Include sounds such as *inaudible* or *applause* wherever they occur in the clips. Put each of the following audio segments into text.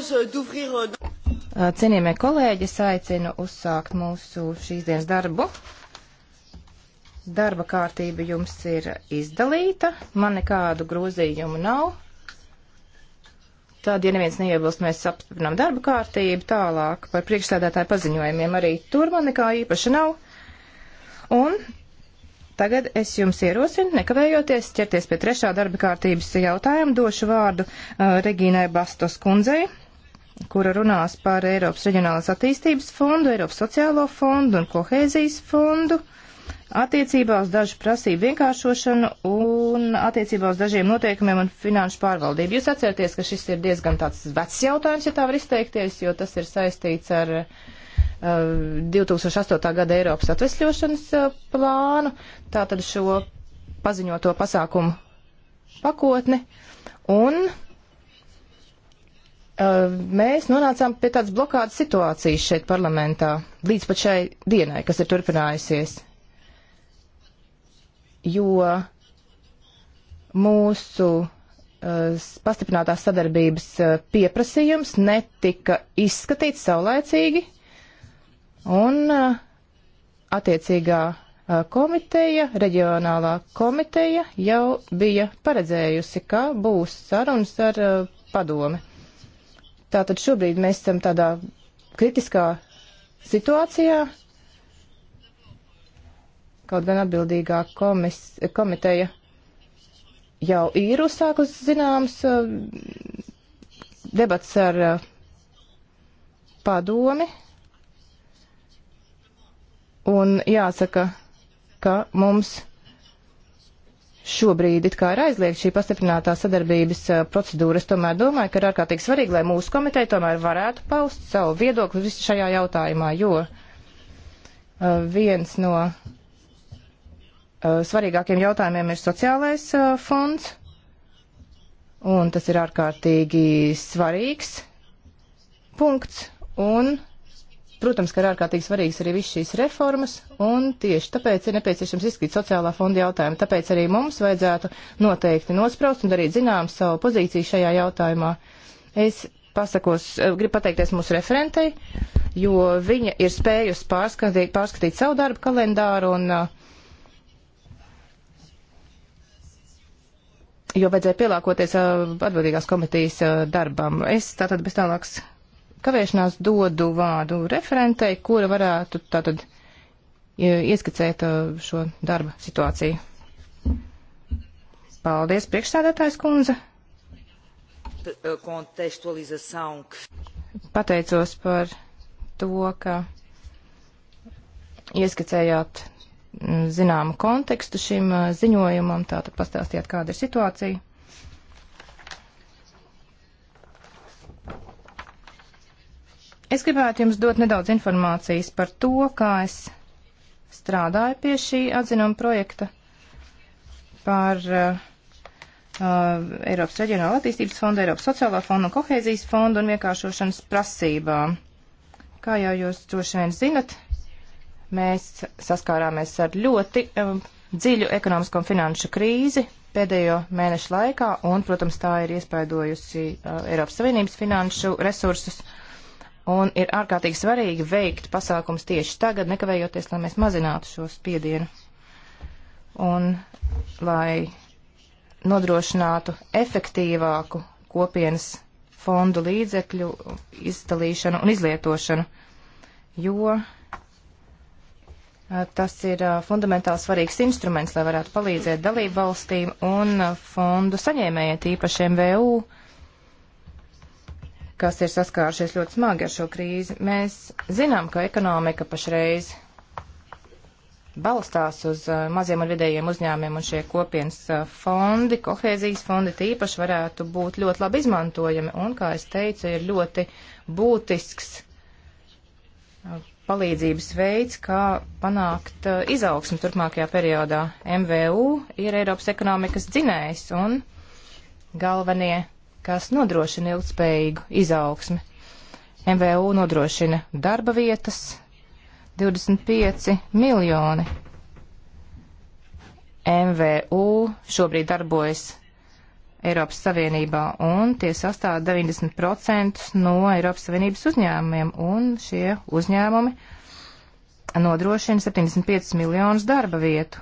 Eh, euh, eh, cienījamie kolēģi, es aicinu uzsākt mūsu šīs dienas darbu. Darba kārtība jums ir izdalīta, man nekādu grozījumu nav. Tad, ja neviens neiebilst, mēs apstiprinām darba kārtību tālāk par priekšsēdētāju paziņojumiem. Arī tur man nekā īpaša nav. Un Tagad es jums ierosinu, nekavējoties, ķerties pie trešā darba kārtības jautājuma, došu vārdu uh, Regīnai Bastos kundzei kura runās par Eiropas reģionālās attīstības fondu, Eiropas sociālo fondu un kohēzijas fondu attiecībā uz dažu prasību vienkāršošanu un attiecībā uz dažiem noteikumiem un finanšu pārvaldību. Jūs atcerieties, ka šis ir diezgan tāds vecs jautājums, ja tā var izteikties, jo tas ir saistīts ar uh, 2008. gada Eiropas atvesļošanas uh, plānu, tātad šo paziņoto pasākumu pakotni. Un mēs nonācām pie tādas blokādas situācijas šeit parlamentā līdz pat šai dienai, kas ir turpinājusies. Jo mūsu uh, pastiprinātās sadarbības uh, pieprasījums netika izskatīts saulēcīgi, un uh, attiecīgā komiteja, reģionālā komiteja jau bija paredzējusi, ka būs sarunas ar padomi. Tātad šobrīd mēs esam tādā kritiskā situācijā, kaut gan atbildīgā komis, komiteja jau ir uzsākus zināms eh, debats ar eh, padomi. Un jāsaka, ka mums šobrīd it kā ir aizliegta šī pastiprinātā sadarbības eh, procedūra. Es tomēr domāju, ka ir ārkārtīgi svarīgi, lai mūsu komiteja tomēr varētu paust savu viedokli visu šajā jautājumā, jo eh, viens no eh, svarīgākiem jautājumiem ir sociālais fonds, un tas ir ārkārtīgi svarīgs punkts, un Protams, ka ir ārkārtīgi svarīgas arī viss šīs reformas, un tieši tāpēc ir nepieciešams izskatīt sociālā fonda jautājumu. Tāpēc arī mums vajadzētu noteikti nospraust un darīt zinām savu pozīciju šajā jautājumā. Es pasakos, eh, gribu pateikties mūsu referentei, jo viņa ir spējusi pārskatīt, pārskatīt savu darbu kalendāru un uh, jo vajadzēja pielāgoties eh, atbildīgās komitejas darbam. Es tātad bez tālākas kavēšanās dodu vārdu referentei, kura varētu tātad ieskicēt uh, šo darba situāciju. Paldies, priekšsādātājs kundze. Pateicos par to, ka ieskicējāt mm, zināmu kontekstu šim uh, ziņojumam, tātad pastāstījāt, kāda ir situācija. Es gribētu jums dot nedaudz informācijas par to, kā es strādāju pie šī atzinuma projekta par uh, uh, Eiropas Reģionāla attīstības fonda, Eiropas sociālā fonda un kohēzijas fonda un vienkāršošanas prasībām. Kā jau jūs droši vien zinat, mēs saskārāmies ar ļoti um, dziļu ekonomisko un finanšu krīzi pēdējo mēnešu laikā, un, protams, tā ir iespaidojusi uh, Eiropas Savienības finanšu resursus. Uh, Un ir ārkārtīgi svarīgi veikt pasākums tieši tagad, nekavējoties, lai mēs mazinātu šo spiedienu. Un lai nodrošinātu efektīvāku kopienas fondu līdzekļu izdalīšanu un izlietošanu, jo eh, tas ir eh, fundamentāli svarīgs instruments, lai varētu palīdzēt dalību valstīm un eh, fondu saņēmējiem, tīpašiem VU kas ir saskārušies ļoti smagi ar šo krīzi. Mēs zinām, ka ekonomika pašreiz balstās uz uh, maziem un vidējiem uzņēmiem, un šie kopienas uh, fondi, kohēzijas fondi tīpaši varētu būt ļoti labi izmantojami, un, kā es teicu, ir ļoti būtisks uh, palīdzības veids, kā panākt izaugsmu turpmākajā periodā. MVU ir Eiropas ekonomikas dzinējs, un galvenie kas nodrošina ilgspējīgu izaugsmi. MVU nodrošina darba vietas 25 miljoni. MVU šobrīd darbojas Eiropas Savienībā un tie sastāv 90% no Eiropas Savienības uzņēmumiem un šie uzņēmumi nodrošina 75 miljonus darba vietu.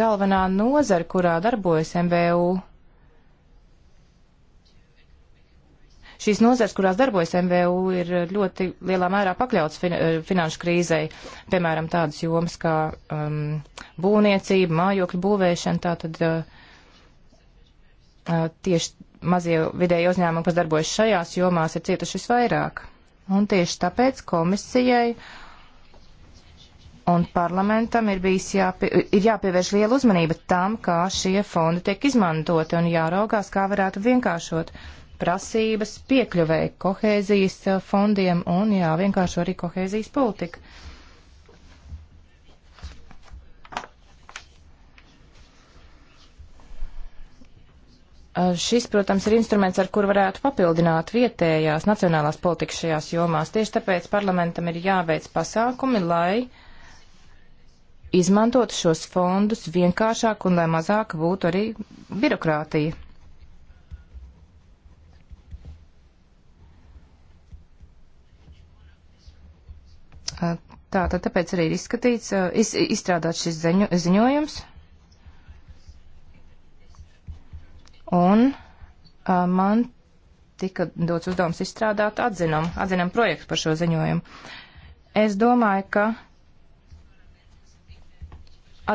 Galvenā nozara, kurā darbojas MVU, Šīs nozars, kurās darbojas MVU, ir ļoti lielā mērā pakļauts fin eh, finanšu krīzei, piemēram, tādas jomas kā um, būvniecība, mājokļu būvēšana, tātad uh, eh, eh, tieši mazie vidēji uzņēmumi, kas darbojas šajās jomās, ir cietuši visvairāk. Un tieši tāpēc komisijai un parlamentam ir, jāpie, ir jāpievērš liela uzmanība tam, kā šie fondi tiek izmantoti un jāraugās, kā varētu vienkāršot prasības piekļuvēja kohēzijas eh, fondiem un jā, vienkārši arī kohēzijas politika. Eh, šis, protams, ir instruments, ar kur varētu papildināt vietējās nacionālās politikas šajās jomās. Tieši tāpēc parlamentam ir jāveic pasākumi, lai izmantotu šos fondus vienkāršāk un lai mazāk būtu arī birokrātija. Tā, tad tāpēc arī ir izskatīts, iz, izstrādāts šis ziņo, ziņojums. Un man tika dots uzdevums izstrādāt atzinam, atzinam projektu par šo ziņojumu. Es domāju, ka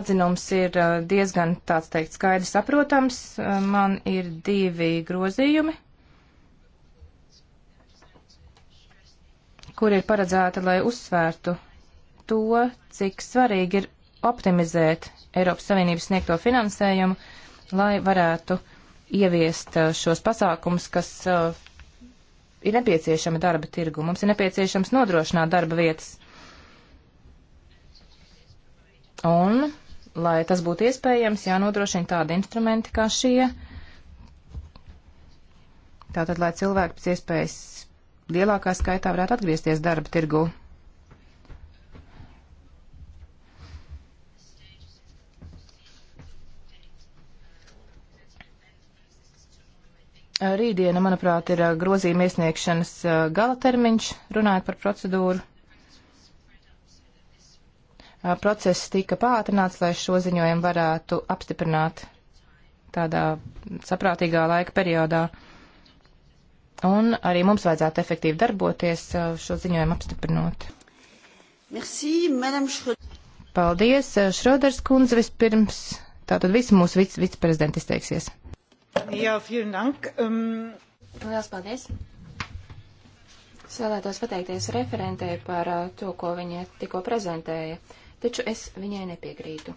atzinums ir diezgan tāds teikt skaidrs saprotams. Man ir divi grozījumi kur ir paredzēta, lai uzsvērtu to, cik svarīgi ir optimizēt Eiropas Savienības sniegto finansējumu, lai varētu ieviest eh, šos pasākumus, kas uh, ir nepieciešami darba tirgu. Mums ir nepieciešams nodrošināt darba vietas. Un, lai tas būtu iespējams, jānodrošina tādi instrumenti kā šie. Tātad, lai cilvēki pēc iespējas lielākā skaitā varētu atgriezties darba tirgu. Rītdiena, manuprāt, ir uh, grozījuma iesniegšanas uh, gala termiņš, runājot par procedūru. Uh, process tika pātrināts, lai šo ziņojumu varētu apstiprināt tādā saprātīgā laika periodā. Un arī mums vajadzētu efektīvi darboties uh, šo ziņojumu apstiprinot. Merci, Paldies, Šroders uh, kundze vispirms. Tātad visi mūsu vic, viceprezidenti izteiksies. Jā, vielen dank. Um... Lielas paldies. Es vēlētos pateikties referentei par uh, to, ko viņa tikko prezentēja, taču es viņai nepiekrītu.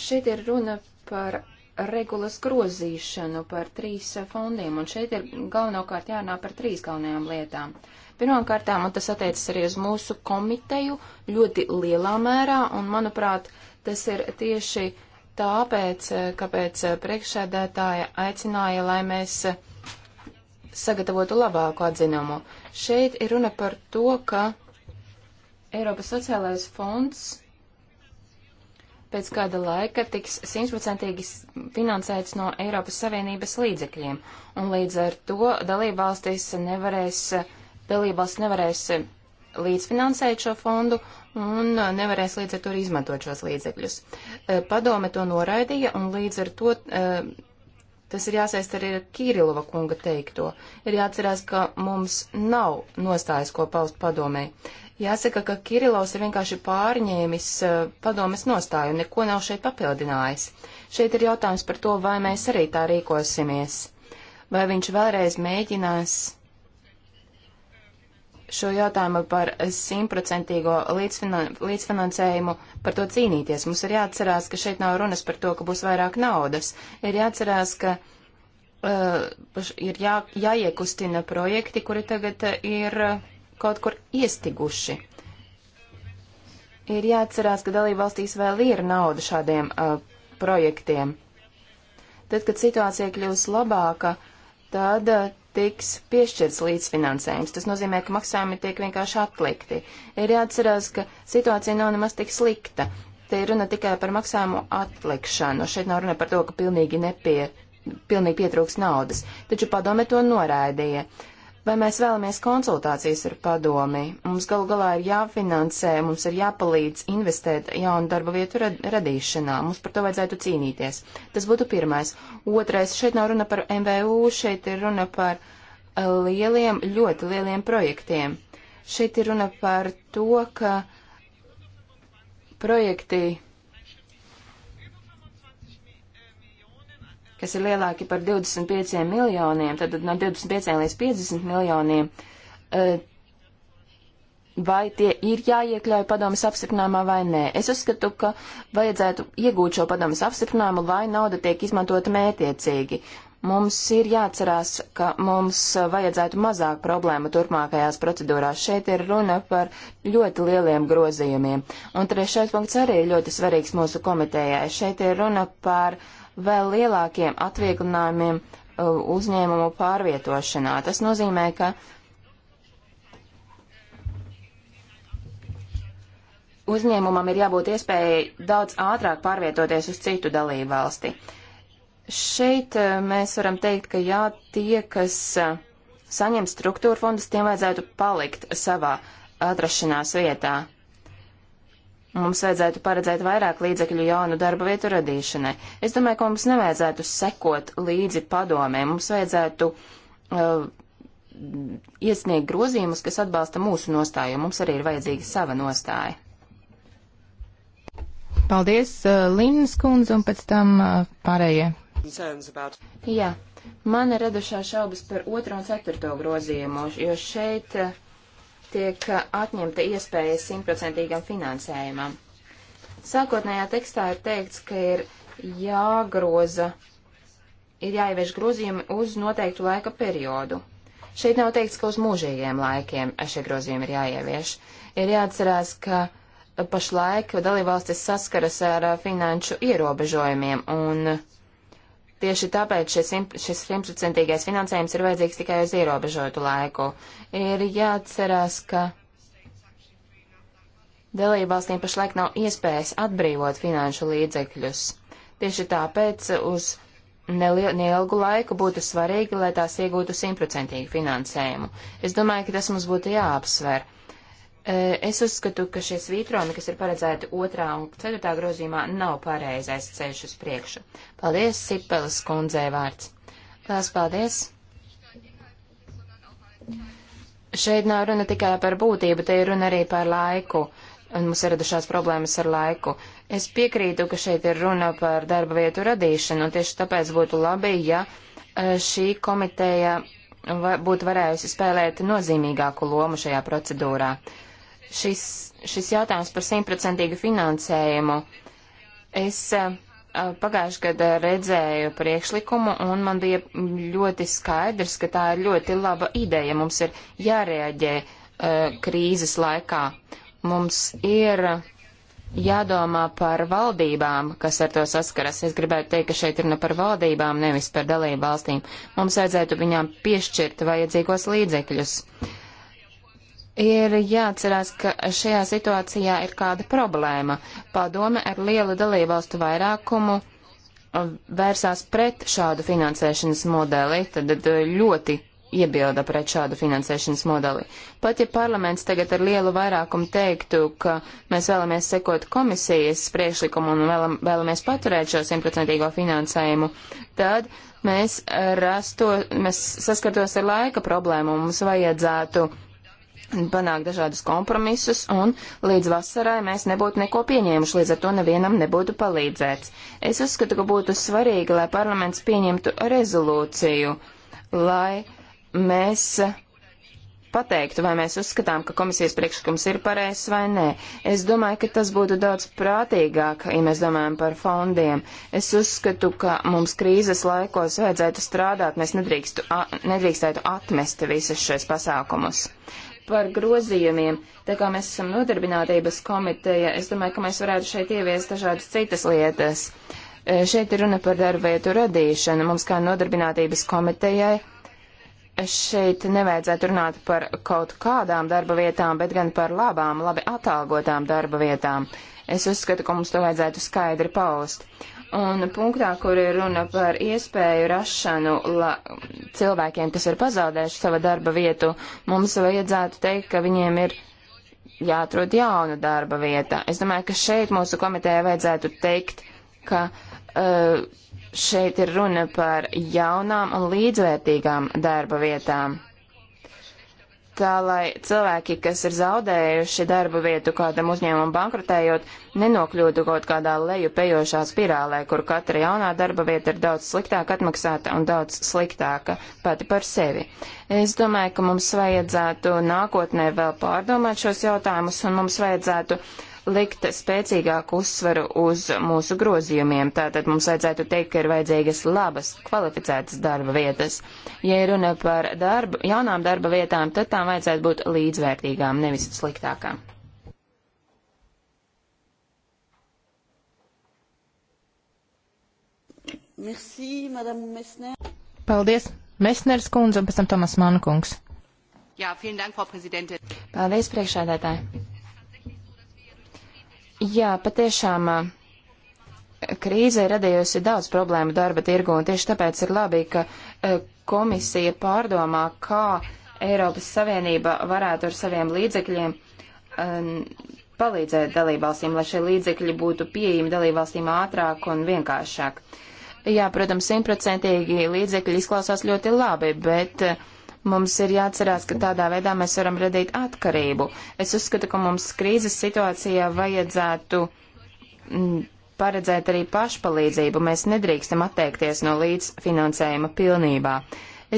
Šeit ir runa par regulas grozīšanu par trīs fondiem, un šeit ir galvenokārt jārunā par trīs galvenajām lietām. Pirmkārtām, un tas attiecas arī uz mūsu komiteju ļoti lielā mērā, un manuprāt, tas ir tieši tāpēc, kāpēc priekšsēdētāja aicināja, lai mēs sagatavotu labāku atzinumu. Šeit ir runa par to, ka Eiropas sociālais fonds pēc kāda laika tiks simtprocentīgi finansēts no Eiropas Savienības līdzekļiem, un līdz ar to dalībvalstis nevarēs, dalībvalsts nevarēs līdzfinansēt šo fondu un nevarēs līdz ar to arī izmantot šos līdzekļus. E, padome to noraidīja, un līdz ar to e, tas ir jāsaist arī ar Kirilova kunga teikto. Ir jāatcerās, ka mums nav nostājas, ko paust padomē. Uh, Jāsaka, ka Kirilovs ir vienkārši pārņēmis eh, padomes nostāju, neko nav šeit papildinājis. Šeit ir jautājums par to, vai mēs arī tā rīkosimies. Vai viņš vēlreiz mēģinās šo jautājumu par simtprocentīgo līdzfinan līdzfinansējumu, par to cīnīties. Mums ir jāatcerās, ka šeit nav runas par to, ka būs vairāk naudas. Ir jāatcerās, ka uh, ir jā, jāiekustina projekti, kuri tagad eh, ir uh, kaut kur iestiguši. Ir jāatcerās, ka dalībvalstīs vēl ir nauda šādiem uh, projektiem. Tad, kad situācija kļūs labāka, tad uh, tiks piešķirts līdzfinansējums. Tas nozīmē, ka maksājumi tiek vienkārši atlikti. Ir jāatcerās, ka situācija nav nemaz tik slikta. Te ir runa tikai par maksājumu atlikšanu. Šeit nav runa par to, ka pilnīgi nepie, pilnīgi pietrūks naudas, taču padome to noraidīja. Vai mēs vēlamies konsultācijas ar padomi? Mums galu galā ir jāfinansē, mums ir jāpalīdz investēt jaunu darba vietu rad radīšanā. Mums par to vajadzētu cīnīties. Tas būtu pirmais. Otrais, šeit nav runa par MVU, šeit ir runa par eh, lieliem, ļoti lieliem projektiem. Šeit ir runa par to, ka projekti kas ir lielāki par 25 miljoniem, tad no 25 līdz 50 miljoniem, eh, vai tie ir jāiekļauj padomas apstiprinājumā vai nē. Es uzskatu, ka vajadzētu iegūt šo padomas apstiprinājumu, lai nauda tiek izmantota mētiecīgi. Mums ir jāatcerās, ka mums vajadzētu mazāk problēmu turpmākajās procedūrās. Šeit ir runa par ļoti lieliem grozījumiem. Un trešais punkts arī ir ļoti svarīgs mūsu komitējai. Šeit ir runa par uh, vēl lielākiem atvieglinājumiem uh, uzņēmumu pārvietošanā. Tas nozīmē, ka uzņēmumam ir jābūt iespējai daudz ātrāk pārvietoties uz citu dalību valsti. Šeit uh, mēs varam teikt, ka jā, tie, kas uh, saņem struktūra fondus, tiem vajadzētu palikt savā atrašanās vietā. Mums vajadzētu paredzēt vairāk līdzekļu jaunu darba vietu radīšanai. Es domāju, ka mums nevajadzētu sekot līdzi padomē. Mums vajadzētu uh, iesniegt grozījumus, kas atbalsta mūsu nostāju. Mums arī ir vajadzīga sava nostāja. Paldies, uh, Linnas kundze, un pēc tam uh, pārējie. Jā, man ir radušās šaubas par otro un ceturto grozījumu, jo šeit. Uh, tiek atņemta iespēja simtprocentīgam finansējumam. Sākotnējā tekstā ir teikts, ka ir jāgroza, ir jāievieš grozījumi uz noteiktu laika periodu. Šeit nav teikts, ka uz mūžīgiem laikiem šie grozījumi ir jāievieš. Ir jāatcerās, ka pašlaik dalībvalstis saskaras ar finanšu ierobežojumiem un uh, Tieši tāpēc šis simtprocentīgais finansējums ir vajadzīgs tikai uz ierobežotu laiku. Ir jāatcerās, ka dalībvalstīm pašlaik nav iespējas atbrīvot finanšu līdzekļus. Tieši tāpēc uz neilgu laiku būtu svarīgi, lai tās iegūtu simtprocentīgu finansējumu. Es domāju, ka tas mums būtu jāapsver. Es uzskatu, ka šie svītroni, kas ir paredzēti otrā un ceturtā grozījumā, nav pareizais ceļš uz priekšu. Paldies, Sipelas kundzei vārds. Lielas paldies! Šeit nav runa tikai par būtību, te ir runa arī par laiku, un mums ir radušās problēmas ar laiku. Es piekrītu, ka šeit ir runa par darba vietu radīšanu, un tieši tāpēc būtu labi, ja šī komiteja būtu varējusi spēlēt nozīmīgāku lomu šajā procedūrā. Uh, šis, šis jautājums par simtprocentīgu finansējumu. Es uh, pagājušajā gadā redzēju priekšlikumu, un man bija ļoti skaidrs, ka tā ir ļoti laba ideja. Mums ir jārēģē uh, krīzes laikā. Mums ir jādomā par valdībām, kas ar to saskaras. Es gribētu teikt, ka šeit ir ne par valdībām, nevis par dalību valstīm. Mums vajadzētu viņām piešķirt vajadzīgos līdzekļus. Uh, Ir jāatcerās, ka šajā situācijā ir kāda problēma. Padome ar lielu dalībvalstu vairākumu um, vērsās pret šādu finansēšanas modeli, tad uh, ļoti iebilda pret šādu finansēšanas modeli. Pat ja parlaments tagad ar lielu vairākumu teiktu, ka mēs vēlamies sekot komisijas priekšlikumu un vēlam, vēlamies paturēt šo simtprocentīgo finansējumu, tad mēs, rasto, mēs saskartos ar laika problēmu un mums vajadzētu panākt dažādus kompromisus, un līdz vasarai mēs nebūtu neko pieņēmuši, līdz ar to nevienam nebūtu palīdzēts. Es uzskatu, ka būtu svarīgi, lai parlaments pieņemtu rezolūciju, lai mēs pateiktu, vai mēs uzskatām, ka komisijas priekšlikums ir pareizs vai nē. Es domāju, ka tas būtu daudz prātīgāk, ja mēs domājam par fondiem. Es uzskatu, ka mums krīzes laikos vajadzētu strādāt, mēs nedrīkstu, a, nedrīkstētu atmest visus šos pasākumus par grozījumiem. Tā kā mēs esam nodarbinātības komiteja, es domāju, ka mēs varētu šeit ieviest dažādas citas lietas. E, šeit ir runa par darbvietu radīšanu. Mums kā nodarbinātības komitejai e, šeit nevajadzētu runāt par kaut kādām darba vietām, bet gan par labām, labi atalgotām darba vietām. Es uzskatu, ka mums to vajadzētu skaidri paust. Un punktā, kur ir runa par iespēju rašanu la, cilvēkiem, kas ir pazaudējuši sava darba vietu, mums vajadzētu teikt, ka viņiem ir jāatrod jauna darba vieta. Es domāju, ka šeit mūsu komitejā vajadzētu teikt, ka uh, šeit ir runa par jaunām un līdzvērtīgām darba vietām tā lai cilvēki, kas ir zaudējuši darbu vietu kādam uzņēmumam bankrotējot, nenokļūtu kaut kādā lejupējošā spirālē, kur katra jaunā darba vieta ir daudz sliktāk atmaksāta un daudz sliktāka pati par sevi. Es domāju, ka mums vajadzētu nākotnē vēl pārdomāt šos jautājumus un mums vajadzētu uh, likt spēcīgāku uzsvaru uz mūsu grozījumiem. Tātad mums vajadzētu teikt, ka ir vajadzīgas labas, kvalificētas darba vietas. Ja runa par darbu, jaunām darba vietām, tad tām vajadzētu būt līdzvērtīgām, nevis sliktākām. Merci, Madame Messner. Paldies, Mesners kundze un pēc tam Tomas Mankungs. Jā, vielen Dank, Frau Prezidente. Paldies, priekšādētāji. Jā, patiešām krīze ir radījusi daudz problēmu darba tirgu, un tieši tāpēc ir labi, ka komisija pārdomā, kā Eiropas Savienība varētu ar saviem līdzekļiem palīdzēt dalībvalstīm, lai šie līdzekļi būtu pieejami dalībvalstīm ātrāk un vienkāršāk. Jā, protams, simtprocentīgi līdzekļi izklausās ļoti labi, bet uh, Mums ir jāatcerās, ka tādā veidā mēs varam radīt atkarību. Es uzskatu, ka mums krīzes situācijā vajadzētu mm, paredzēt arī pašpalīdzību. Mēs nedrīkstam atteikties no līdzfinansējuma pilnībā.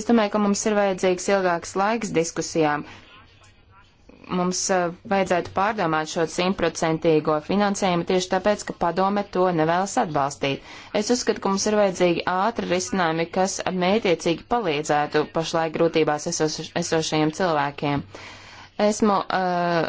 Es domāju, ka mums ir vajadzīgs ilgāks laiks diskusijām, mums eh, vajadzētu pārdomāt šo simtprocentīgo finansējumu tieši tāpēc, ka padome to nevēlas atbalstīt. Es uzskatu, ka mums ir vajadzīgi ātri risinājumi, kas mētiecīgi palīdzētu pašlaik grūtībās esoš, esošajiem cilvēkiem. Esmu uh,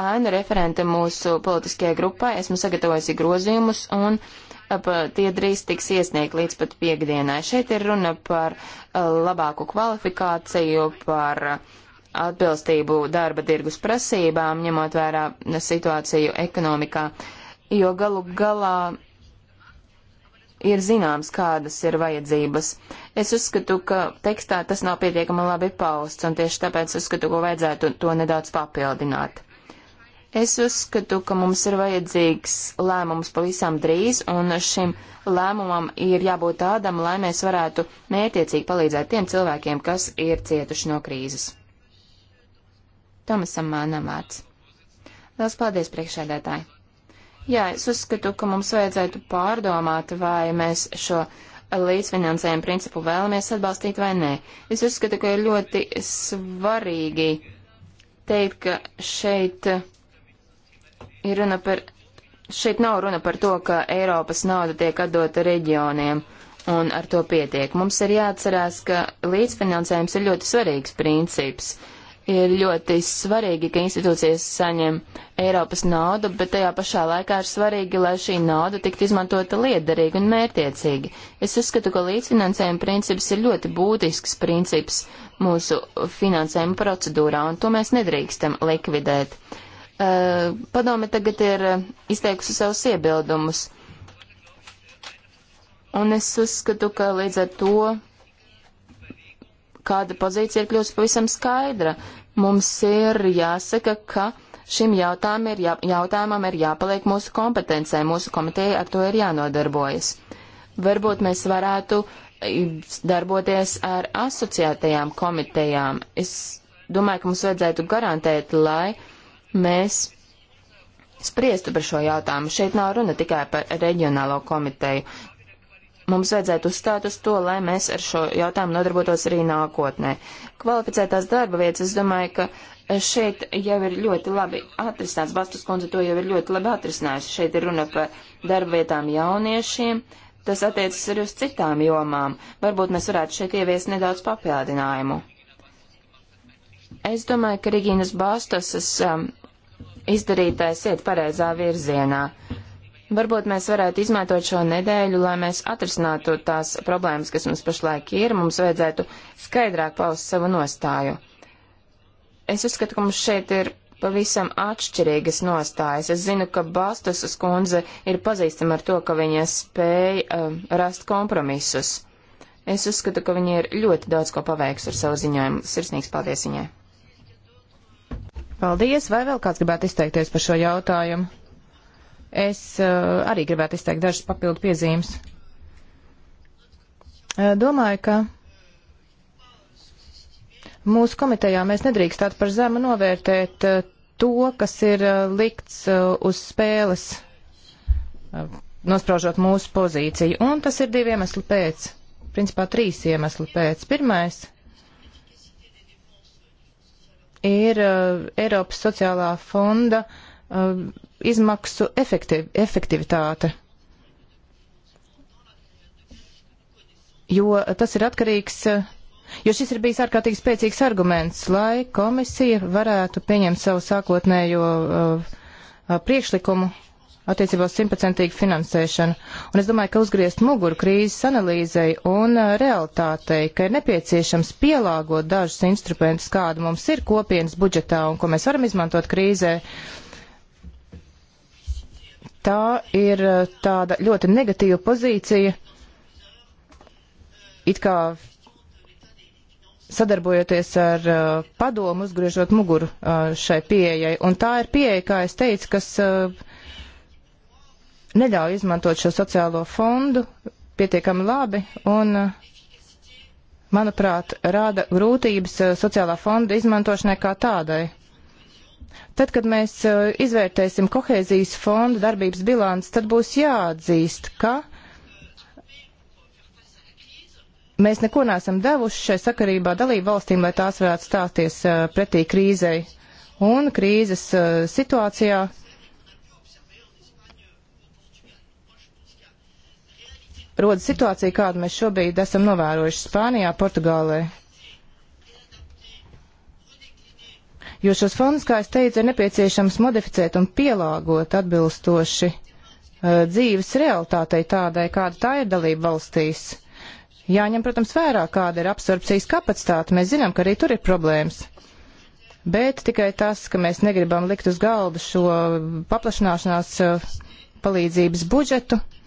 ēnu referente mūsu politiskajai grupai, esmu sagatavojusi grozījumus un eh, ap, tie drīz tiks iesniegt līdz pat piekdienai. Šeit ir runa par uh, labāku kvalifikāciju, par uh, atbilstību darba tirgus prasībām, ņemot vērā situāciju ekonomikā, jo galu galā ir zināms, kādas ir vajadzības. Es uzskatu, ka tekstā tas nav pietiekami labi pausts, un tieši tāpēc uzskatu, ka vajadzētu to nedaudz papildināt. Es uzskatu, ka mums ir vajadzīgs lēmums pavisam drīz, un šim lēmumam ir jābūt tādam, lai mēs varētu mērtiecīgi palīdzēt tiem cilvēkiem, kas ir cietuši no krīzes. Tomasam Mānam vārds. Liels paldies, priekšēdētāji! Jā, es uzskatu, ka mums vajadzētu pārdomāt, vai mēs šo līdzfinansējumu principu vēlamies atbalstīt vai nē. Es uzskatu, ka ir ļoti svarīgi teikt, ka šeit ir runa par, šeit nav runa par to, ka Eiropas nauda tiek atdota reģioniem un ar to pietiek. Mums ir jāatcerās, ka līdzfinansējums ir ļoti svarīgs princips. Ir ļoti svarīgi, ka institūcijas saņem Eiropas naudu, bet tajā pašā laikā ir svarīgi, lai šī nauda tiktu izmantota liederīgi un mērtiecīgi. Es uzskatu, ka līdzfinansējuma princips ir ļoti būtisks princips mūsu finansējuma procedūrā, un to mēs nedrīkstam likvidēt. Uh, padome tagad ir izteikusi savus iebildumus. Un es uzskatu, ka līdz ar to kāda pozīcija ir kļūst pavisam skaidra. Mums ir jāsaka, ka šim jautājumam ir, jā, jautājumam ir jāpaliek mūsu kompetencē, mūsu komiteja ar to ir jānodarbojas. Varbūt mēs varētu e, darboties ar asociētajām komitejām. Es domāju, ka mums vajadzētu garantēt, lai mēs spriestu par šo jautājumu. Šeit nav runa tikai par reģionālo komiteju mums vajadzētu uzstāt uz to, lai mēs ar šo jautājumu nodarbotos arī nākotnē. Kvalificētās darba vietas, es domāju, ka šeit jau ir ļoti labi atrisināts, Bastus kundze to jau ir ļoti labi atrisinājusi. Šeit ir runa par darba vietām jauniešiem, tas attiecas arī uz citām jomām. Varbūt mēs varētu šeit ieviest nedaudz papildinājumu. Es domāju, ka Rigīnas Bastusas um, izdarītais iet pareizā virzienā. Uh, Varbūt mēs varētu izmantot šo nedēļu, lai mēs atrisinātu tās problēmas, kas mums pašlaik ir. Mums vajadzētu skaidrāk paust savu nostāju. Es uzskatu, ka mums šeit ir pavisam atšķirīgas nostājas. Es zinu, ka Bastusas kundze ir pazīstama ar to, ka viņa spēja uh, um, rast kompromisus. Es uzskatu, ka viņa ir ļoti daudz ko paveikusi ar savu ziņojumu. Sirsnīgs paldies viņai. Paldies, vai vēl kāds gribētu izteikties par šo jautājumu? Es eh, arī gribētu izteikt dažas papildu piezīmes. Eh, domāju, ka mūsu komitejā mēs nedrīkstētu par zemu novērtēt eh, to, kas ir likts uz spēles, nospraužot mūsu pozīciju. Un tas ir divi iemesli pēc. Principā trīs iemesli pēc. Pirmais ir Eiropas sociālā fonda izmaksu efektiv efektivitāte. Jo tas ir atkarīgs, jo šis ir bijis ārkārtīgi spēcīgs arguments, lai komisija varētu pieņemt savu sākotnējo uh, uh priekšlikumu attiecībā uz simtprocentīgu finansēšanu. Un es domāju, ka uzgriezt muguru krīzes analīzei un uh, realitātei, ka ir nepieciešams pielāgot dažus instrumentus, kādu mums ir kopienas budžetā un ko mēs varam izmantot krīzē, tā ir eh, tāda ļoti negatīva pozīcija, it kā sadarbojoties ar uh, padomu, uzgriežot muguru uh, šai pieejai. Un tā ir pieeja, kā es teicu, kas uh, neļauj izmantot šo sociālo fondu pietiekami labi un, manuprāt, rāda grūtības sociālā fonda izmantošanai kā tādai. Tad, kad mēs uh, izvērtēsim kohēzijas fonda darbības bilants, tad būs jāatzīst, ka mēs neko neesam devuši šai sakarībā dalību valstīm, lai tās varētu stāties uh, pretī krīzei. Un krīzes uh, situācijā rodas situācija, kādu mēs šobrīd esam novērojuši Spānijā, Portugālē, jo šos fondus, kā es teicu, ir nepieciešams modificēt un pielāgot atbilstoši uh, dzīves realitātei tādai, kāda tā ir dalība valstīs. Jāņem, protams, vērā, kāda ir absorpcijas kapacitāte. Mēs zinām, ka arī tur ir problēmas. Bet tikai tas, ka mēs negribam likt uz galda šo paplašanāšanās uh, palīdzības budžetu, uh,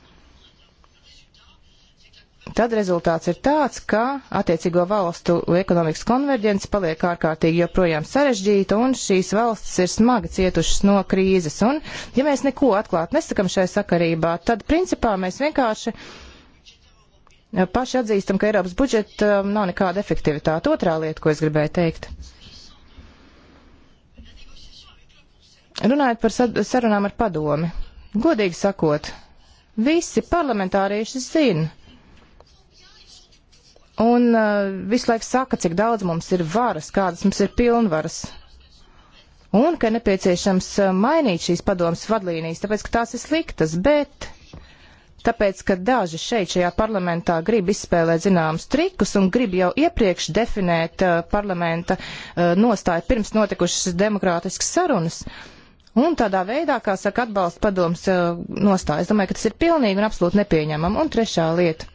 tad rezultāts ir tāds, ka attiecīgo valstu ekonomikas konverģence paliek ārkārtīgi joprojām sarežģīta, un šīs valstis ir smagi cietušas no krīzes. Un, ja mēs neko atklāt nesakam šai sakarībā, tad principā mēs vienkārši eh, paši atzīstam, ka Eiropas budžeta eh, nav nekāda efektivitāte. Otrā lieta, ko es gribēju teikt. Runājot par sarunām ar padomi, godīgi sakot, visi parlamentārieši zina, Un uh, visu laiku saka, cik daudz mums ir varas, kādas mums ir pilnvaras. Un ka nepieciešams eh, mainīt šīs padomas vadlīnijas, tāpēc, ka tās ir sliktas, bet tāpēc, ka daži šeit šajā parlamentā grib izspēlēt zināmus trikus un grib jau iepriekš definēt uh, parlamenta uh, nostāju pirms notikušas demokrātiskas sarunas. Un tādā veidā, kā saka, atbalsta padoms uh, nostāju. Es domāju, ka tas ir pilnīgi un absolūti nepieņemam. Un trešā lieta.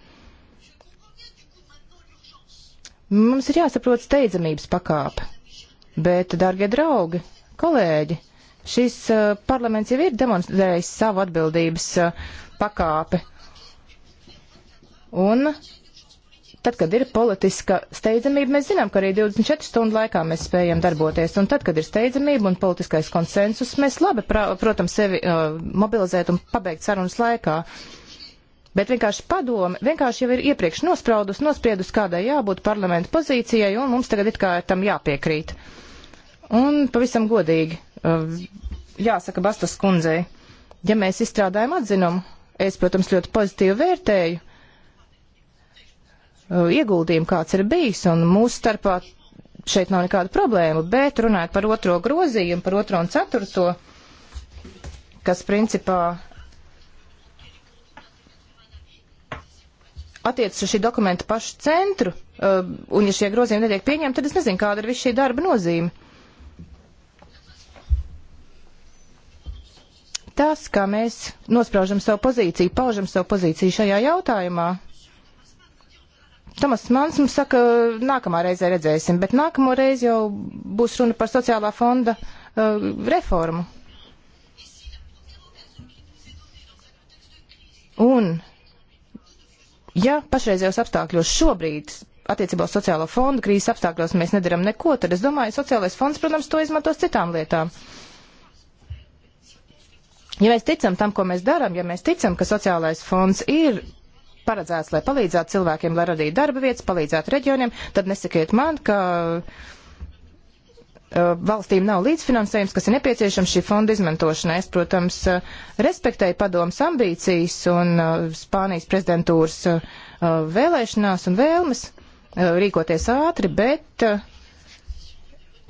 Mums ir jāsaprot steidzamības pakāpe. Bet, dārgie draugi, kolēģi, šis uh, parlaments jau ir demonstrējis savu atbildības uh, pakāpi. Un tad, kad ir politiska steidzamība, mēs zinām, ka arī 24 stundu laikā mēs spējam darboties. Un tad, kad ir steidzamība un politiskais konsensus, mēs labi, prā, protams, sevi uh, mobilizēt un pabeigt sarunas laikā. Uh, Bet vienkārši padomi, vienkārši jau ir iepriekš nospraudus, nospriedus, kādai jābūt parlamentu pozīcijai, un mums tagad it kā tam jāpiekrīt. Un pavisam godīgi, uh, jāsaka Bastas kundzei, ja mēs izstrādājam atzinumu, es, protams, ļoti pozitīvi vērtēju uh, ieguldījumu, kāds ir bijis, un mūsu starpā šeit nav nekāda problēma, bet runājot par otro grozījumu, par otro un ceturto, kas principā attiecas uz šī dokumenta pašu centru, uh, un ja šie grozījumi netiek pieņemti, tad es nezinu, kāda ir viss šī darba nozīme. Tas, kā mēs nospraužam savu pozīciju, paužam savu pozīciju šajā jautājumā. Tomas Mans mums saka, nākamā reize redzēsim, bet nākamo reizi jau būs runa par sociālā fonda uh, reformu. Un Ja pašreizējos apstākļos šobrīd attiecībā uz sociālo fondu krīzes apstākļos mēs nedaram neko, tad es domāju, sociālais fonds, protams, to izmantos citām lietām. Ja mēs ticam tam, ko mēs darām, ja mēs ticam, ka sociālais fonds ir paredzēts, lai palīdzētu cilvēkiem, lai radītu darba vietas, palīdzētu reģioniem, tad nesakiet man, ka Uh, valstīm nav līdzfinansējums, kas ir nepieciešams šī fonda izmantošanai. Es, protams, uh, respektēju padomas ambīcijas un uh, Spānijas prezidentūras vēlēšanās un vēlmes rīkoties ātri, bet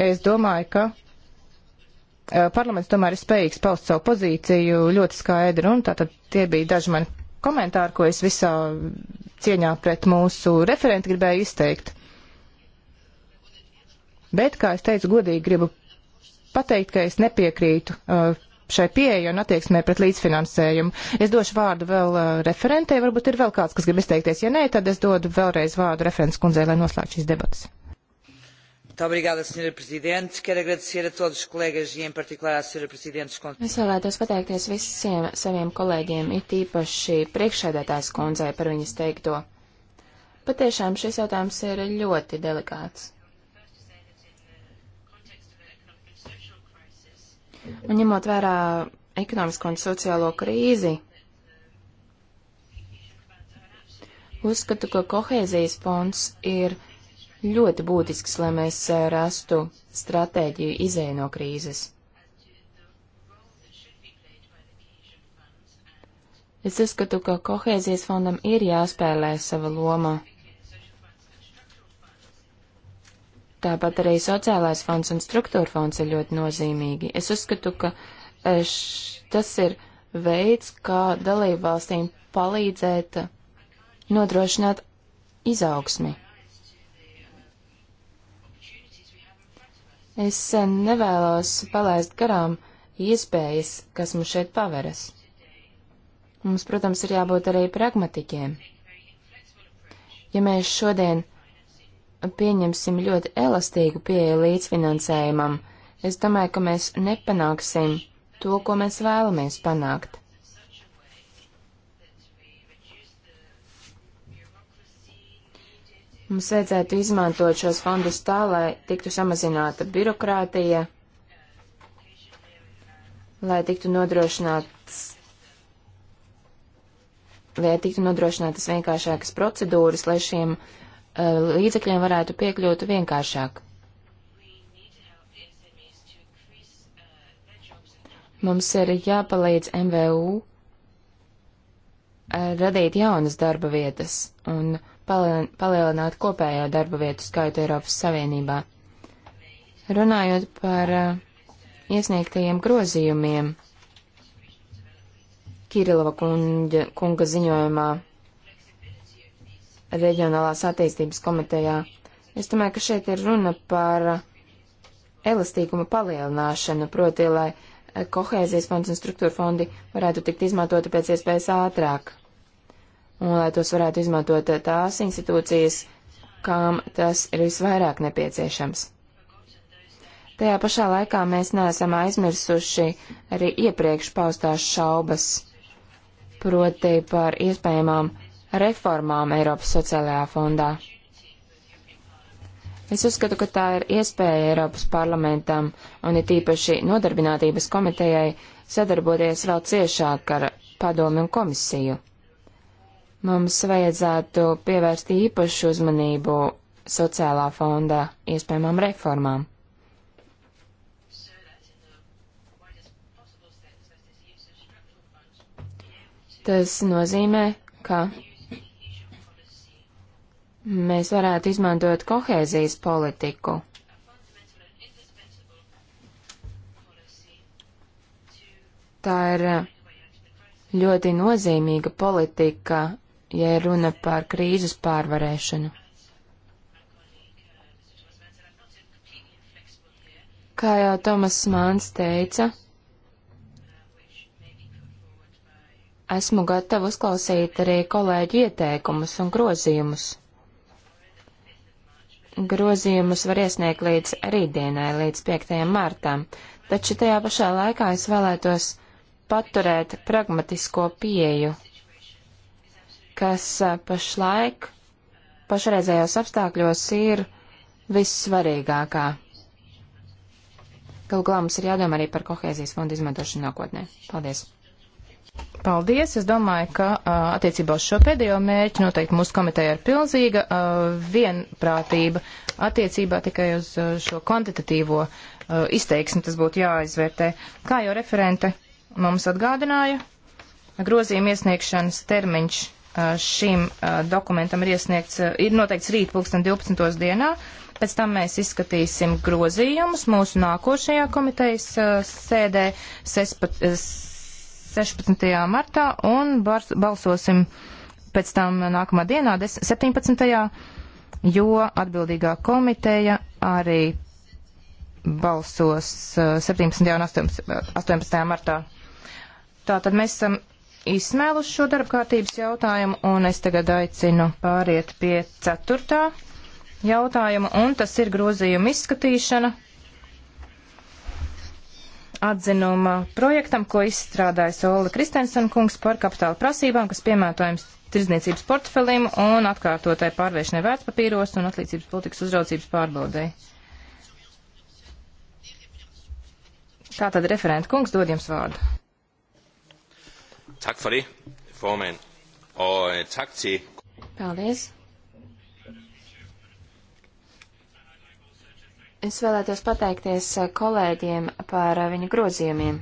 es domāju, ka parlaments tomēr ir spējīgs paust savu pozīciju ļoti skaidri, un tātad tie bija daži mani komentāri, ko es visā cieņā pret mūsu referentu gribēju izteikt. Bet, kā es teicu, godīgi gribu pateikt, ka es nepiekrītu uh, šai pieeja un attieksmē pret līdzfinansējumu. Es došu vārdu vēl uh, referentē, varbūt ir vēl kāds, kas grib izteikties. Ja nē, tad es dodu vēlreiz vārdu referents kundzei, lai noslēgtu šīs debatas. E, es vēlētos pateikties visiem saviem kolēģiem, it īpaši priekšēdētājs kundzei par viņas teikto. Patiešām šis jautājums ir ļoti delikāts. Un ņemot vērā ekonomisko un sociālo krīzi, uzskatu, ka kohēzijas fonds ir ļoti būtisks, lai mēs eh, rastu stratēģiju izēju no krīzes. Es uzskatu, ka kohēzijas fondam ir jāspēlē sava loma. Tāpat arī sociālais fonds un struktūra fonds ir ļoti nozīmīgi. Es uzskatu, ka eh, š, tas ir veids, kā dalību valstīm palīdzēt eh, nodrošināt izaugsmi. Es eh, nevēlos palaist garām iespējas, kas mums šeit paveras. Mums, protams, ir jābūt arī pragmatiķiem. Ja mēs šodien pieņemsim ļoti elastīgu pieeju līdzfinansējumam, es domāju, ka mēs nepanāksim to, ko mēs vēlamies panākt. Mums vajadzētu izmantot šos fondus tā, lai tiktu samazināta birokrātija, lai tiktu nodrošināts, lai tiktu nodrošinātas vienkāršākas procedūras, lai šiem uh, Eh, līdzekļiem varētu piekļūt vienkāršāk. Mums ir jāpalīdz MVU eh, radīt jaunas darba vietas un palielināt kopējo darba vietu skaitu Eiropas Savienībā. Runājot par eh, iesniegtajiem grozījumiem Kirilova kunga ziņojumā reģionālās attīstības komitejā. Es domāju, ka šeit ir runa par elastīguma palielināšanu, proti, lai kohēzijas fonds un struktūra fondi varētu tikt izmantoti pēc iespējas ātrāk. Un lai tos varētu izmantot tās institūcijas, kam tas ir visvairāk nepieciešams. Tajā pašā laikā mēs neesam aizmirsuši arī iepriekš paustās šaubas, proti par iespējamām reformām Eiropas sociālajā fondā. Es uzskatu, ka tā ir iespēja Eiropas parlamentam un ir tīpaši nodarbinātības komitejai sadarboties vēl ciešāk ar padomi un komisiju. Mums vajadzētu pievērst īpašu uzmanību sociālā fonda iespējamām reformām. Tas nozīmē, ka Mēs varētu izmantot kohēzijas politiku. Tā ir ļoti nozīmīga politika, ja runa par krīzes pārvarēšanu. Kā jau Tomas Mans teica, esmu gatava uzklausīt arī kolēģi ieteikumus un grozījumus. Grozījumus var iesniegt līdz rītdienai, līdz 5. martam, taču tajā pašā laikā es vēlētos paturēt pragmatisko pieju, kas pašlaik, pašreizējos apstākļos ir vissvarīgākā. Galu galā mums ir jādomā arī par kohēzijas fondu izmantošanu nākotnē. Paldies! Paldies! Es domāju, ka attiecībā uz šo pēdējo mērķi noteikti mūsu komiteja ir pilnzīga vienprātība attiecībā tikai uz šo kvantitatīvo izteiksmi. Tas būtu jāizvērtē. Kā jau referente mums atgādināja, grozījuma iesniegšanas termiņš šim dokumentam ir iesniegts, ir noteikts rīt pulksten 12. dienā. Pēc tam mēs izskatīsim grozījumus mūsu nākošajā komitejas sēdē 16. 16. martā un bars, balsosim pēc tam nākamā dienā, 17. jo atbildīgā komiteja arī balsos 17. Eh, un 18. Eh, martā. Tātad mēs esam izsmēluši šo darbkārtības jautājumu, un es tagad aicinu pāriet pie 4. jautājuma, un tas ir grozījuma izskatīšana atzinuma projektam, ko izstrādājas Ola Kristensen kungs par kapitāla prasībām, kas piemētojams tirdzniecības portfelim un atkārtotai pārvēršanai vērtspapīros un atlīdzības politikas uzraudzības pārbaudēji. Tātad referenta kungs dod jums vārdu. Tak for det, formand, og eh, tak til... Paldies, Es vēlētos pateikties eh, kolēģiem par eh, viņu grozījumiem.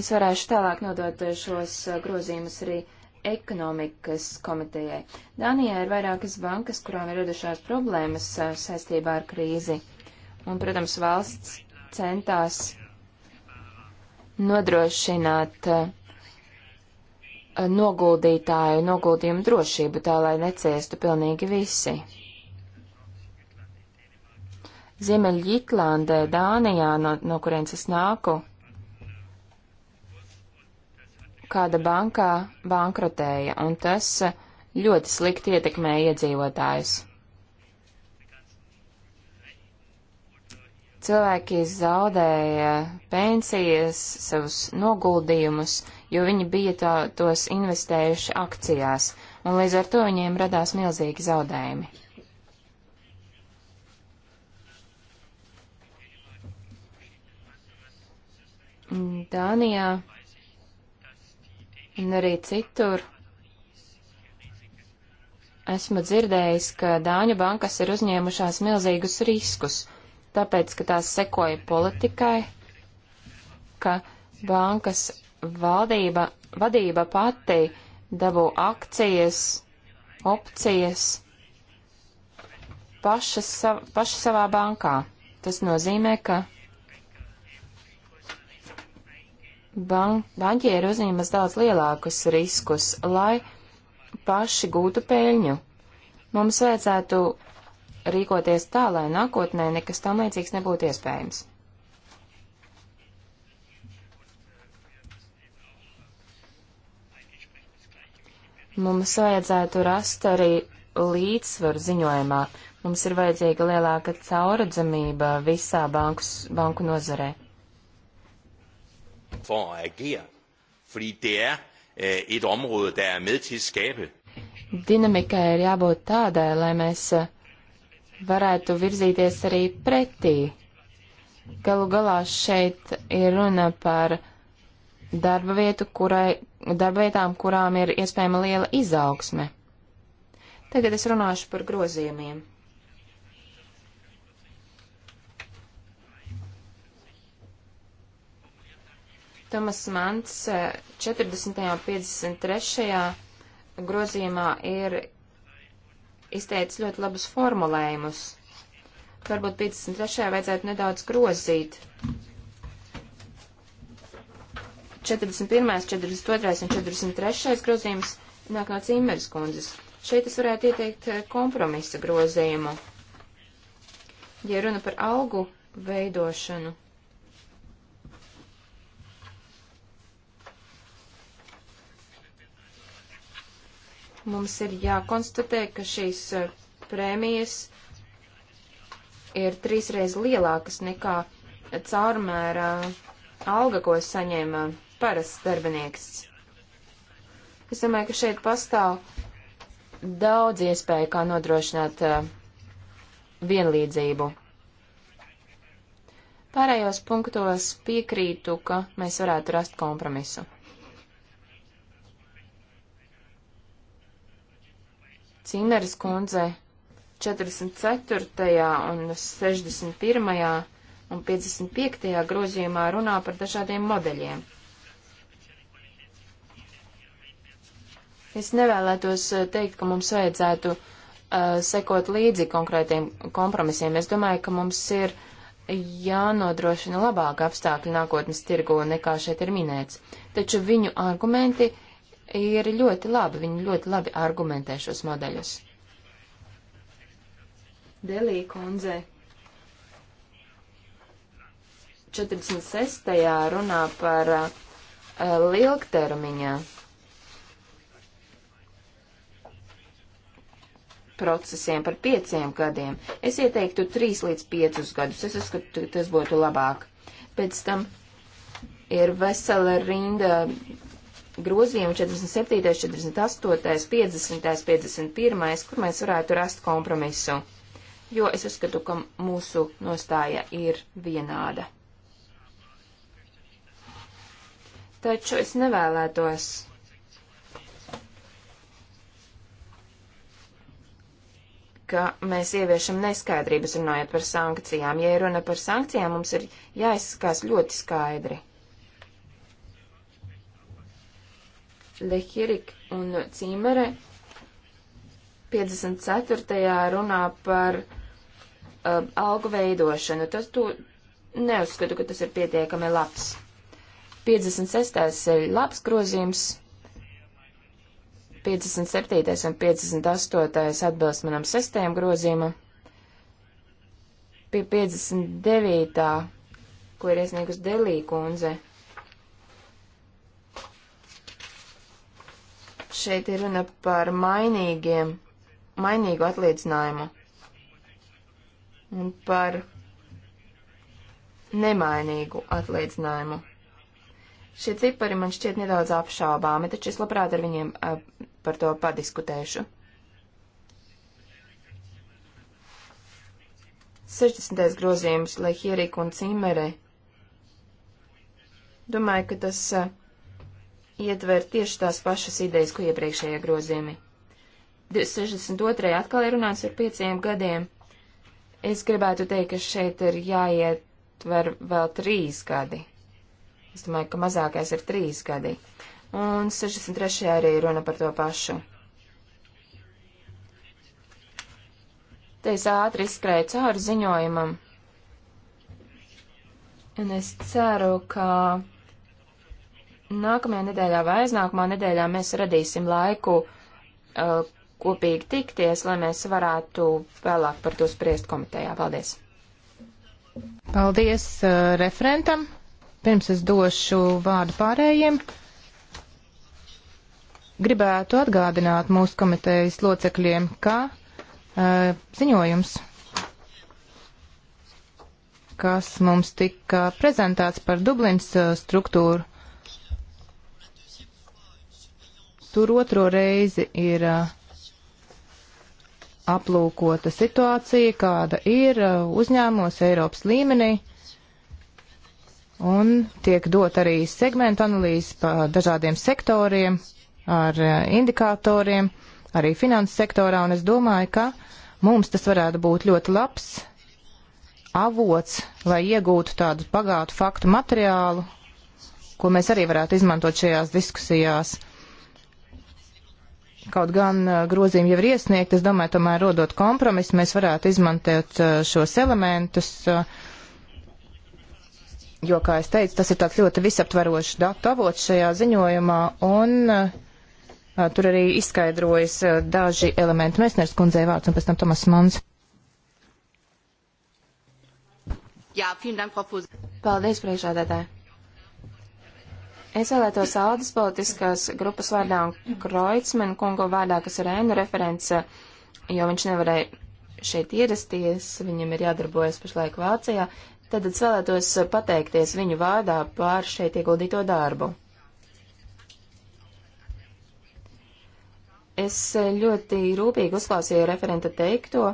Es varēšu tālāk nodot šos eh, grozījumus arī ekonomikas komitejai. Dānijā ir vairākas bankas, kurām ir radušās problēmas saistībā ar krīzi. Un, protams, valsts centās nodrošināt uh, Eh, noguldītāju noguldījumu drošību, tā lai neciestu pilnīgi visi. Ziemeļjitlandē, Dānijā, no, no kurienes es nāku, kāda bankā bankrotēja, un tas ļoti slikti ietekmēja iedzīvotājus. Cilvēki zaudēja pensijas, savus noguldījumus, jo viņi bija tā, tos investējuši akcijās, un līdz ar to viņiem radās milzīgi zaudējumi. Dānijā un arī citur esmu dzirdējis, ka Dāņu bankas ir uzņēmušās milzīgus riskus, tāpēc, ka tās sekoja politikai, ka bankas valdība, vadība pati dabū akcijas, opcijas paša, sav, paša savā bankā. Tas nozīmē, ka ban, banķieri uzņemas daudz lielākus riskus, lai paši gūtu peļņu. Mums vajadzētu rīkoties tā, lai nākotnē nekas tam līdzīgs nebūtu iespējams. Mums vajadzētu rast arī līdzsvaru ziņojumā. Mums ir vajadzīga lielāka cauradzamība visā bankus, banku nozarē. For at agere, fordi det er øh, et område, der er med til at skabe dinamikai ir jābūt tādai, lai mēs eh, varētu virzīties arī pretī. Galu galā šeit ir runa par darba, vietu, kurai, darba vietām, kurām ir iespējama liela izaugsme. Tagad es runāšu par grozījumiem. Tomas Mans 40. un 53. grozījumā ir izteicis ļoti labus formulējumus. Varbūt 53. vajadzētu nedaudz grozīt. 41., 42. un 43. grozījums nāk no Cimmeres kundzes. Šeit es varētu ieteikt eh, kompromisa grozījumu. Ja runa par algu veidošanu, mums ir jākonstatē, ka šīs eh, prēmijas ir trīsreiz lielākas nekā eh, caurmērā alga, ko saņēma parasts darbinieks. Es domāju, ka šeit pastāv daudz iespēju, kā nodrošināt uh, vienlīdzību. Pārējos punktos piekrītu, ka mēs varētu rast kompromisu. Cimmeres kundze 44. un 61. un 55. grozījumā runā par dažādiem modeļiem. Es nevēlētos eh, teikt, ka mums vajadzētu uh, sekot līdzi konkrētiem kompromisiem. Es domāju, ka mums ir jānodrošina labāka apstākļa nākotnes tirgo nekā šeit ir minēts. Taču viņu argumenti ir ļoti labi, viņi ļoti labi argumentē šos modeļus. Delī kundze 46. runā par uh, eh, ilgtermiņā procesiem par pieciem gadiem. Es ieteiktu trīs līdz piecus gadus. Es uzskatu, tas būtu labāk. Pēc tam ir vesela rinda grozījumu 47., 48., 50., 51., kur mēs varētu rast kompromisu. Jo es uzskatu, ka mūsu nostāja ir vienāda. Taču es nevēlētos ka mēs ieviešam neskaidrības runājot par sankcijām. Ja runa par sankcijām, mums ir jāizskās ļoti skaidri. Lehirik un Cīmere 54. runā par uh, algu veidošanu. Tas tu neuzskatu, ka tas ir pietiekami labs. 56. ir labs grozījums 57. un 58. atbilst manam sestajam grozījumam. Pie 59. ko ir iesniegus Delī kundze. Šeit ir runa par mainīgiem, mainīgu atlīdzinājumu un par nemainīgu atlīdzinājumu. Šie cipari man šķiet nedaudz apšaubāmi, taču es labprāt ar viņiem uh, par to padiskutēšu. 60. grozījums, lai Hierika un Cimere. Domāju, ka tas eh, ietver tieši tās pašas idejas, ko iepriekšējie grozījumi. 62. atkal ir runāts par pieciem gadiem. Es gribētu teikt, ka šeit ir jāietver vēl trīs gadi. Es domāju, ka mazākais ir trīs gadi un 63. arī runa par to pašu. Te es ātri izskrēju cauri ziņojumam, un es ceru, ka nākamajā nedēļā vai aiznākamā nedēļā mēs radīsim laiku uh, kopīgi tikties, lai mēs varētu vēlāk par to spriest komitejā. Paldies! Paldies uh, referentam! Pirms es došu vārdu pārējiem gribētu atgādināt mūsu komitejas locekļiem, ka uh, ziņojums, kas mums tika prezentēts par Dublins uh, struktūru, tur otro reizi ir uh, aplūkota situācija, kāda ir uzņēmos Eiropas līmenī, un tiek dot arī segmentu analīzes pa dažādiem sektoriem, ar eh, indikatoriem, arī finanses sektorā, un es domāju, ka mums tas varētu būt ļoti labs avots, lai iegūtu tādu pagātu faktu materiālu, ko mēs arī varētu izmantot šajās diskusijās. Kaut gan eh, grozījumi jau ir iesniegti, es domāju, tomēr rodot kompromisu, mēs varētu izmantot eh, šos elementus, jo, kā es teicu, tas ir tāds ļoti visaptverošs datu avots šajā ziņojumā, un uh, Tur arī izskaidrojas daži elementi. Mēsners kundzei vārds un pēc tam Tomas Mans. Jā, dank, Paldies, priekšādātāji. Es vēlētos Aldis politiskās grupas vārdā un Kreutzmanu kungu vārdā, kas ir ēnu referents, jo viņš nevarēja šeit ierasties, viņam ir jādarbojas pašlaik Vācijā, tad es vēlētos pateikties viņu vārdā par šeit ieguldīto darbu. Es ļoti rūpīgi uzklausīju referenta teikto,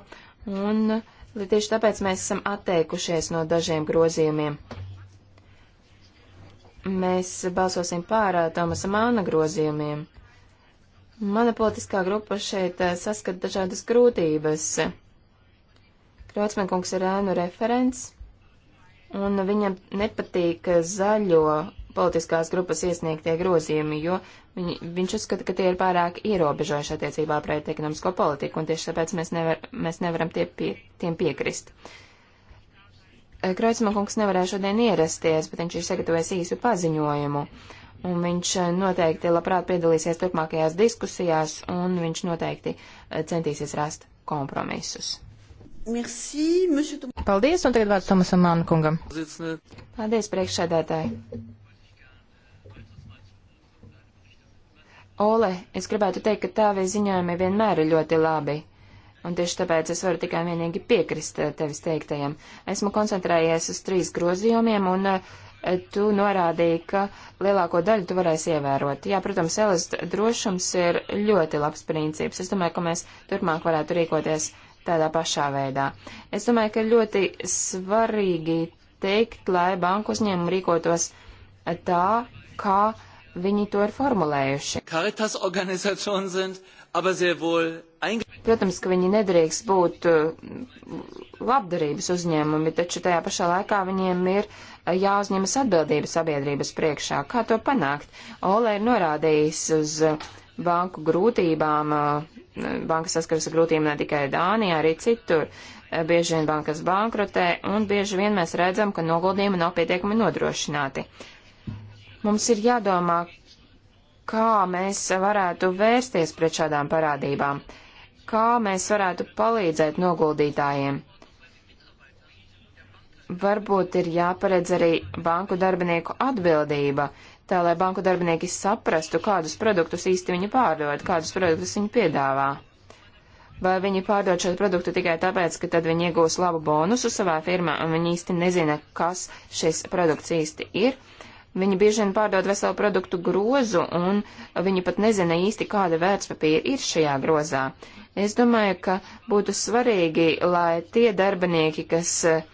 un tieši tāpēc mēs esam atteikušies no dažiem grozījumiem. Mēs balsosim pār Tomasa Māna grozījumiem. Mana politiskā grupa šeit saskata dažādas grūtības. Kreutzmann kungs ir ēnu referents, un viņam nepatīk zaļo politiskās grupas iesniegtie grozījumi, jo viņi, viņš uzskata, ka tie ir pārāk ierobežojuši attiecībā pret ekonomisko politiku, un tieši tāpēc mēs, nevar, mēs nevaram tie pie, tiem piekrist. Eh, Kreuzman kungs nevarēja šodien ierasties, bet viņš ir sagatavojis īsu paziņojumu, un viņš eh, noteikti labprāt piedalīsies turpmākajās diskusijās, un viņš noteikti eh, centīsies rast kompromisus. Merci, monsieur... Paldies, un tagad vārds Tomasam Mānu kungam. Paldies, priekšsēdētāji. Ole, es gribētu teikt, ka tavi ziņojumi vienmēr ir ļoti labi. Un tieši tāpēc es varu tikai vienīgi piekrist eh, tevis teiktajam. Esmu koncentrējies uz trīs grozījumiem, un eh, tu norādīji, ka lielāko daļu tu varēsi ievērot. Jā, protams, Elas drošums ir ļoti labs princips. Es domāju, ka mēs turpmāk varētu rīkoties tādā pašā veidā. Es domāju, ka ļoti svarīgi teikt, lai banku uzņēmumu rīkotos eh, tā, kā. Ka viņi to ir formulējuši. Protams, ka viņi nedrīkst būt uh, labdarības uzņēmumi, taču tajā pašā laikā viņiem ir uh, jāuzņemas atbildība sabiedrības priekšā. Kā to panākt? Ole ir norādījis uz uh, banku grūtībām, banka saskaras ar grūtībām ne tikai Dānijā, arī citur. Bieži vien bankas bankrotē, un bieži vien mēs redzam, ka noguldījumi nav pietiekami nodrošināti. Mums ir jādomā, kā mēs varētu vērsties pret šādām parādībām, kā mēs varētu palīdzēt noguldītājiem. Varbūt ir jāparedz arī banku darbinieku atbildība, tā lai banku darbinieki saprastu, kādus produktus īsti viņi pārdod, kādus produktus viņi piedāvā. Vai viņi pārdod šo produktu tikai tāpēc, ka tad viņi iegūs labu bonusu savā firmā un viņi īsti nezina, kas šis produkts īsti ir, Viņi bieži vien pārdod veselu produktu grozu, un viņi pat nezina īsti, kāda vērtspapīra ir šajā grozā. Es domāju, ka būtu svarīgi, lai tie darbinieki, kas eh,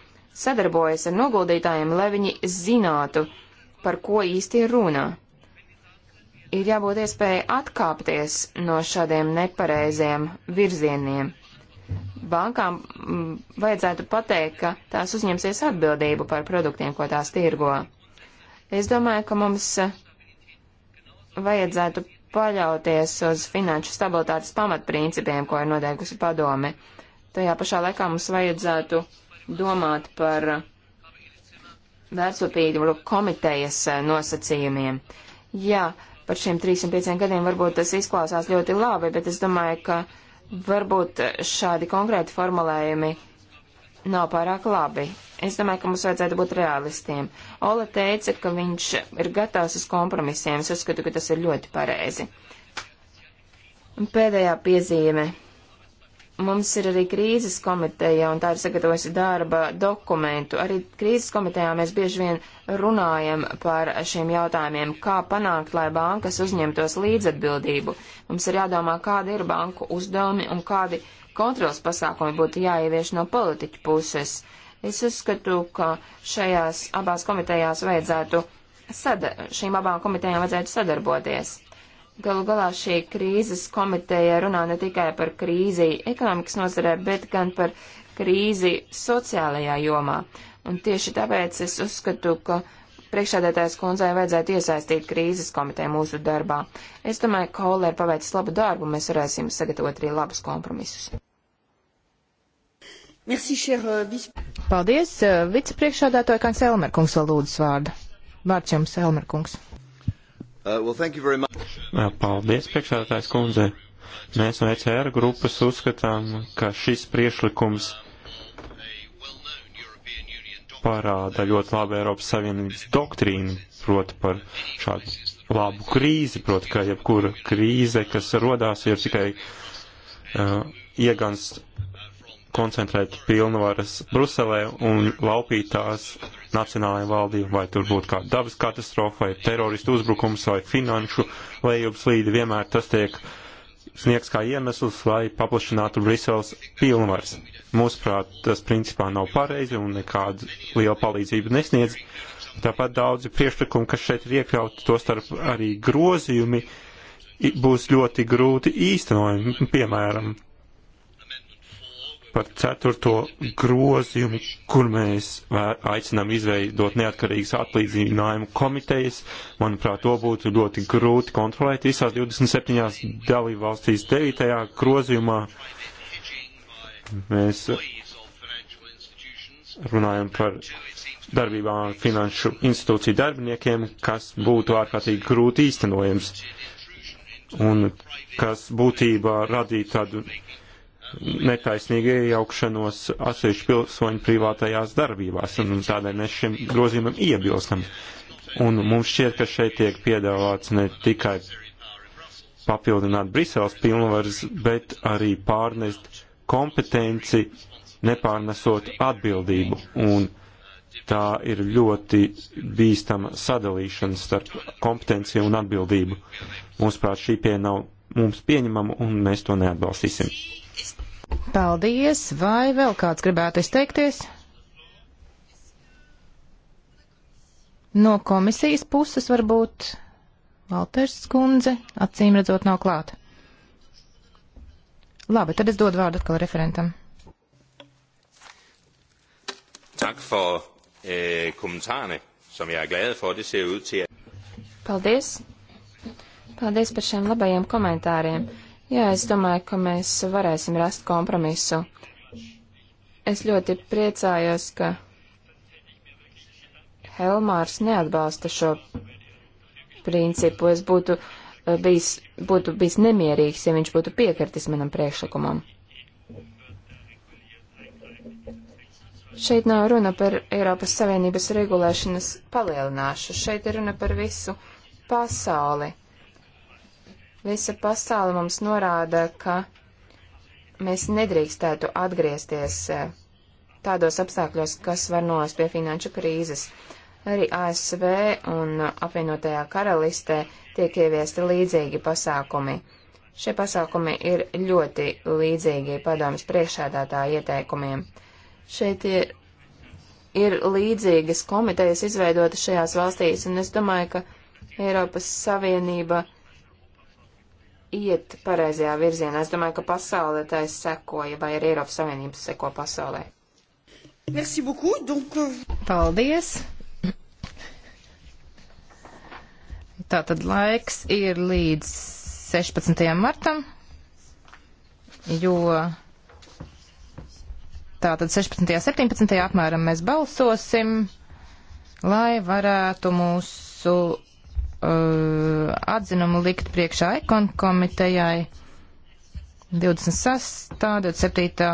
sadarbojas ar noguldītājiem, lai viņi zinātu, par ko īsti ir runā ir jābūt iespēja atkāpties no šādiem nepareiziem virzieniem. Bankām mm, vajadzētu pateikt, ka tās uzņemsies atbildību par produktiem, ko tās tirgo. Es domāju, ka mums eh, vajadzētu paļauties uz finanšu stabilitātes pamatprincipiem, ko ir noteikusi padome. Tajā pašā laikā mums vajadzētu domāt par eh, vērtspapīru komitejas eh, nosacījumiem. Jā, par šiem 305 gadiem varbūt tas izklausās ļoti labi, bet es domāju, ka varbūt šādi konkrēti formulējumi nav pārāk labi. Es domāju, ka mums vajadzētu būt realistiem. Ola teica, ka viņš ir gatavs uz kompromisiem. Es uzskatu, ka tas ir ļoti pareizi. Un pēdējā piezīme. Mums ir arī krīzes komiteja, un tā ir sagatavojusi darba dokumentu. Arī krīzes komitejā mēs bieži vien runājam par šiem jautājumiem, kā panākt, lai bankas uzņemtos līdzatbildību. Mums ir jādomā, kādi ir banku uzdevumi un kādi kontrols pasākumi būtu jāievieš no politiķu puses. Es uzskatu, ka šajās abās komitejās vajadzētu, sada, šīm abām komitejām vajadzētu sadarboties. Galu galā šī krīzes komiteja runā ne tikai par krīzi ekonomikas nozarē, bet gan par krīzi sociālajā jomā. Un tieši tāpēc es uzskatu, ka priekšsēdētājas kundzei vajadzētu iesaistīt krīzes komiteju mūsu darbā. Es domāju, ka Hola ir paveicis labu darbu, mēs varēsim sagatavot arī labus kompromisus. Merci, cher, uh, Paldies, uh, vicepriekšādātoja Kāns Elmerkungs vēl lūdzu vārdu. Vārds jums, Elmerkungs. Uh, well, Paldies, priekšsēdētājs kundze. Mēs no ECR grupas uzskatām, ka šis priešlikums parāda ļoti labi Eiropas Savienības doktrīnu, proti par šādu labu krīzi, proti, ka jebkura krīze, kas rodās, ir tikai uh, iegans koncentrēt pilnvaras Bruselē un laupīt tās nacionālajai valdībai, vai tur būtu kāda dabas katastrofa, vai teroristu uzbrukums, vai finanšu lejupslīde, vienmēr tas tiek uh, sniegs kā iemesls, lai paplašinātu Briseles pilnvars. Mūsuprāt, tas principā nav pareizi un nekādu lielu palīdzību nesniedz. Tāpat daudzi priekšlikumi, kas šeit ir iekļauti, to starp arī grozījumi, būs ļoti grūti īstenojami. Piemēram, par ceturto grozījumu, kur mēs aicinām izveidot neatkarīgas atlīdzinājumu komitejas. Manuprāt, to būtu ļoti grūti kontrolēt visās 27 dalībvalstīs 9. grozījumā. Mēs runājam par darbībām ar finanšu institūciju darbiniekiem, kas būtu ārkārtīgi grūti īstenojams un kas būtībā radītu tādu netaisnīgu iejaukšanos atsevišķu pilsoņu privātajās darbībās, un tādēļ mēs šim grozījumam iebilstam. Un mums šķiet, ka šeit tiek piedāvāts ne tikai papildināt Briseles pilnvaras, bet arī pārnest kompetenci, nepārnesot atbildību. Un tā ir ļoti bīstama sadalīšana starp kompetenci un atbildību. Mūsuprāt, šī pie nav mums pieņemama, un mēs to neatbalstīsim. Paldies! Vai vēl kāds gribētu izteikties? No komisijas puses varbūt Valters skundze acīm redzot nav klāta. Labi, tad es dodu vārdu atkal referentam. Tak for eh, komentārne, som jeg er glad for, det ser ud til. Paldies. Paldies par šiem labajiem komentāriem. Mm. Jā, es domāju, ka mēs varēsim rast kompromisu. Es ļoti priecājos, ka Helmārs neatbalsta šo principu. Es būtu eh, bijis, būtu bijis nemierīgs, ja viņš būtu piekartis manam priekšlikumam. Šeit nav runa par Eiropas Savienības regulēšanas palielināšanu, šeit ir runa par visu pasauli. Visa pasaule mums norāda, ka mēs nedrīkstētu atgriezties e, tādos apstākļos, kas var novest pie finanšu krīzes. Arī ASV un apvienotajā karalistē tiek ieviesti līdzīgi pasākumi. Šie pasākumi ir ļoti līdzīgi padomas priekšādātāja ieteikumiem. Šeit ir, ir līdzīgas komitejas izveidotas šajās valstīs, un es domāju, ka Eiropas Savienība iet pareizajā virzienā. Es domāju, ka pasaulē tā es sekoju, vai arī Eiropas Savienības seko pasaulē. Merci beaucoup, donc... Euh, Paldies! Tātad laiks ir līdz 16. martam, jo tātad 16. un 17. apmēram mēs balsosim, lai varētu mūsu Uh, atzinumu likt priekšā ekonu komitejai 26. 27.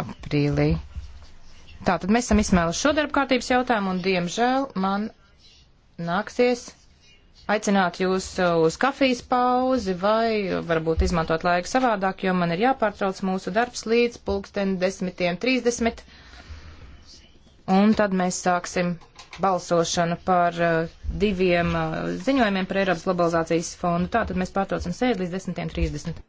aprīlī. Tātad mēs esam izsmēluši šo darba kārtības jautājumu un, diemžēl, man nāksies aicināt jūs uh, uz kafijas pauzi vai varbūt izmantot laiku savādāk, jo man ir jāpārtrauc mūsu darbs līdz pulksten 10.30. Un tad mēs sāksim balsošanu par eh, diviem eh, ziņojumiem par Eiropas globalizācijas fondu. Tātad mēs pārtraucam sēdi līdz 10.30.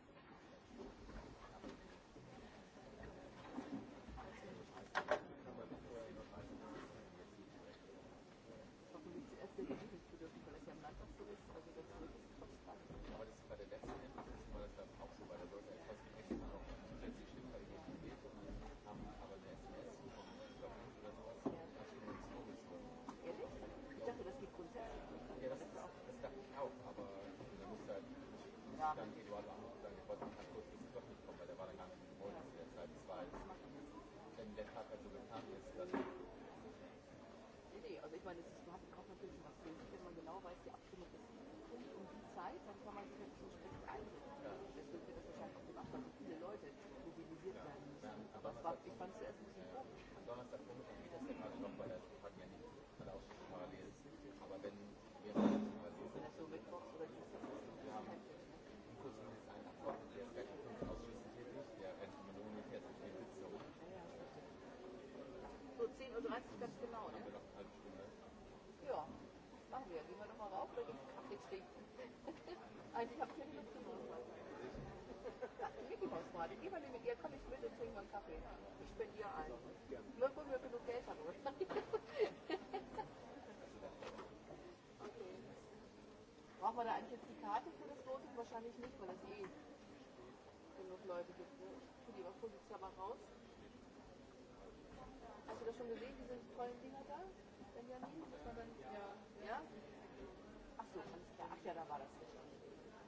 wahrscheinlich nicht, weil es eh genug Leute gibt. Ne? Für die Waffe sitzt ja mal raus. Hast du das schon gesehen, diese tollen Dinger da? Benjamin? Das war dann, ja. ja? Ach so, alles klar. Ach ja, da war das nicht. Ja,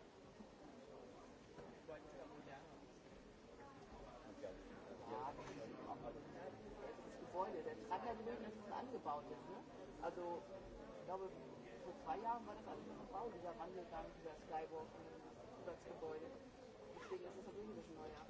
das Gebäude, der Treiber gewesen, dass es angebaut ist. Ne? Also, ich glaube, drei Jahren war das alles noch im Bau, dieser Wandelgang, dieser Skywalk über das Gebäude. Deswegen ist es natürlich ein bisschen neuer.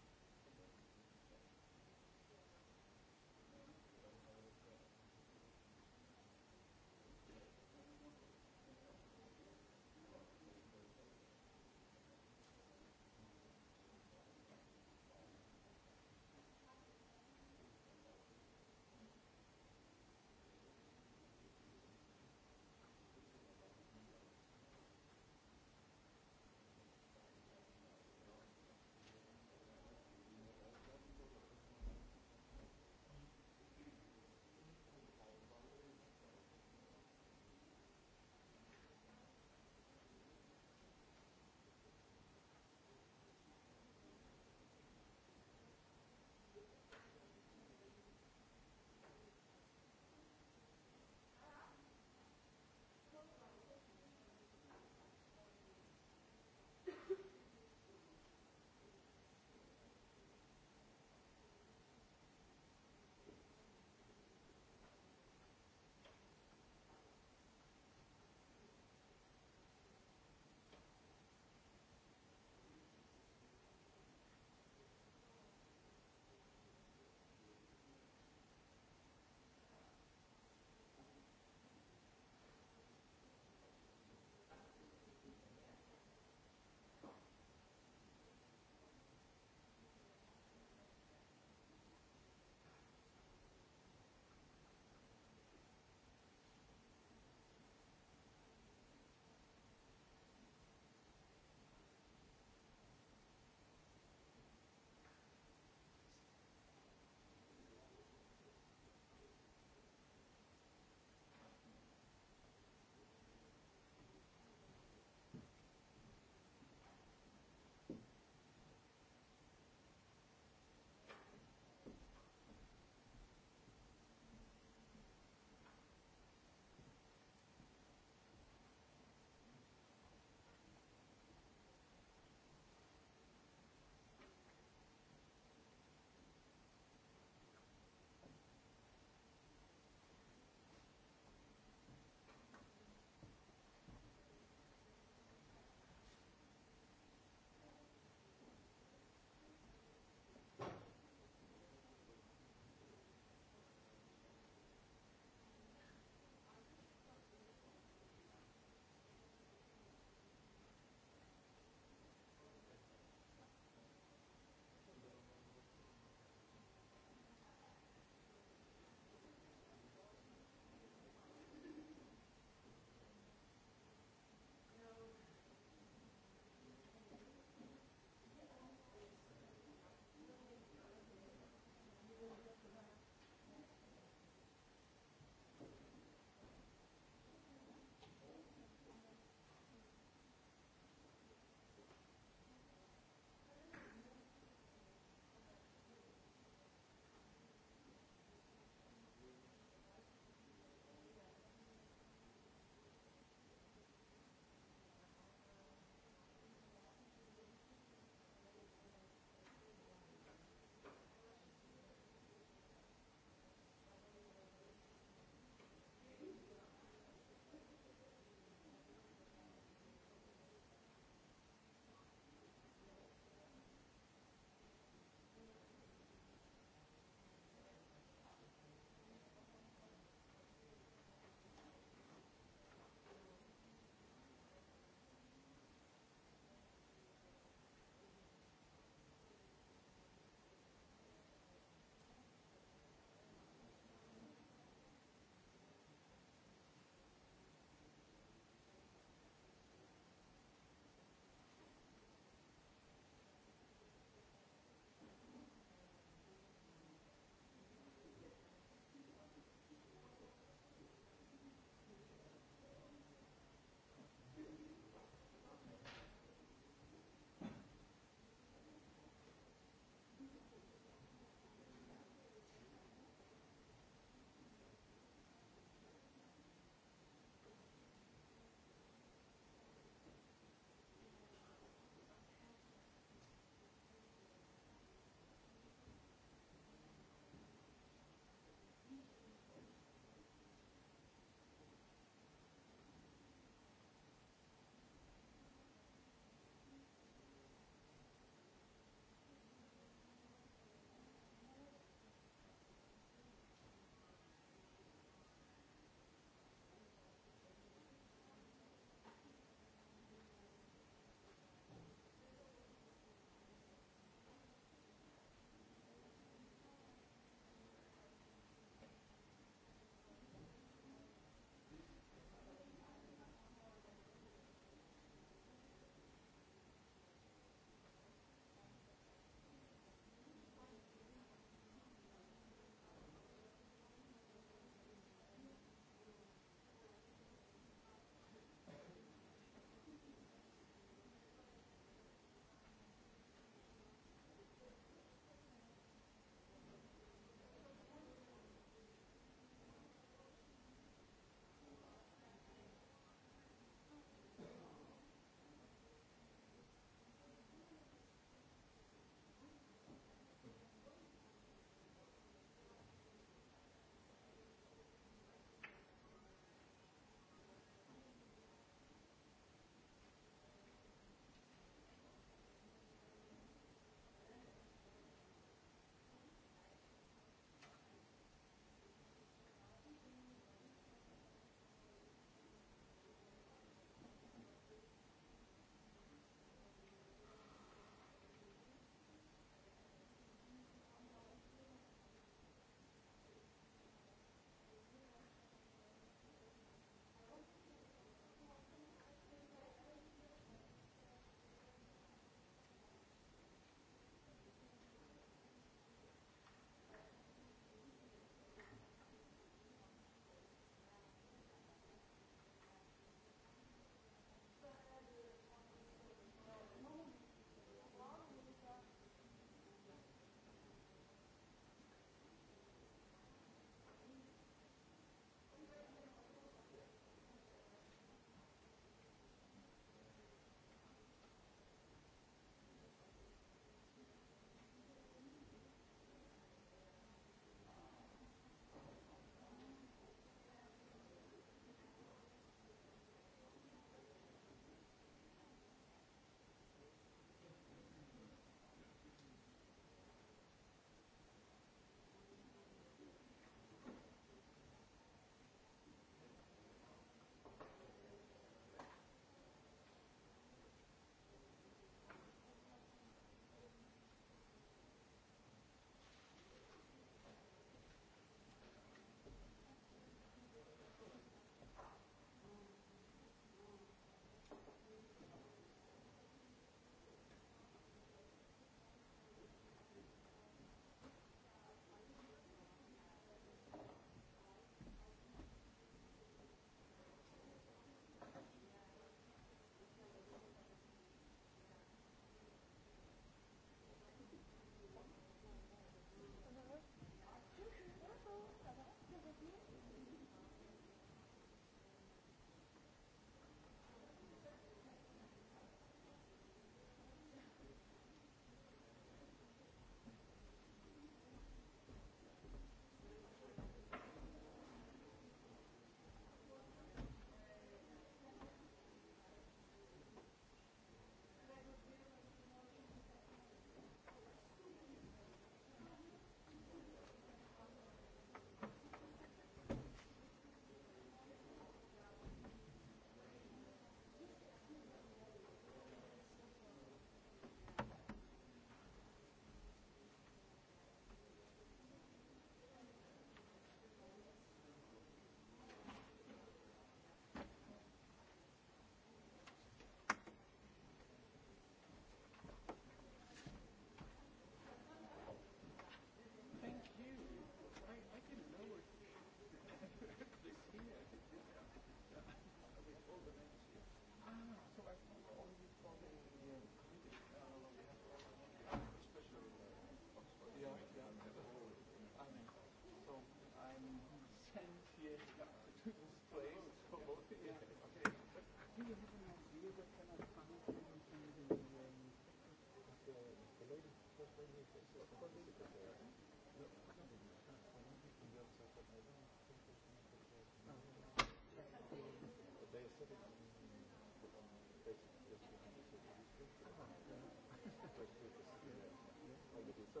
So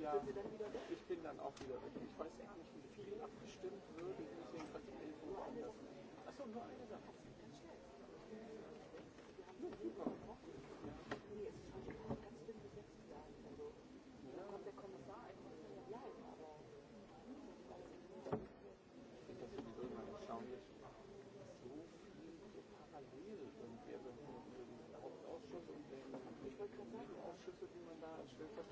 ja. sind wir dann wieder weg. Ich bin dann auch wieder weg. Ich weiß gar nicht, wie viel abgestimmt wird. Ich muss jedenfalls um 11 Uhr anlassen. Achso, nur eine Sache. Ja, super. Ausschüsse, die man da stellt, das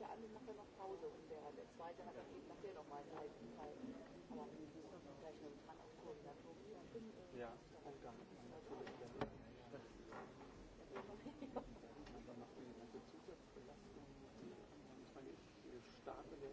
zweite Anlauf macht er noch Pause und wäre der zweite hat dann eben nachher nochmal drei, drei, aber vielleicht noch dran auf Koordinatoren. Ja, und dann natürlich der Dann macht man die ganze Zusatzbelastung, die man nicht stark in der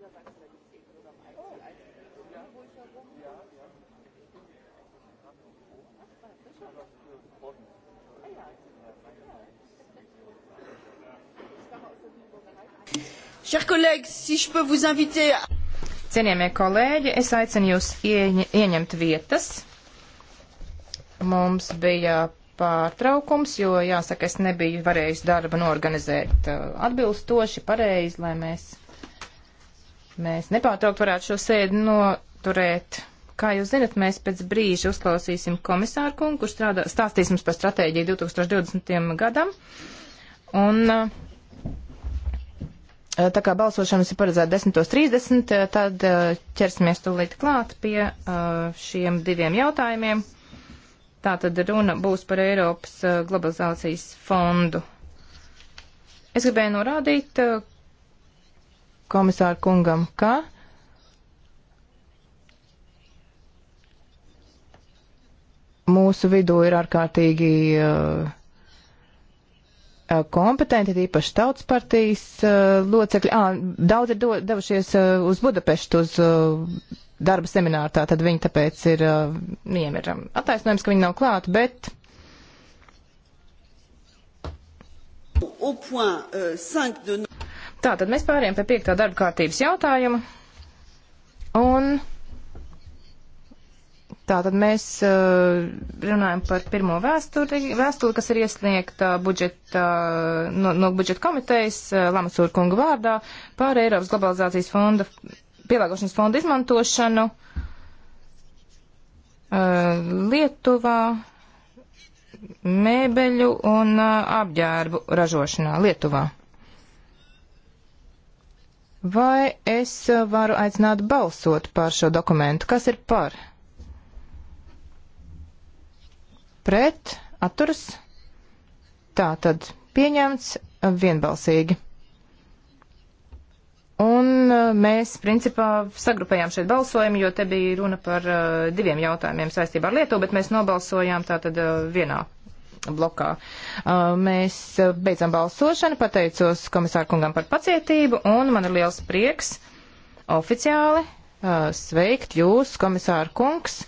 früher war es in der Disco oder am Eis, die alte Diskussion, wo ich herum. Ja, ja. Ach, war das schon? Ah ja. Chers collègues, si je peux vous inviter à... Cienījamie kolēģi, es aicinu jūs ieņ ieņemt vietas. Mums bija pārtraukums, jo, jāsaka, es nebiju varējis darba norganizēt uh, atbilstoši, pareizi, lai mēs mēs nepārtraukt varētu šo sēdi noturēt. Kā jūs zinat, mēs pēc brīža uzklausīsim komisāru kungu, kurš strādā, stāstīs mums par stratēģiju 2020. gadam. Un eh, tā kā balsošanas ir paredzēta 10.30, eh, tad eh, ķersimies tūlīt klāt pie šiem diviem jautājumiem. Tā tad runa būs par Eiropas globalizācijas fondu. Es gribēju norādīt, komisāru kungam, ka mūsu vidū ir ārkārtīgi uh, uh kompetenti, īpaši tautas partijas uh, locekļi. Ah, daudz ir do, devušies uh, uz Budapeštu uz uh, darba semināru, tā tad viņi tāpēc ir, viņiem uh, ir attaisnojums, ka viņi nav klāt, bet. Au point 5 euh, de Tātad mēs pāriem pie piektā darba kārtības jautājuma. Un tātad mēs uh, runājam par pirmo vēsturi, vēstuli, kas ir iesniegta budžeta, no, no budžeta komitejas uh, Lamasūra kunga vārdā par Eiropas globalizācijas fonda, pielāgošanas fonda izmantošanu uh, Lietuvā mēbeļu un uh, apģērbu ražošanā Lietuvā. Vai es uh, varu aicināt balsot par šo dokumentu? Kas ir par? Pret? Atturas? Tā tad pieņemts uh, vienbalsīgi. Un uh, mēs, principā, sagrupējām šeit balsojumu, jo te bija runa par uh, diviem jautājumiem saistībā ar Lietuvu, bet mēs nobalsojām tātad uh, vienā blokā. Uh, mēs beidzam balsošanu, pateicos komisāru kungam par pacietību un man ir liels prieks oficiāli uh, sveikt jūs, komisāru kungs.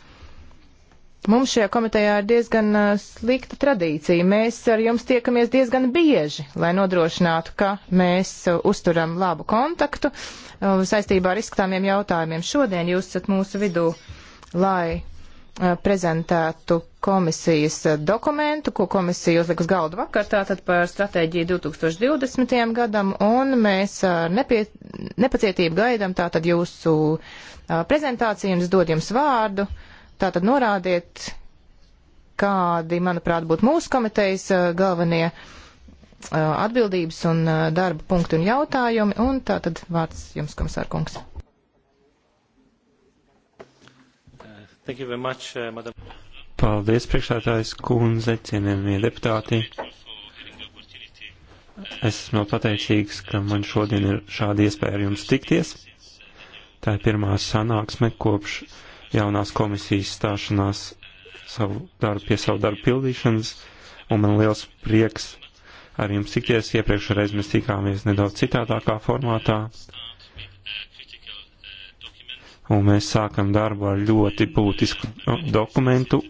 Mums šajā komitejā ir diezgan uh, slikta tradīcija. Mēs ar jums tiekamies diezgan bieži, lai nodrošinātu, ka mēs uzturam labu kontaktu saistībā ar izskatāmiem jautājumiem. Šodien jūs esat mūsu vidū, lai Eh, prezentētu komisijas dokumentu, ko komisija uzlika uz galdu vakar, tātad par stratēģiju 2020. gadam, un mēs eh, nepie, nepacietību gaidam tātad jūsu eh, prezentāciju, un es dod jums vārdu, tātad norādiet, kādi, manuprāt, būtu mūsu komitejas galvenie atbildības un darba punkti un jautājumi, un tātad vārds jums, komisārkungs. Much, uh, madam. Paldies, priekšsētājs kundze, cienījamie deputāti. Esmu pateicīgs, ka man šodien ir šāda iespēja ar jums tikties. Tā ir pirmā sanāksme kopš jaunās komisijas stāšanās savu darbu pie savu darbu pildīšanas, un man liels prieks ar jums tikties. Iepriekšreiz mēs tikāmies nedaudz citādākā formātā, un mēs sākam darbu ar ļoti būtisku dokumentu.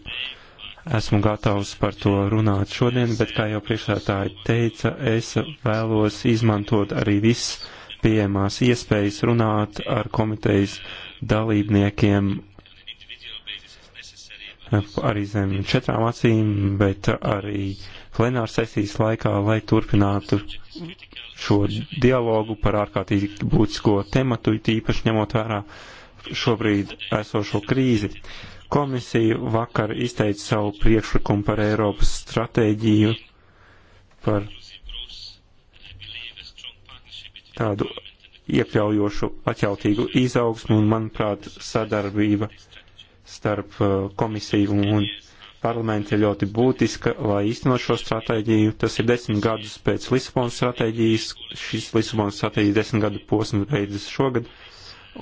Esmu gatavs par to runāt šodien, bet, kā jau priekšsētāji teica, es vēlos izmantot arī viss pieejamās iespējas runāt ar komitejas dalībniekiem arī zem četrām acīm, bet arī plenāra sesijas laikā, lai turpinātu šo dialogu par ārkārtīgi būtisko tematu, tīpaši ņemot vērā uh, šobrīd esošo krīzi. Komisija vakar izteica savu priekšlikumu par Eiropas stratēģiju, par tādu iekļaujošu, atjautīgu izaugsmu un, manuprāt, sadarbība starp uh, komisiju un parlamentu ir ļoti būtiska, lai īstenot šo stratēģiju. Tas ir desmit gadus pēc Lisabonas stratēģijas. Šis Lisabonas stratēģijas desmit gadu posms beidzas šogad.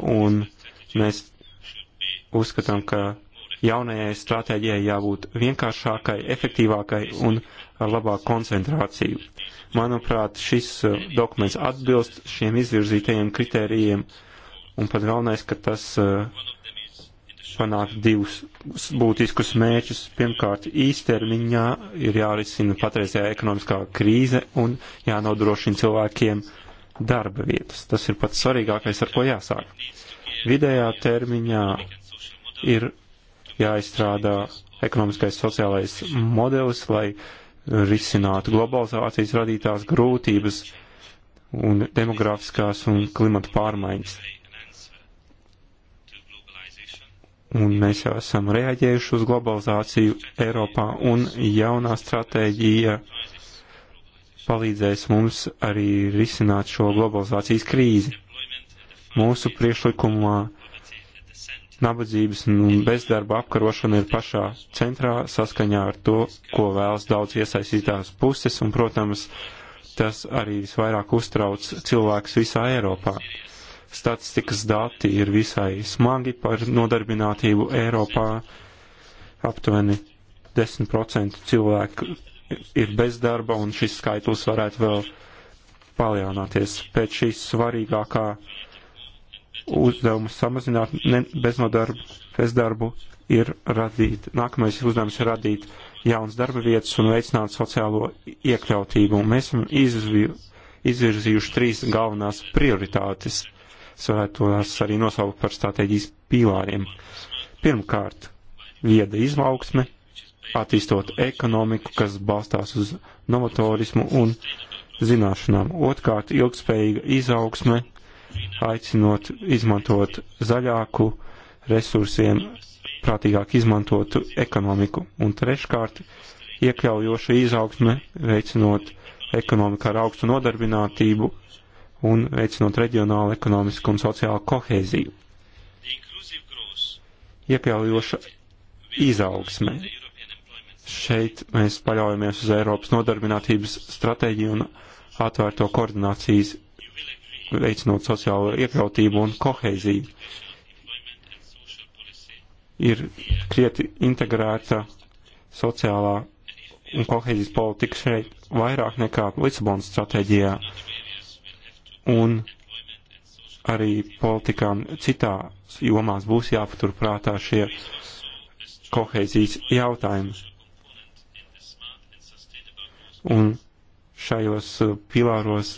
Un uh, Mēs uzskatām, ka jaunajai stratēģijai jābūt vienkāršākai, efektīvākai un ar labāku koncentrāciju. Manuprāt, šis uh, dokuments atbilst šiem izvirzītajiem kritērijiem, un pat galvenais, ka tas uh, panāk divus būtiskus mērķus. Pirmkārt, īstermiņā ir jārisina patreizējā ekonomiskā krīze un jānodrošina cilvēkiem darba vietas. Tas ir pats svarīgākais, ar ko jāsāk. Vidējā termiņā ir jāizstrādā ekonomiskais sociālais modelis, lai risinātu globalizācijas radītās grūtības un demografiskās un klimata pārmaiņas. Un mēs jau esam reaģējuši uz globalizāciju Eiropā, un jaunā stratēģija palīdzēs mums arī risināt šo globalizācijas krīzi. Mūsu priešlikumā nabadzības un bezdarba apkarošana ir pašā centrā saskaņā ar to, ko vēlas daudz iesaistītās puses, un, protams, tas arī visvairāk uztrauc cilvēks visā Eiropā. Statistikas dati ir visai smagi par nodarbinātību Eiropā. Aptuveni 10% cilvēku ir bezdarba, un šis skaitlis varētu vēl palielināties. Pēc šīs svarīgākā uh, uzdevumus samazināt ne, beznodarbu, bezdarbu ir radīt. Nākamais uzdevums ir radīt jaunas darba vietas un veicināt sociālo iekļautību. Un mēs esam izviju, izvirzījuši trīs galvenās prioritātes. Es varētu tās arī nosaukt par stratēģijas pīlāriem. Pirmkārt, vieda izaugsme, attīstot ekonomiku, kas balstās uz novatorismu un zināšanām. Otkārt, ilgspējīga izaugsme, aicinot izmantot zaļāku resursiem, prātīgāk izmantotu ekonomiku. Un treškārt, iekļaujoša izaugsme, veicinot ekonomiku ar augstu nodarbinātību un veicinot reģionālu ekonomisku un sociālu kohēziju. Iekļaujoša izaugsme. Šeit mēs paļaujamies uz Eiropas nodarbinātības stratēģiju un atvērto koordinācijas veicinot sociālo iekļautību un koheiziju. Ir krieti integrēta sociālā un koheizijas politika šeit vairāk nekā Lisabonas stratēģijā un arī politikām citās jomās būs jāpaturprātā šie koheizijas jautājumi. Un šajos uh, pilāros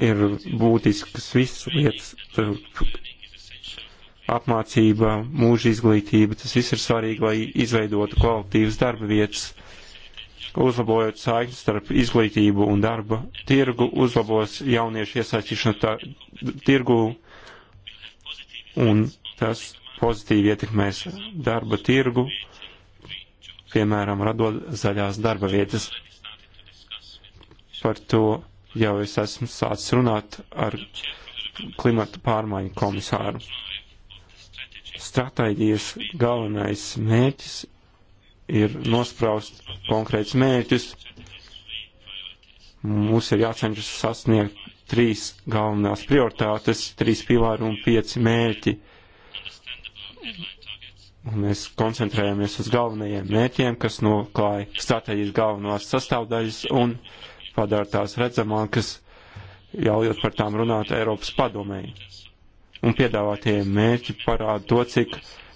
ir būtisks viss lietas, apmācība, mūža izglītība, tas viss ir svarīgi, lai izveidotu kvalitīvas darba vietas, uzlabojot saiknes starp izglītību un darba tirgu, uzlabos jauniešu iesaistīšanu tā, tirgu un tas pozitīvi ietekmēs darba tirgu, piemēram, radot zaļās darba vietas. Par to jau es esmu sācis runāt ar klimata pārmaiņu komisāru. Stratēģijas galvenais mērķis ir nospraust konkrēts mērķus. Mums ir jācenšas sasniegt trīs galvenās prioritātes, trīs pilāri un pieci mērķi. Un mēs koncentrējamies uz galvenajiem mērķiem, kas noklāja stratēģijas galvenās sastāvdaļas un uh, padara tās redzamākas, ļaujot par tām runāt Eiropas padomēji. Un piedāvātie mērķi parāda to, cik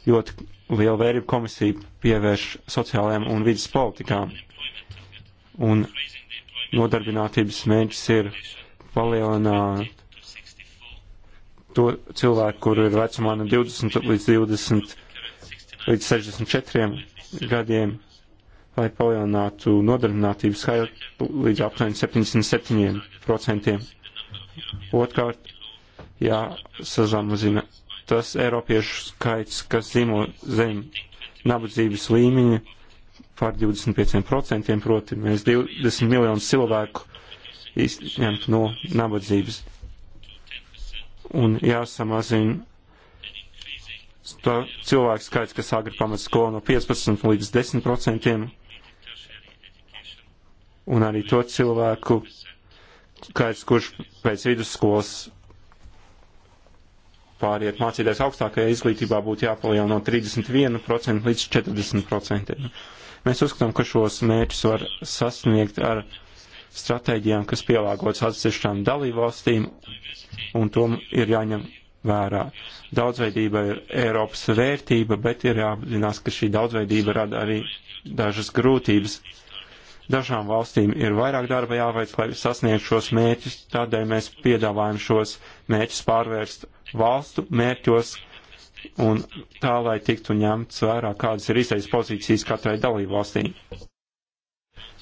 ļoti liela vērība komisija pievērš sociālajām un vidas politikām. Un nodarbinātības mērķis ir palielināt to cilvēku, kur ir vecumā no 20 līdz 20 līdz 64 gadiem lai palielinātu nodarbinātības skaitu līdz aptuveni 77%. Otkārt, jāsazamazina tas Eiropiešu skaits, kas dzīvo zem nabadzības līmeņa par 25%, proti mēs 20 miljonus cilvēku izņemt no nabadzības. Un jāsamazina to cilvēku skaits, kas agri pamat skolu no 15 līdz 10%, un arī to cilvēku skaits, kurš pēc vidusskolas pāriet mācīties augstākajā izglītībā, būtu jāpalielina no 31% līdz 40%. Mēs uzskatām, ka šos mērķus var sasniegt ar stratēģijām, kas pielāgotas atsevišķām dalībvalstīm, un to ir jāņem vērā. Daudzveidība ir Eiropas vērtība, bet ir jāapzinās, ka šī daudzveidība rada arī dažas grūtības. Dažām valstīm ir vairāk darba jāveic, lai sasniegtu šos mērķus, tādēļ mēs piedāvājam šos mērķus pārvērst valstu mērķos un tā, lai tiktu ņemts vērā, kādas ir īstais pozīcijas katrai dalību valstī.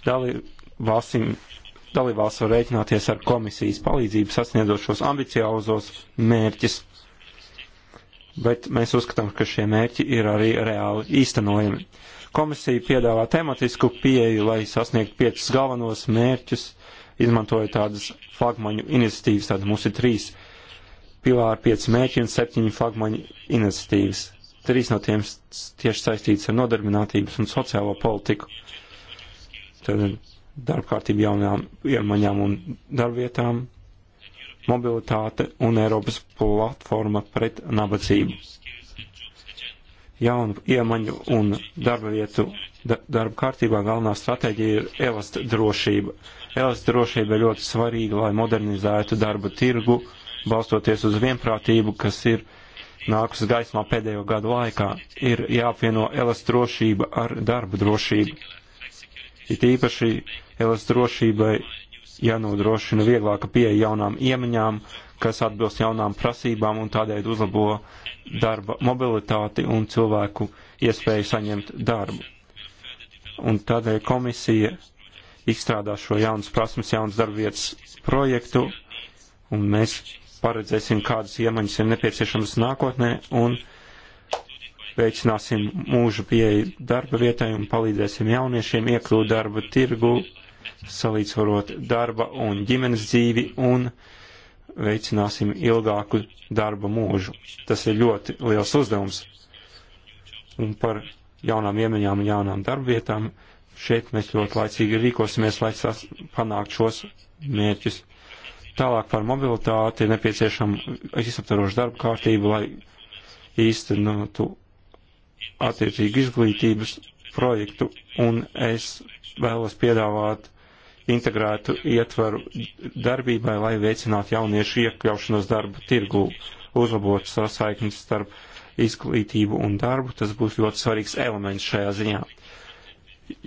Dalību valstīm dalībvalsts var rēķināties ar komisijas palīdzību sasniedzot šos ambiciozos mērķus, bet mēs uzskatām, ka šie mērķi ir arī reāli īstenojami. Komisija piedāvā tematisku pieeju, lai sasniegtu piecus galvenos mērķus, izmantoja tādas flagmaņu iniciatīvas, tādas mums ir trīs pilāri, pieci mērķi un septiņi flagmaņu iniciatīvas. Trīs no tiem tieši saistītas ar nodarbinātības un sociālo politiku. Tad darbkārtību jaunām iemaņām un darbvietām, mobilitāte un Eiropas platforma pret nabadzību jaunu iemaņu un darba vietu da, darba kārtībā galvenā stratēģija ir elast drošība. Elast drošība ir ļoti svarīga, lai modernizētu darba tirgu, balstoties uz vienprātību, kas ir nākus gaismā pēdējo gadu laikā. Ir jāapvieno elast drošība ar darba drošību. It īpaši elast drošībai jānodrošina vieglāka pieeja jaunām iemaņām, uh, kas atbilst jaunām prasībām un tādēļ uzlabo darba mobilitāti un cilvēku iespēju saņemt darbu. Un tādēļ komisija izstrādā šo jaunas prasmes, jaunas darbvietas projektu, un mēs paredzēsim, kādas iemaņas ir nepieciešamas nākotnē, un veicināsim mūža pieeju darba vietai un palīdzēsim jauniešiem iekļūt darba tirgu, salīdzvarot darba un ģimenes dzīvi un uh, veicināsim ilgāku darba mūžu. Tas ir ļoti liels uzdevums. Un par jaunām iemaņām un jaunām darbvietām šeit mēs ļoti laicīgi rīkosimies, lai panāktu šos mērķus. Tālāk par mobilitāti ir nepieciešama visaptaroša darba kārtība, lai īstenotu attiecīgu izglītības projektu, un es vēlos piedāvāt integrētu ietvaru darbībai, lai veicinātu jauniešu iekļaušanos darba tirgu, uzlabotu sasaiknes starp izglītību un darbu. Tas būs ļoti svarīgs elements šajā ziņā.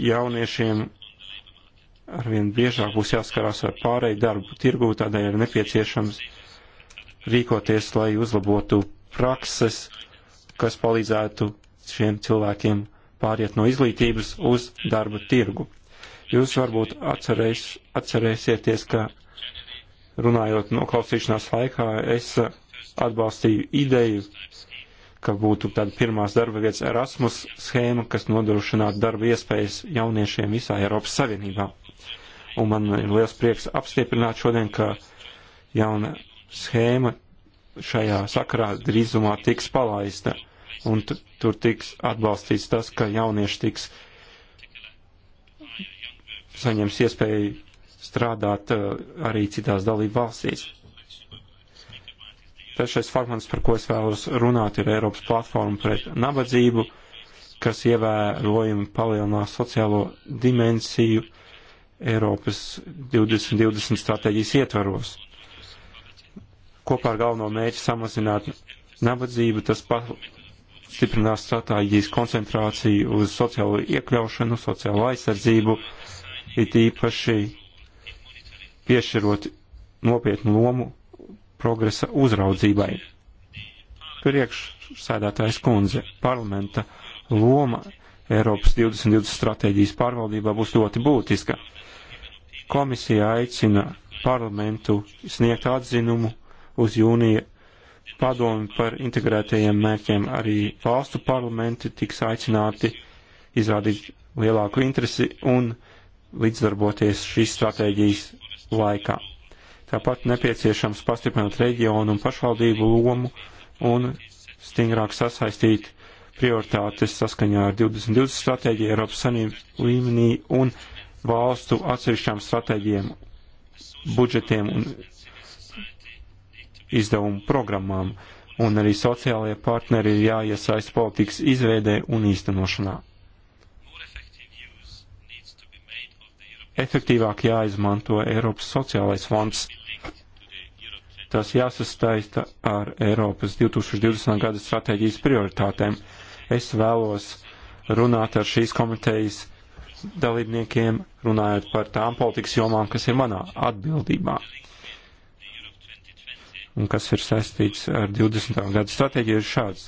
Jauniešiem arvien biežāk būs jāskarās ar pārēju darbu tirgu, tādēļ ir nepieciešams rīkoties, lai uzlabotu prakses, kas palīdzētu šiem cilvēkiem pāriet no izglītības uz darba tirgu. Jūs varbūt atcerēs, atcerēsieties, ka runājot noklausīšanās laikā, es atbalstīju ideju, ka būtu tāda pirmās darba vietas Erasmus schēma, kas nodrošinātu darba iespējas jauniešiem visā Eiropas Savienībā. Un man ir liels prieks apstiprināt šodien, ka jauna schēma šajā sakarā drīzumā tiks palaista, un tur tiks atbalstīts tas, ka jaunieši tiks saņems iespēju strādāt eh, arī citās dalību valstīs. Trešais fragments, par ko es vēlos runāt, ir Eiropas platforma pret nabadzību, kas ievērojami palielinās sociālo dimensiju Eiropas 2020 stratēģijas ietvaros. Kopā ar galveno mērķi samazināt nabadzību, tas stiprinās stratēģijas koncentrāciju uz sociālo iekļaušanu, sociālo aizsardzību, uh, it īpaši piešķirot nopietnu lomu progresa uzraudzībai. Priekšsēdētājs kundze, parlamenta loma Eiropas 2020 stratēģijas pārvaldībā būs ļoti būtiska. Komisija aicina parlamentu sniegt atzinumu uz jūnija padomi par integrētajiem mērķiem. Arī valstu parlamenti tiks aicināti izrādīt lielāku interesi un uh, līdzdarboties šīs stratēģijas laikā. Tāpat nepieciešams pastiprināt reģionu un pašvaldību lomu un stingrāk sasaistīt prioritātes saskaņā ar 2020 stratēģiju Eiropas Sanību līmenī un valstu atsevišķām stratēģiem, budžetiem un izdevumu programmām, un arī sociālajie partneri ir jāiesaist politikas izveidē un īstenošanā. efektīvāk jāizmanto Eiropas sociālais fonds. Tas jāsastaista ar Eiropas 2020. gada stratēģijas prioritātēm. Es vēlos runāt ar šīs komitejas dalībniekiem, runājot par tām politikas jomām, kas ir manā atbildībā un kas ir saistīts ar 20. gada stratēģiju, ir šāds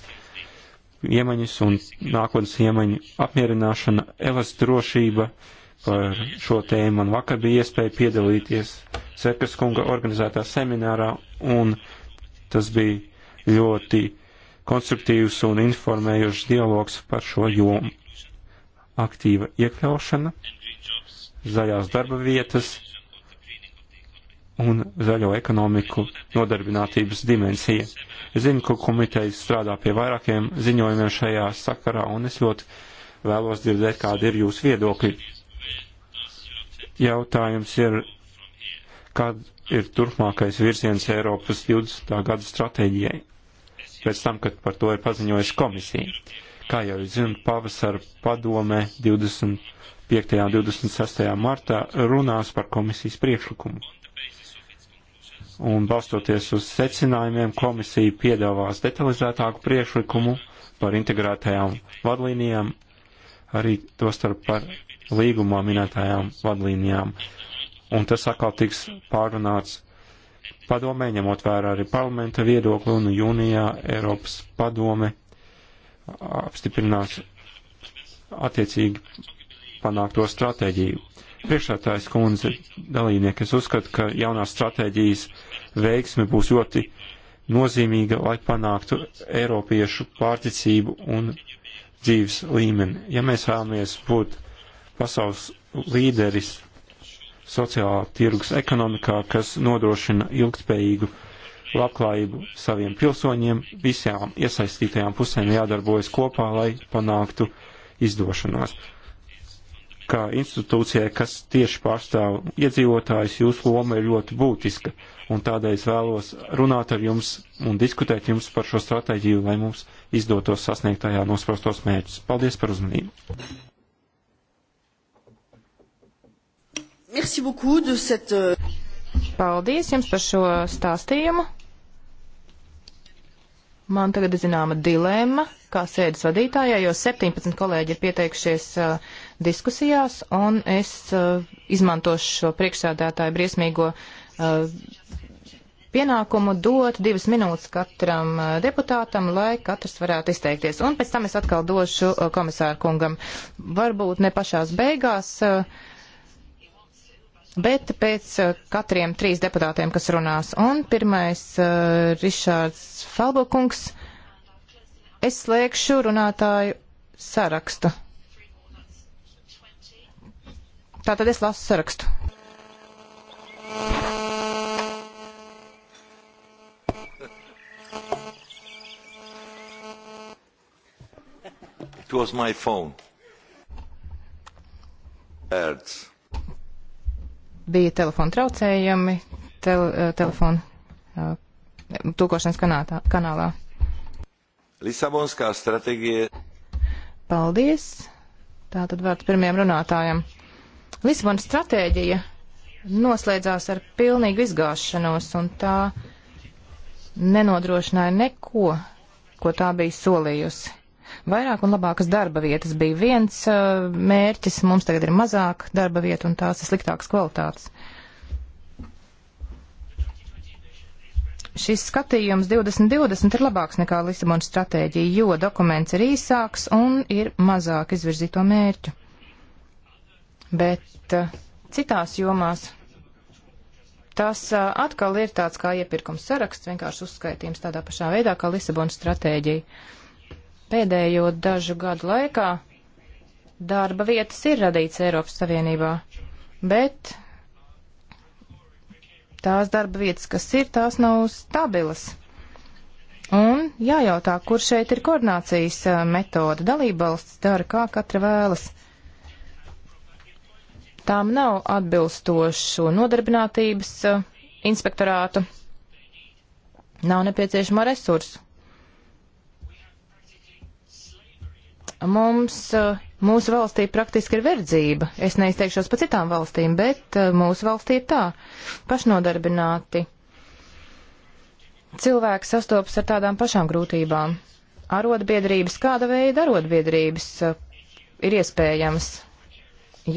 iemaņas un nākotnes iemaņu apmierināšana, elas drošība, uh, par šo tēmu. Man vakar bija iespēja piedalīties Sekas kunga organizētā seminārā, un tas bija ļoti konstruktīvs un informējošs dialogs par šo jomu. Aktīva iekļaušana, zaļās darba vietas un zaļo ekonomiku nodarbinātības dimensija. Es zinu, ka komitejas strādā pie vairākiem ziņojumiem šajā sakarā, un es ļoti vēlos dzirdēt, kādi ir jūsu viedokļi jautājums ir, kāda ir turpmākais virziens Eiropas 20. gada stratēģijai, pēc tam, kad par to ir paziņojusi komisija. Kā jau jūs zinat, pavasara padome 25. un 26. martā runās par komisijas priekšlikumu. Un balstoties uz secinājumiem, komisija piedāvās detalizētāku priekšlikumu par integrētajām vadlīnijām, arī to starp par līgumā minētajām vadlīnijām. Un tas atkal tiks pārunāts padomē, ņemot vērā arī parlamenta viedokli, un jūnijā Eiropas padome apstiprinās attiecīgi panākto stratēģiju. Priekšētājs kundze dalībnieki, es uzskatu, ka jaunās stratēģijas veiksme būs ļoti nozīmīga, lai panāktu Eiropiešu pārticību un dzīves līmeni. Ja mēs vēlamies būt pasaules līderis sociālā tirgus ekonomikā, kas nodrošina ilgspējīgu labklājību saviem pilsoņiem, visām iesaistītajām pusēm jādarbojas kopā, lai panāktu izdošanās. Kā institūcijai, kas tieši pārstāv iedzīvotājus, jūsu loma ir ļoti būtiska, un tādēļ es vēlos runāt ar jums un diskutēt jums par šo stratēģiju, lai mums izdotos sasniegt tajā nosprostos mērķus. Paldies par uzmanību! Merci beaucoup de cette. Euh, Paldies jums par šo stāstījumu. Man tagad ir zināma dilēma, kā sēdes vadītājai, jo 17 kolēģi ir pieteikušies uh, diskusijās, un es uh, izmantošu šo priekšsēdētāju briesmīgo uh, pienākumu dot divas minūtes katram uh, deputātam, lai katrs varētu izteikties. Un pēc tam es atkal došu uh, komisāru kungam. Varbūt ne pašās beigās. Uh, bet pēc uh, katriem trīs deputātiem, kas runās. Un pirmais uh, Rišārds Falbokungs. Es slēgšu runātāju sarakstu. Tātad es lasu sarakstu. It was my phone. Birds bija telefona traucējumi tel, eh, telefona eh, tūkošanas kanātā, kanālā. Lisabonskā stratēģija. Paldies. Tātad vārds pirmajam runātājam. Lisabonas stratēģija noslēdzās ar pilnīgu izgāšanos, un tā nenodrošināja neko, ko tā bija solījusi vairāk un labākas darba vietas bija viens uh, mērķis, mums tagad ir mazāk darba vietu un tās ir sliktākas kvalitātes. Šis skatījums 2020 ir labāks nekā Lisabonas stratēģija, jo dokuments ir īsāks un ir mazāk izvirzīto mērķu. Bet uh, citās jomās Tas uh, atkal ir tāds kā iepirkums saraksts, vienkārši uzskaitījums tādā pašā veidā kā Lisabonas stratēģija pēdējo dažu gadu laikā darba vietas ir radīts Eiropas Savienībā, bet tās darba vietas, kas ir, tās nav stabilas. Un jājautā, kur šeit ir koordinācijas eh, metode. Dalībvalsts dara, kā katra vēlas. Tām nav atbilstošu nodarbinātības eh, inspektorātu. Nav nepieciešamo resursu. Mums, eh, mūsu valstī praktiski ir verdzība. Es neizteikšos par citām valstīm, bet eh, mūsu valstī ir tā. Pašnodarbināti cilvēki sastopas ar tādām pašām grūtībām. Arotbiedrības, kāda veida arotbiedrības eh, ir iespējams,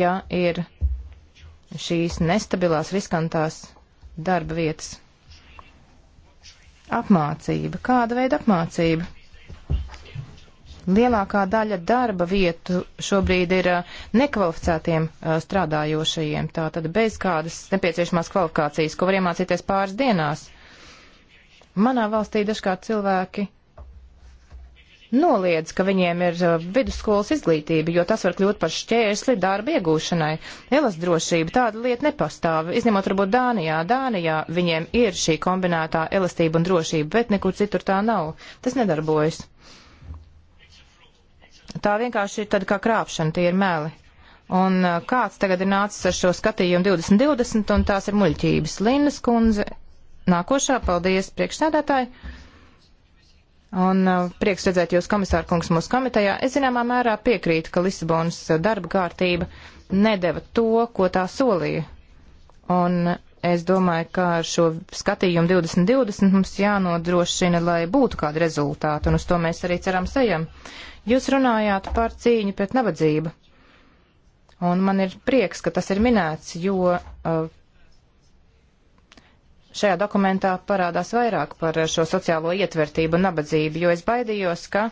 ja ir šīs nestabilās, riskantās darba vietas? Apmācība, kāda veida apmācība? Lielākā daļa darba vietu šobrīd ir uh, nekvalificētiem uh, strādājošajiem, tātad bez kādas nepieciešamās kvalifikācijas, ko var iemācīties pāris dienās. Manā valstī dažkārt cilvēki noliedz, ka viņiem ir uh, vidusskolas izglītība, jo tas var kļūt par šķērsli darba iegūšanai. Elas drošība tāda lieta nepastāv, izņemot varbūt Dānijā. Dānijā viņiem ir šī kombinētā elastība un drošība, bet nekur citur tā nav. Tas nedarbojas. Tā vienkārši ir tāda kā krāpšana, tie ir meli. Un kāds tagad ir nācis ar šo skatījumu 2020, un tās ir muļķības. Linnas kundze, nākošā, paldies priekšsēdētāji. Un prieks redzēt jūs, komisāra kungs, mūsu komitejā. Es zināmā mērā piekrītu, ka Lisabonas darba kārtība nedeva to, ko tā solīja. Un es domāju, ka ar šo skatījumu 2020 mums jānodrošina, lai būtu kādi rezultāti, un uz to mēs arī ceram sejam. Jūs runājāt par cīņu pret nabadzību. Un man ir prieks, ka tas ir minēts, jo uh, šajā dokumentā parādās vairāk par šo sociālo ietvertību un nabadzību, jo es baidījos, ka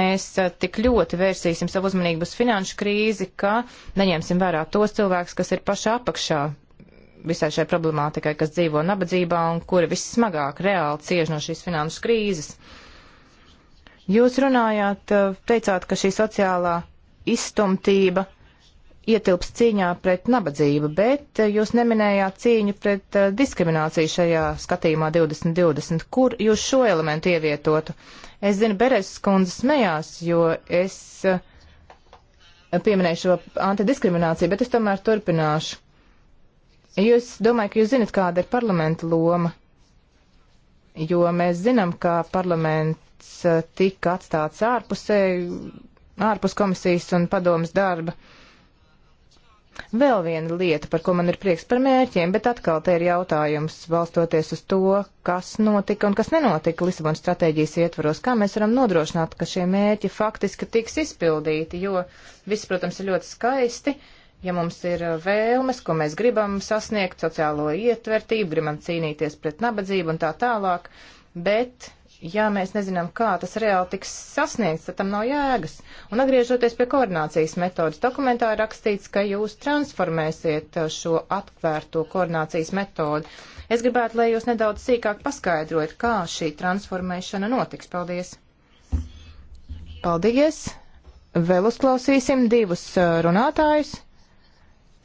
mēs uh, tik ļoti vērsīsim savu uzmanību uz finanšu krīzi, ka neņemsim vērā tos cilvēkus, kas ir pašā apakšā visai šai problemātikai, kas dzīvo nabadzībā un kuri vissmagāk reāli cieš no šīs finanšu krīzes. Uh, Jūs runājāt, eh, teicāt, ka šī sociālā izstumtība ietilps cīņā pret nabadzību, bet eh, jūs neminējāt cīņu pret eh, diskrimināciju šajā skatījumā 2020. Kur jūs šo elementu ievietotu? Es zinu, Beres skundze smējās, jo es pieminēju šo antidiskrimināciju, bet es tomēr turpināšu. Jūs domāju, ka jūs zinat, kāda ir parlamenta loma, jo mēs zinām, ka parlamenta mandāts eh, tika atstāts ārpusē, ārpus komisijas un padomas darba. Vēl viena lieta, par ko man ir prieks par mērķiem, bet atkal te ir jautājums, balstoties uz to, kas notika un kas nenotika Lisabonas stratēģijas ietvaros, kā mēs varam nodrošināt, ka šie mērķi faktiski tiks izpildīti, jo viss, protams, ir ļoti skaisti, ja mums ir eh, vēlmes, ko mēs gribam sasniegt, sociālo ietvertību, gribam cīnīties pret nabadzību un tā tālāk, bet ja mēs nezinām, kā tas reāli tiks sasniegts, tad tam nav jēgas. Un atgriežoties pie koordinācijas metodas, dokumentā ir rakstīts, ka jūs transformēsiet uh, šo atvērto koordinācijas metodu. Es gribētu, lai jūs nedaudz sīkāk paskaidrojat, kā šī transformēšana notiks. Paldies! Paldies! Vēl uzklausīsim divus uh, runātājus.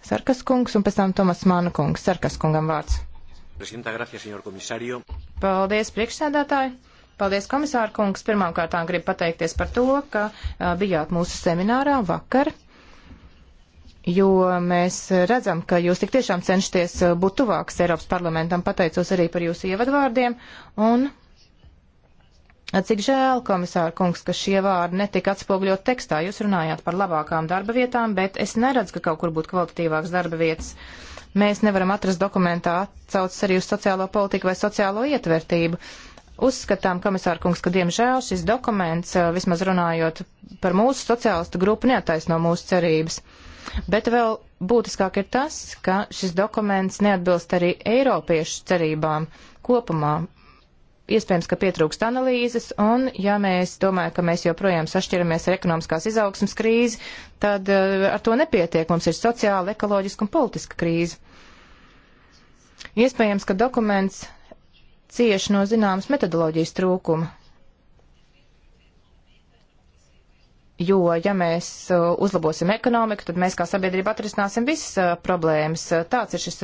Sarkas kungs un pēc tam Tomas Māna kungs. Sarkas kungam vārds. Paldies, priekšsēdētāji! Paldies, komisāra kungs. Pirmkārtām gribu pateikties par to, ka a, bijāt mūsu seminārā vakar, jo mēs redzam, ka jūs tik tiešām cenšaties būt tuvāks Eiropas parlamentam. Pateicos arī par jūsu ievadvārdiem. Un Cik žēl, komisāra kungs, ka šie vārdi netika atspogļot tekstā. Jūs runājāt par labākām darba vietām, bet es neredzu, ka kaut kur būtu kvalitatīvāks darba vietas. Mēs nevaram atrast dokumentā atcaucas arī uz sociālo politiku vai sociālo ietvertību. Uh, uzskatām, komisāra kungs, ka diemžēl šis dokuments, eh, vismaz runājot par mūsu sociālistu grupu, neataisno mūsu cerības. Bet vēl būtiskāk ir tas, ka šis dokuments neatbilst arī eiropiešu cerībām kopumā. Iespējams, ka pietrūkst analīzes, un ja mēs domājam, ka mēs joprojām sašķiramies ar ekonomiskās izaugsmas krīzi, tad eh, ar to nepietiek. Mums ir sociāla, ekoloģiska un politiska krīze. Iespējams, ka dokuments cieši no zināmas metodoloģijas trūkuma. Jo, ja mēs uh, uzlabosim ekonomiku, tad mēs kā sabiedrība atrisināsim visas uh, problēmas. Uh, tāds ir šis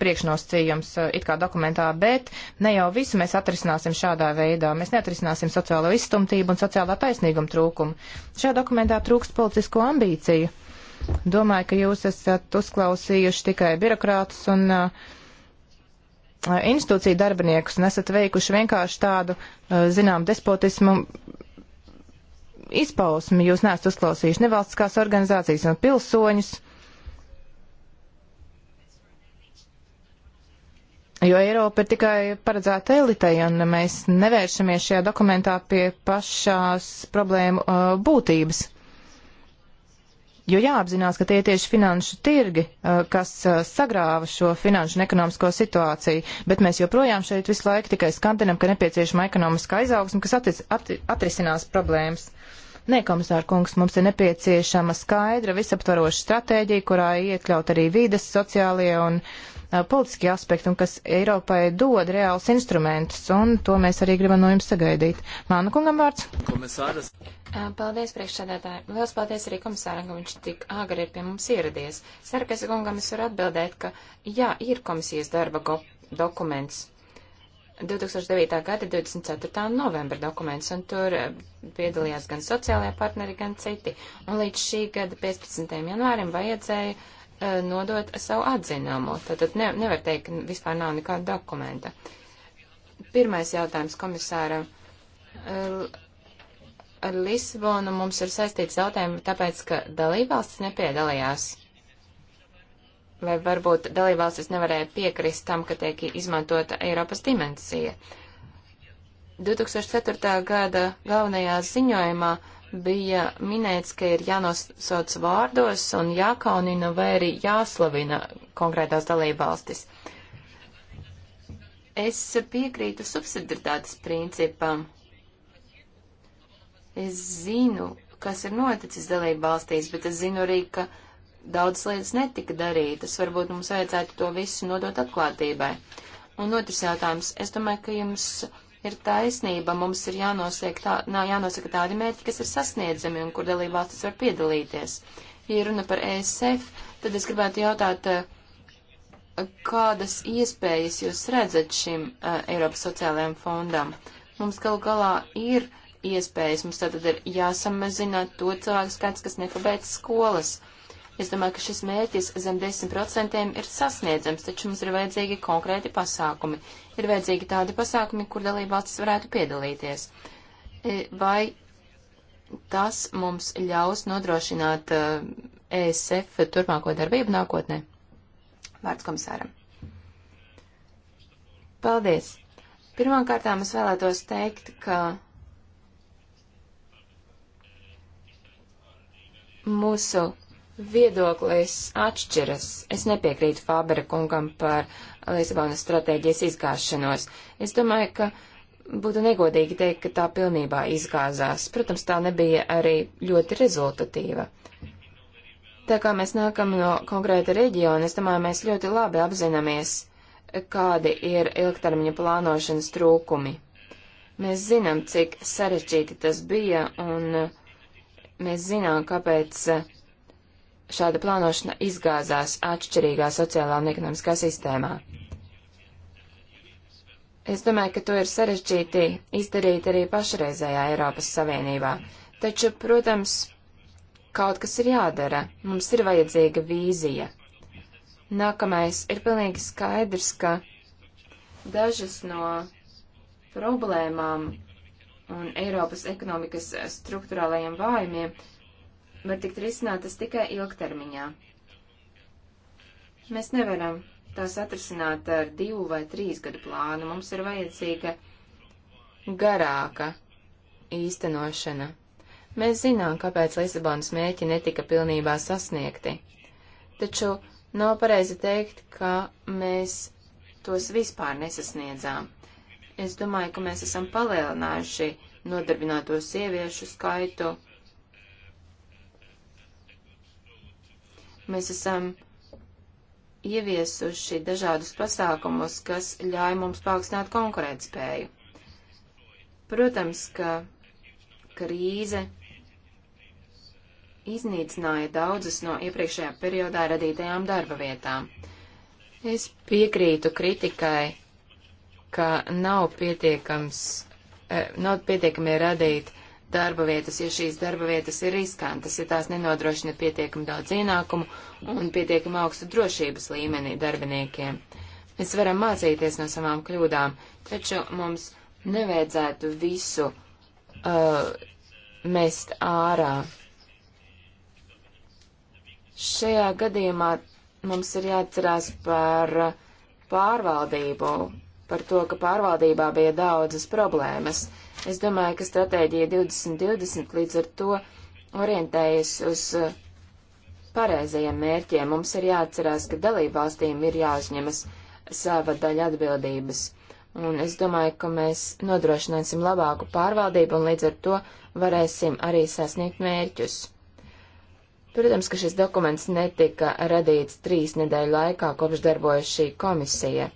priekšnosacījums it kā dokumentā, bet ne jau visu mēs atrisināsim šādā veidā. Mēs neatrisināsim sociālo izstumtību un sociālā taisnīguma trūkumu. Šajā dokumentā trūkst politisko ambīciju. Domāju, ka jūs esat uzklausījuši tikai birokrātus un uh, institūciju darbiniekus un esat veikuši vienkārši tādu, zinām, despotismu izpausmi. Jūs neesat uzklausījuši nevalstiskās organizācijas un pilsoņus. Jo Eiropa ir tikai paredzēta elitei, un mēs nevēršamies šajā dokumentā pie pašās problēmu būtības jo jāapzinās, ka tie ir tieši finanšu tirgi, eh, kas eh, sagrāva šo finanšu un ekonomisko situāciju, bet mēs joprojām šeit visu laiku tikai skandinam, ka nepieciešama ekonomiska izaugsme, kas atris, at, atrisinās problēmas. Uh, Nē, komisāra kungs, mums ir nepieciešama skaidra, visaptvaroša stratēģija, kurā iekļaut arī vides, sociālie un uh, politiskie aspekti, un kas Eiropai dod reāls instrumentus, un to mēs arī gribam no jums sagaidīt. Māna kungam vārds. Komisāras. Paldies, priekšsēdētāji. Liels paldies arī komisāram, ka viņš tik āgri ir pie mums ieradies. Sarkas kungam es varu atbildēt, ka jā, ir komisijas darba dokuments 2009. gada 24. novembra dokuments, un tur eh, piedalījās gan sociālajā partneri, gan citi. Un līdz šī gada 15. janvārim vajadzēja uh, nodot savu atzinumu. Tātad ne, nevar teikt, ka vispār nav nekāda dokumenta. Pirmais jautājums komisāram. Uh, eh, ar Lisbonu mums ir saistīts jautājumi, tāpēc, ka dalībvalstis nepiedalījās vai varbūt dalībvalstis nevarēja piekrist tam, ka tiek izmantota Eiropas dimensija. 2004. gada galvenajā ziņojumā bija minēts, ka ir jānosauc vārdos un jākaunina vai arī jāslavina konkrētās dalībvalstis. Es piekrītu subsidiaritātes principam. Es zinu, kas ir noticis dalībvalstīs, bet es zinu arī, ka Daudz lietas netika darītas, varbūt mums vajadzētu to visu nodot atklātībai. Un otrs jautājums, es domāju, ka jums ir taisnība, mums ir jānosaka, tā, nā, jānosaka tādi mērķi, kas ir sasniedzami un kur dalībvalstis var piedalīties. Ja runa par ESF, tad es gribētu jautāt, eh, kādas iespējas jūs redzat šim uh, Eiropas sociālajiem fondam? Mums galu galā ir iespējas, mums tātad ir jāsamazina to cilvēku skaits, kas nepabeidz skolas. Uh, Es domāju, ka šis mērķis zem 10% ir sasniedzams, taču mums ir vajadzīgi konkrēti pasākumi. Ir vajadzīgi tādi pasākumi, kur dalībvalstis varētu piedalīties. E, vai tas mums ļaus nodrošināt ESF e turpmāko darbību nākotnē? Vārds komisāram. Paldies! Pirmkārt, es vēlētos teikt, ka mūsu viedoklis atšķiras. Es nepiekrītu Fābera kungam par Lisabonas stratēģijas izgāšanos. Es domāju, ka būtu negodīgi teikt, ka tā pilnībā izgāzās. Protams, tā nebija arī ļoti rezultatīva. Tā kā mēs nākam no konkrēta reģiona, es domāju, mēs ļoti labi apzināmies, kādi ir ilgtermiņa plānošanas trūkumi. Mēs zinām, cik sarežģīti tas bija, un mēs zinām, kāpēc uh, šāda plānošana izgāzās atšķirīgā sociālā un ekonomiskā sistēmā. Es domāju, ka to ir sarežģīti izdarīt arī pašreizējā Eiropas Savienībā. Taču, protams, kaut kas ir jādara. Mums ir vajadzīga vīzija. Nākamais ir pilnīgi skaidrs, ka dažas no problēmām un Eiropas ekonomikas struktūrālajiem vājumiem var tikt risinātas tikai ilgtermiņā. Mēs nevaram tās atrisināt ar divu vai trīs gadu plānu. Mums ir vajadzīga garāka īstenošana. Mēs zinām, kāpēc Lisabonas mēķi netika pilnībā sasniegti. Taču nav pareizi teikt, ka mēs tos vispār nesasniedzām. Es domāju, ka mēs esam palielinājuši nodarbināto sieviešu skaitu Mēs esam ieviesuši dažādus pasākumus, kas ļauj mums paaugstināt konkurētspēju. Protams, ka krīze iznīcināja daudzas no iepriekšējā periodā radītajām darba vietām. Es piekrītu kritikai, ka nav pietiekams, eh, nav pietiekami radīt darba vietas, ja šīs darba vietas ir riskantas, ja tās nenodrošina pietiekami daudz ienākumu un pietiekami augstu drošības līmenī darbiniekiem. Mēs varam mācīties no savām kļūdām, taču mums nevajadzētu visu uh, mest ārā. Šajā gadījumā mums ir jāatcerās par pārvaldību, par to, ka pārvaldībā bija daudzas problēmas. Uh, Es domāju, ka stratēģija 2020 līdz ar to orientējas uz uh, pareizajiem mērķiem. Mums ir jāatcerās, ka dalībvalstīm ir jāuzņemas sava daļa atbildības. Un es domāju, ka mēs nodrošināsim labāku pārvaldību un līdz ar to varēsim arī sasniegt mērķus. Protams, ka šis dokuments netika radīts trīs nedēļu laikā, kopš darbojas šī komisija.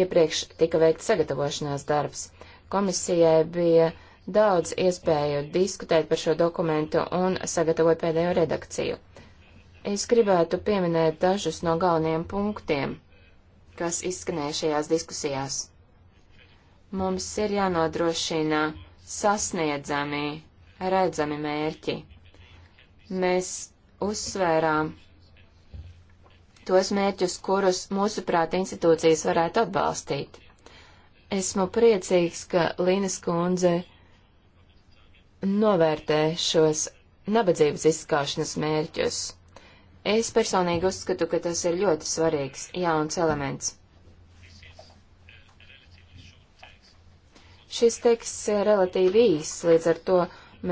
Iepriekš tika veikts sagatavošanās darbs. Komisijai bija daudz iespēju diskutēt par šo dokumentu un sagatavot pēdējo redakciju. Es gribētu pieminēt dažus no galvenajiem punktiem, kas izskanēja šajās diskusijās. Mums ir jānodrošina sasniedzami, redzami mērķi. Mēs uzsvērām tos mērķus, kurus mūsuprāt institūcijas varētu atbalstīt. Esmu priecīgs, ka Līnas kundze novērtē šos nabadzības izskaušanas mērķus. Es personīgi uzskatu, ka tas ir ļoti svarīgs jauns elements. Šis teksts ir relatīvi īss, līdz ar to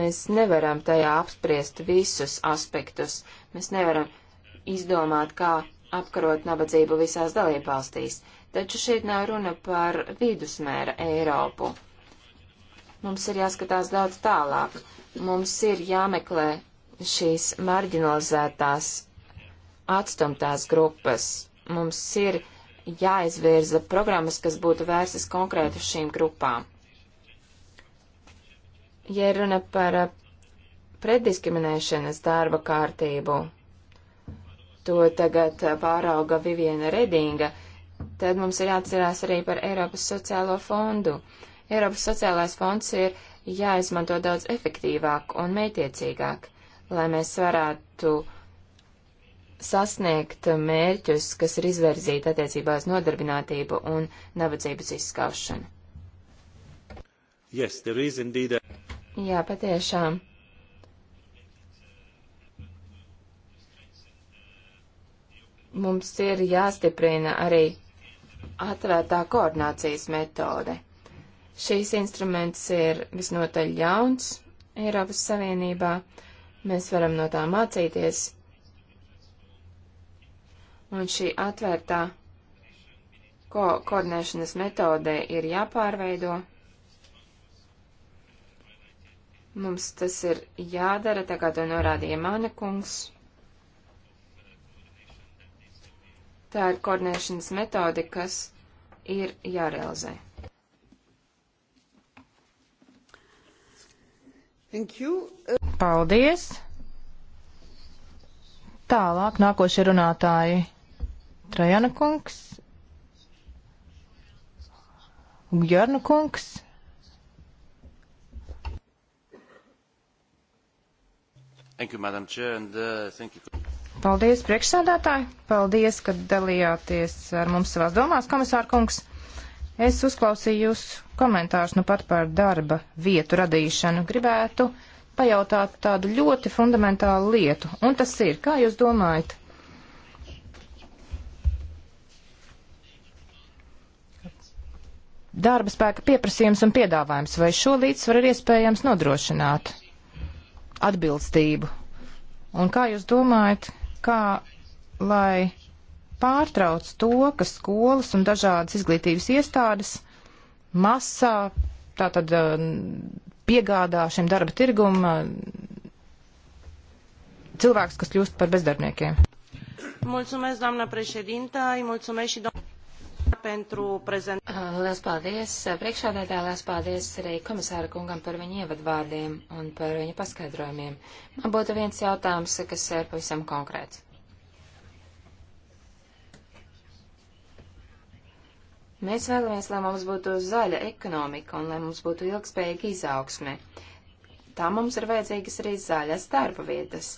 mēs nevaram tajā apspriest visus aspektus. Mēs nevaram izdomāt, kā apkarot nabadzību visās dalībvalstīs taču šeit nav runa par vidusmēra Eiropu. Mums ir jāskatās daudz tālāk. Mums ir jāmeklē šīs marginalizētās, atstumtās grupas. Mums ir jāizvirza programmas, kas būtu vērstas konkrēti uz šīm grupām. Ja runa par eh, preddiskriminēšanas darba kārtību, to tagad eh, pārauga Viviena Redinga, tad mums ir jāatcerās arī par Eiropas sociālo fondu. Eiropas sociālais fonds ir jāizmanto daudz efektīvāk un mētiecīgāk, lai mēs varētu sasniegt mērķus, kas ir izverzīti attiecībā uz nodarbinātību un nabadzības izskaušanu. Yes, a... Jā, patiešām. Mums ir jāstiprina arī atvērtā koordinācijas metode. Šīs instruments ir visnotaļ jauns Eiropas Savienībā. Mēs varam no tā mācīties. Un šī atvērtā ko koordinēšanas metode ir jāpārveido. Mums tas ir jādara, tā kā to norādīja mana kungs. Tā ir koordinēšanas metode, kas ir jārealizē. Paldies! Tālāk nākošie runātāji. Trajana kungs, Ugjārna kungs. Thank you, Madam Chair, and uh, thank you. Paldies, priekšsēdētāji! Paldies, ka dalījāties ar mums savās domās, komisāra kungs! Es uzklausīju jūsu komentārus nu pat par darba vietu radīšanu. Gribētu pajautāt tādu ļoti fundamentālu lietu, un tas ir, kā jūs domājat? Darba spēka pieprasījums un piedāvājums, vai šo līdzsvaru ir iespējams nodrošināt atbilstību? Un kā jūs domājat, kā lai pārtrauc to, ka skolas un dažādas izglītības iestādes masā tātad um, piegādā šim darba tirgum um, cilvēks, kas kļūst par bezdarbniekiem. Mulțumesc, doamnă președintă, îi mulțumesc și doamnă. Uh, lielas paldies uh, priekšādētā, lielas paldies arī komisāra kungam par viņu ievadvārdiem un par viņu paskaidrojumiem. Man būtu viens jautājums, uh, kas ir pavisam konkrēts. Mēs vēlamies, lai mums būtu zaļa ekonomika un lai mums būtu ilgspējīga izaugsme. Tā mums ir vajadzīgas arī zaļas darba vietas.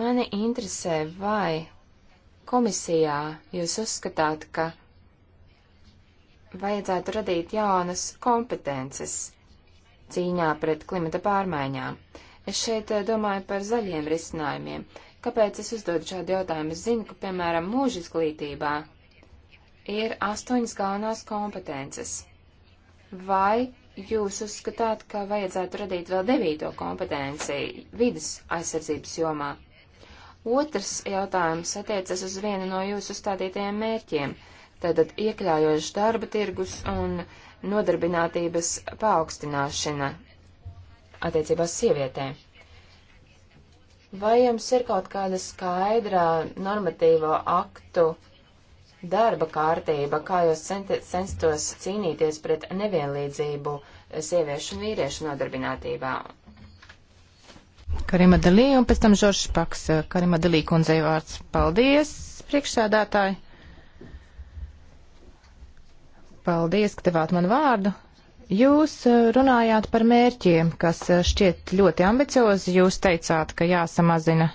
Mani interesē, vai komisijā jūs uzskatāt, ka vajadzētu radīt jaunas kompetences cīņā pret klimata pārmaiņām. Es šeit eh, domāju par zaļiem risinājumiem. Kāpēc es uzdodu šādu jautājumu? Es zinu, ka, piemēram, mūža izglītībā ir astoņas galvenās kompetences. Vai jūs uzskatāt, ka vajadzētu radīt vēl devīto kompetenci vidas aizsardzības jomā? Otrs jautājums attiecas uz vienu no jūsu stādītajiem mērķiem - tātad iekļaujošs darba tirgus un nodarbinātības paaugstināšana attiecībās sievietēm. Vai jums ir kaut kāda skaidra normatīvo aktu darba kārtība, kā jūs censtos cīnīties pret nevienlīdzību sieviešu un vīriešu nodarbinātībā Karima Dalī un pēc tam Žoržs Paks. Karima Dalī kundzei vārds. Paldies, priekšsēdētāji. Paldies, ka devāt man vārdu. Jūs eh, runājāt par mērķiem, kas eh, šķiet ļoti ambiciozi. Jūs teicāt, ka jāsamazina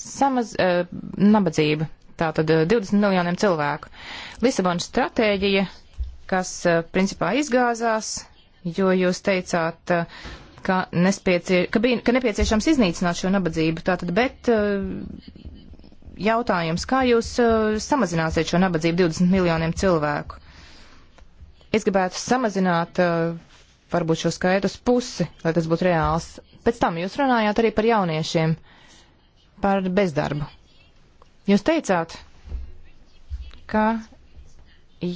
samaz, eh, nabadzība, tātad 20 eh, miljoniem cilvēku. Lisabonas stratēģija, kas eh, principā izgāzās, jo jūs teicāt, eh, ka, nespēcie, ka, bija, ka nepieciešams iznīcināt šo nabadzību. Tātad, bet eh, jautājums, kā jūs eh, samazināsiet šo nabadzību 20 miljoniem cilvēku? Es gribētu samazināt eh, varbūt šo skaitu uz pusi, lai tas būtu reāls. Pēc tam jūs runājāt arī par jauniešiem, par bezdarbu. Jūs teicāt, ka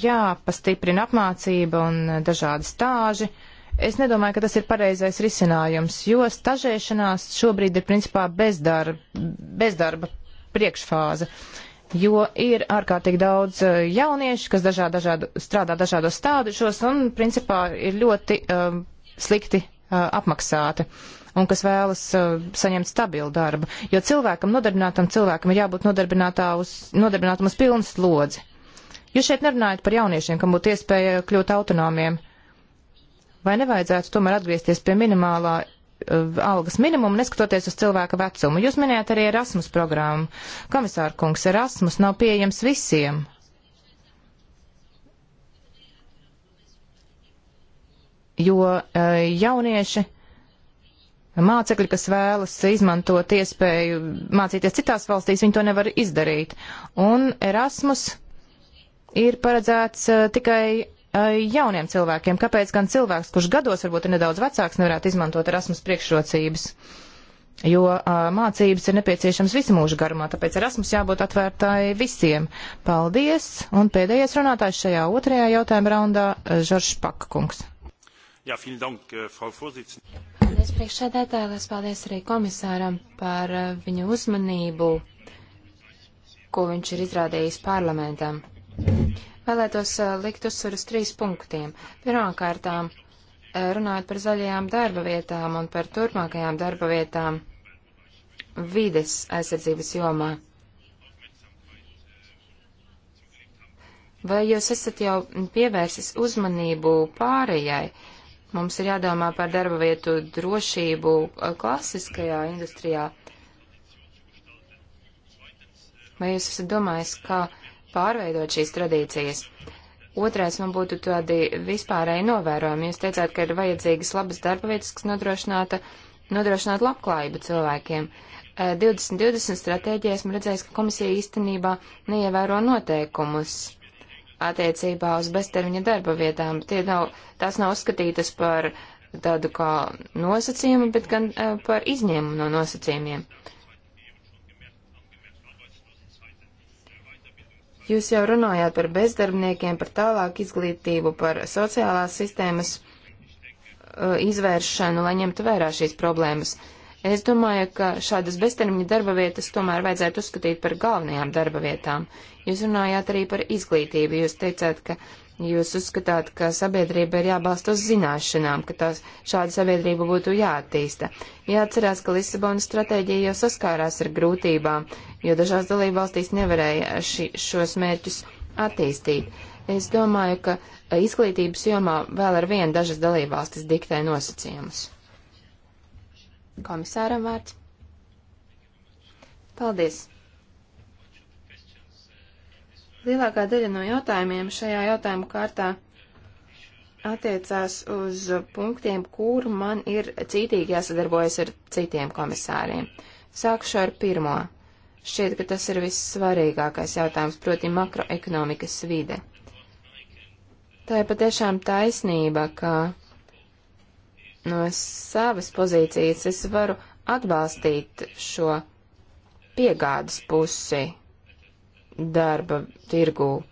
jāpastiprina apmācība un dažādi stāži. Uh, Es nedomāju, ka tas ir pareizais risinājums, jo stažēšanās šobrīd ir principā bezdarba, bezdarba priekšfāze, jo ir ārkārtīgi daudz eh, jauniešu, kas dažā, dažādu, strādā dažādos stādušos un principā ir ļoti um, slikti uh, apmaksāti un kas vēlas uh, saņemt stabilu darbu, jo cilvēkam, nodarbinātam cilvēkam ir jābūt uz, nodarbinātam uz pilnu slodzi. Jūs šeit nerunājat par jauniešiem, kam būtu iespēja kļūt autonomiem. Uh, Vai nevajadzētu tomēr atgriezties pie minimālā uh, algas minimuma, neskatoties uz cilvēka vecumu? Jūs minējāt arī Erasmus programmu. Komisāra kungs, Erasmus nav pieejams visiem. Jo uh, jaunieši Mācekļi, kas vēlas izmantot iespēju mācīties citās valstīs, viņi to nevar izdarīt. Un Erasmus ir paredzēts eh, tikai jauniem cilvēkiem. Kāpēc gan cilvēks, kurš gados varbūt ir nedaudz vecāks, nevarētu izmantot Erasmus priekšrocības? Jo uh, mācības ir nepieciešams visu mūžu garumā, tāpēc Erasmus jābūt atvērtai visiem. Paldies! Un pēdējais runātājs šajā otrajā jautājuma raundā - Žoržs Pakkungs. Jā, vielen dank, Frau Vorsitzende. Paldies priekšsēdētāji, lai paldies arī komisāram par uh, viņa uzmanību, ko viņš ir izrādījis parlamentam. Vēlētos likt uzsver uz trīs punktiem. Pirmkārtām, runājot par zaļajām darba vietām un par turpmākajām darba vietām vides aizsardzības jomā. Vai jūs esat jau pievērsis uzmanību pārējai? Mums ir jādomā par darba vietu drošību klasiskajā industrijā. Vai jūs esat domājis, kā pārveidot šīs tradīcijas. Otrais man būtu tādi vispārēji novērojumi. Jūs teicāt, ka ir vajadzīgas labas darba vietas, kas nodrošināta, nodrošinātu labklājību cilvēkiem. 2020 stratēģijā esmu redzējis, ka komisija īstenībā neievēro noteikumus attiecībā uz beztermiņa darba vietām. Tie nav, tās nav uzskatītas par tādu kā nosacījumu, bet gan par izņēmumu no nosacījumiem. Uh, Jūs jau runājāt par bezdarbniekiem, par tālāk izglītību, par sociālās sistēmas uh, izvēršanu, lai ņemtu vērā šīs problēmas. Es domāju, ka šādas beztermiņa darba vietas tomēr vajadzētu uzskatīt par galvenajām darba vietām. Jūs runājāt arī par izglītību. Jūs teicāt, ka Jūs uzskatāt, ka sabiedrība ir jābalsta uz zināšanām, ka tās, šāda sabiedrība būtu jāattīsta. Jāatcerās, ka Lisabonas stratēģija jau saskārās ar grūtībām, jo dažās dalībvalstīs nevarēja ši, šos mērķus attīstīt. Es domāju, ka izglītības jomā vēl ar vienu dažas dalībvalstis diktē nosacījumus. Komisāram vārds. Paldies! Lielākā daļa no jautājumiem šajā jautājumu kārtā attiecās uz punktiem, kur man ir cītīgi jāsadarbojas ar citiem komisāriem. Sākšu ar pirmo. Šķiet, ka tas ir vissvarīgākais jautājums, proti makroekonomikas vide. Tā ir patiešām taisnība, ka no savas pozīcijas es varu atbalstīt šo piegādes pusi darba tirgū.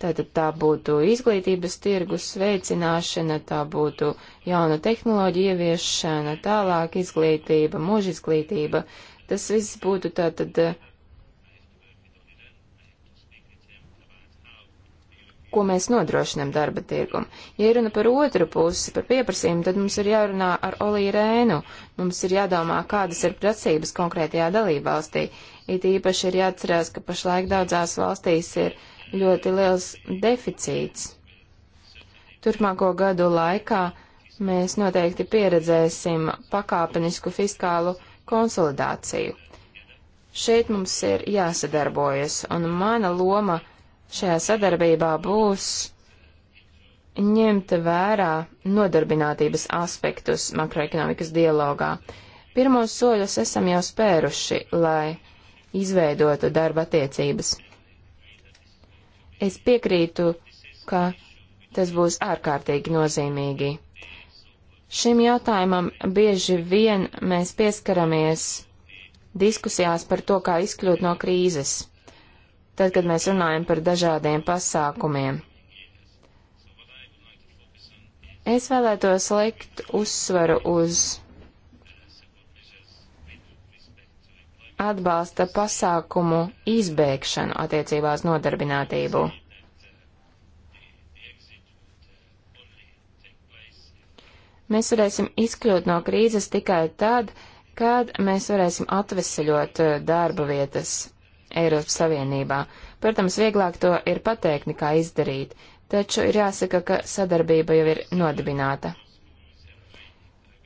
Tātad tā būtu izglītības tirgus veicināšana, tā būtu jauna tehnoloģija ieviešana, tālāk izglītība, mūža izglītība. Tas viss būtu tātad ko mēs nodrošinām darba tirgumu. Ja runa par otru pusi, par pieprasījumu, tad mums ir jārunā ar Olī Rēnu. Mums ir jādomā, kādas ir prasības konkrētajā dalībvalstī. It īpaši ir jāatcerās, ka pašlaik daudzās valstīs ir ļoti liels deficīts. Turpmāko gadu laikā mēs noteikti pieredzēsim pakāpenisku fiskālu konsolidāciju. Šeit mums ir jāsadarbojas, un mana loma šajā sadarbībā būs ņemt vērā nodarbinātības aspektus makroekonomikas dialogā. Pirmos soļus esam jau spēruši, lai izveidotu darba attiecības. Es piekrītu, ka tas būs ārkārtīgi nozīmīgi. Šim jautājumam bieži vien mēs pieskaramies diskusijās par to, kā izkļūt no krīzes, tad, kad mēs runājam par dažādiem pasākumiem. Es vēlētos likt uzsvaru uz atbalsta pasākumu izbēgšanu attiecībās nodarbinātību. Mēs varēsim izkļūt no krīzes tikai tad, kad mēs varēsim atveseļot eh, darba vietas Eiropas Savienībā. Protams, vieglāk to ir pateikt nekā izdarīt, taču ir jāsaka, ka sadarbība jau ir nodibināta.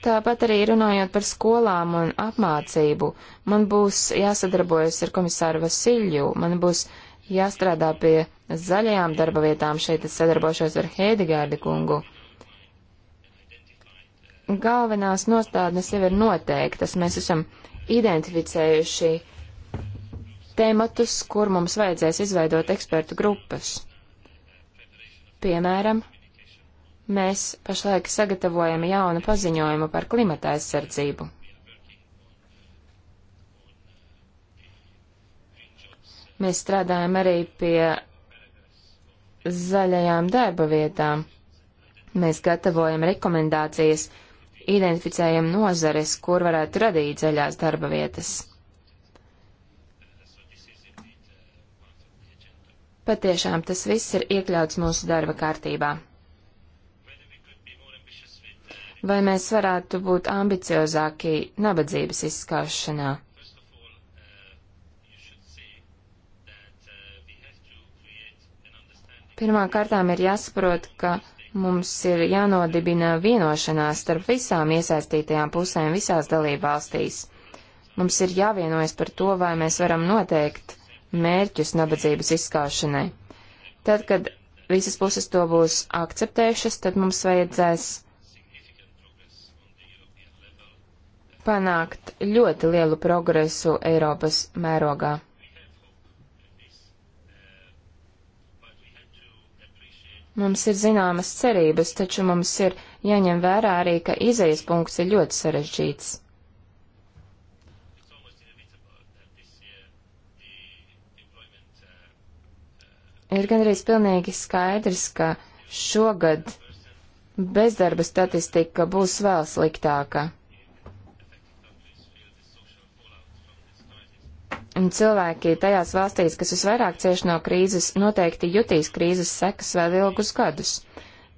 Tāpat arī runājot par skolām un apmācību, man būs jāsadarbojas ar komisāru Vasilju, man būs jāstrādā pie zaļajām darba vietām, šeit es sadarbošos ar Hēdegārdi kungu. Galvenās nostādnes jau ir noteiktas, mēs esam identificējuši tematus, kur mums vajadzēs izveidot ekspertu grupas. Piemēram, Mēs pašlaik sagatavojam jaunu paziņojumu par klimata aizsardzību. Mēs strādājam arī pie zaļajām darba vietām. Mēs gatavojam rekomendācijas, identificējam nozares, kur varētu radīt zaļās darba vietas. Patiešām tas viss ir iekļauts mūsu darba kārtībā vai mēs varētu būt ambiciozāki nabadzības izskaušanā. Pirmām kārtām ir jāsaprot, ka mums ir jānodibina vienošanās starp visām iesaistītajām pusēm visās dalībvalstīs. Mums ir jāvienojas par to, vai mēs varam noteikt mērķus nabadzības izskaušanai. Tad, kad visas puses to būs akceptējušas, tad mums vajadzēs panākt ļoti lielu progresu Eiropas mērogā. Mums ir zināmas cerības, taču mums ir jāņem vērā arī, ka izejas punkts ir ļoti sarežģīts. Ir gandrīz pilnīgi skaidrs, ka šogad bezdarba statistika būs vēl sliktāka. Un cilvēki tajās valstīs, kas visvairāk cieš no krīzes, noteikti jutīs krīzes sekas vēl ilgus gadus.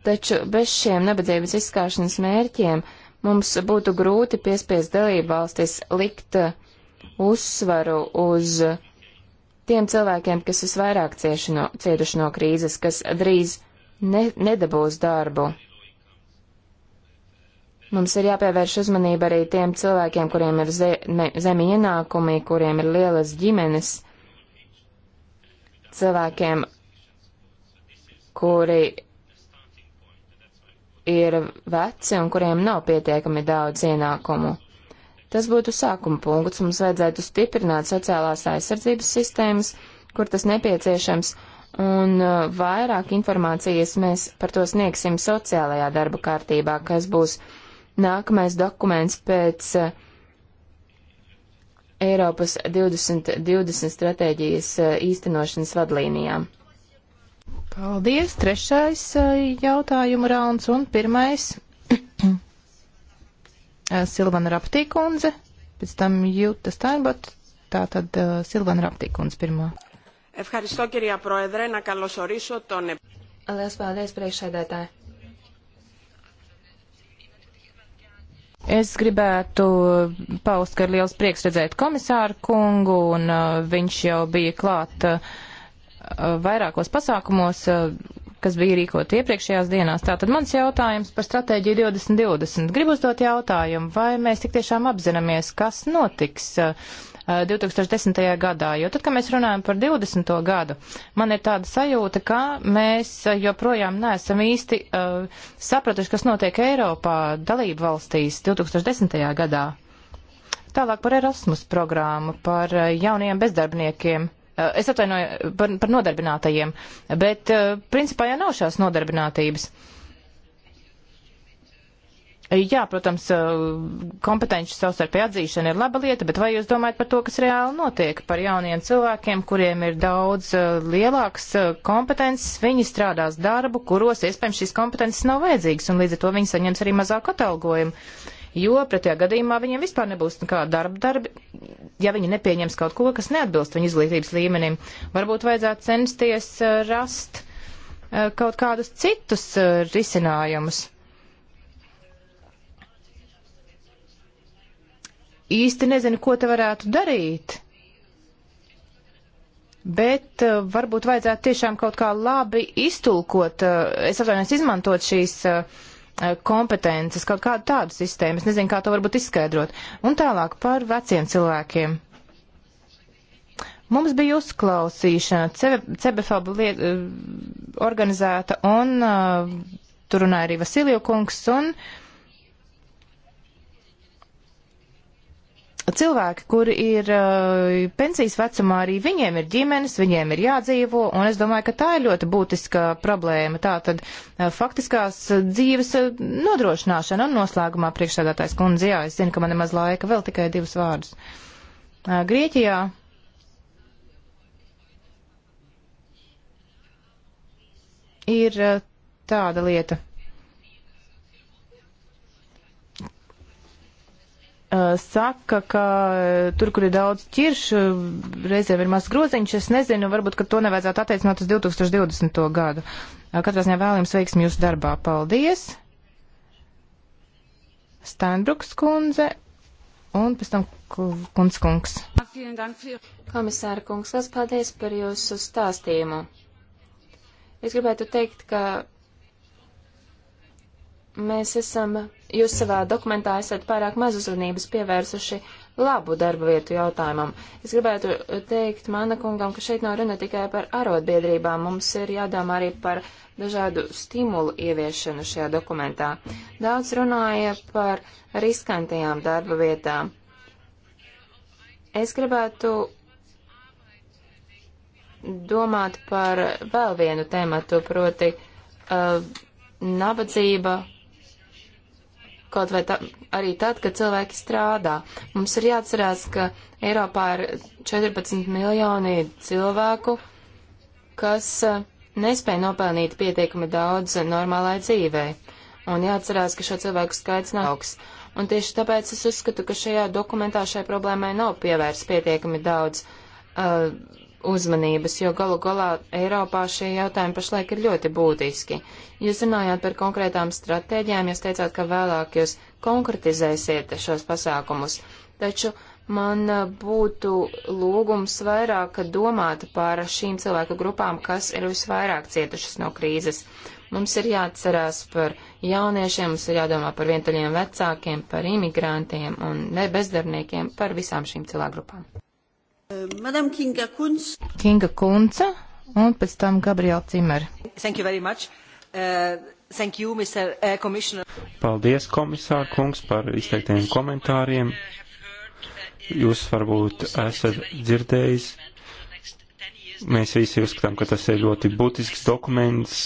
Taču bez šiem nebadzības izskāšanas mērķiem mums būtu grūti piespiest dalību valstis likt uh, uzsvaru uz tiem cilvēkiem, kas visvairāk cieši no, cietuši no krīzes, kas drīz ne, nedabūs darbu. Mums ir jāpievērš uzmanība arī tiem cilvēkiem, kuriem ir ze zemi ienākumi, kuriem ir lielas ģimenes, cilvēkiem, kuri ir veci un kuriem nav pietiekami daudz ienākumu. Tas būtu sākuma punkts. Mums vajadzētu stiprināt sociālās aizsardzības sistēmas, kur tas nepieciešams, un uh, vairāk informācijas mēs par to sniegsim sociālajā darba kārtībā, kas būs nākamais dokuments pēc eh, Eiropas 2020 stratēģijas eh, īstenošanas vadlīnijām. Paldies! Trešais eh, jautājumu rauns un pirmais *clears throat* Silvana Raptīkundze, pēc tam Jūta Steinbot, tā tad uh, Silvana Raptīkundze pirmā. Ευχαριστώ, κυρία Πρόεδρε, να καλωσορίσω τον... Αλλιώς, παλιές, πρέσσεδέτα. Es gribētu paust, ka ir liels prieks redzēt komisāru kungu, un uh, viņš jau bija klāt uh, uh vairākos pasākumos, uh, kas bija rīkot iepriekšējās dienās. Tātad mans jautājums par stratēģiju 2020. Gribu uzdot jautājumu, vai mēs tik tiešām apzināmies, kas notiks uh, 2010. Eh, gadā, jo tad, kad mēs runājam par 20. gadu, man ir tāda sajūta, ka mēs joprojām neesam īsti uh, sapratuši, kas notiek Eiropā dalību valstīs 2010. gadā. Tālāk par Erasmus programmu, par eh, jauniem bezdarbniekiem. Es atvainoju par, par nodarbinātajiem, bet principā jau nav šās nodarbinātības. Uh, Jā, protams, eh, kompetenci savstarpēji atzīšana ir laba lieta, bet vai jūs domājat par to, kas reāli notiek, par jauniem cilvēkiem, kuriem ir daudz eh, lielāks eh, kompetences, viņi strādās darbu, kuros iespējams šīs kompetences nav vajadzīgas, un līdz ar to viņi saņems arī mazāku atalgojumu, jo pretējā gadījumā viņiem vispār nebūs nekāda darba darbi, ja viņi nepieņems kaut ko, kas neatbilst viņu izglītības līmenim. Varbūt vajadzētu censties rast kaut kādus citus risinājumus īsti nezinu, ko te varētu darīt. Bet uh, varbūt vajadzētu tiešām kaut kā labi iztulkot, uh, es atvainojos, izmantot šīs uh, kompetences, kaut kādu tādu sistēmu. Es nezinu, kā to varbūt izskaidrot. Un tālāk par veciem cilvēkiem. Mums bija uzklausīšana, Cebefaba liet, organizēta, un uh, tur runāja arī Vasilija kungs, un uh, cilvēki, kuri ir eh, pensijas vecumā, arī viņiem ir ģimenes, viņiem ir jādzīvo, un es domāju, ka tā ir ļoti būtiska problēma. Tā tad eh, faktiskās eh, dzīves nodrošināšana un noslēgumā priekšsēdētājs kundze, jā, es zinu, ka man ir maz laika, vēl tikai divus vārdus. Grieķijā ir tāda lieta. Uh, saka, ka uh, tur, kur ir daudz ķiršu, reizēm ir maz groziņš. Es nezinu, varbūt, ka to nevajadzētu attiecināt uz 2020. gadu. Uh, katrā ziņā vēlams veiksmi jūsu darbā. Paldies! Steinbruks kundze un pēc tam kundz kungs. Komisāra kungs, liels paldies par jūsu stāstījumu. Es gribētu teikt, ka mēs esam, jūs savā dokumentā esat pārāk maz uzmanības pievērsuši labu darba vietu jautājumam. Es gribētu teikt mana kungam, ka šeit nav runa tikai par arotbiedrībām, mums ir jādomā arī par dažādu stimulu ieviešanu šajā dokumentā. Daudz runāja par riskantajām darba vietām. Es gribētu domāt par vēl vienu tēmatu, proti uh, nabadzība kaut vai ta, arī tad, kad cilvēki strādā. Mums ir jāatcerās, ka Eiropā ir 14 miljoni cilvēku, kas eh, nespēja nopelnīt pietiekami daudz normālai dzīvē. Un jāatcerās, ka šo cilvēku skaits nav augsts. Un tieši tāpēc es uzskatu, ka šajā dokumentā šai problēmai nav pievērsts pietiekami daudz uh, uzmanības, jo galu galā Eiropā šie jautājumi pašlaik ir ļoti būtiski. Jūs runājāt par konkrētām stratēģijām, jūs teicāt, ka vēlāk jūs konkretizēsiet šos pasākumus, taču man uh, būtu lūgums vairāk domāt par šīm cilvēku grupām, kas ir visvairāk cietušas no krīzes. Mums ir jāatcerās par jauniešiem, mums ir jādomā par vientuļiem vecākiem, par imigrantiem un bezdarniekiem, par visām šīm cilvēku grupām. Madam Kinga Kunz. Kinga Kunca un pēc tam Gabriela Cimer. Thank you very much. Uh, thank you, Mr. Uh, Commissioner. Paldies, komisār kungs, par izteiktiem komentāriem. Jūs varbūt esat dzirdējis. Mēs visi uzskatām, ka tas ir ļoti būtisks dokuments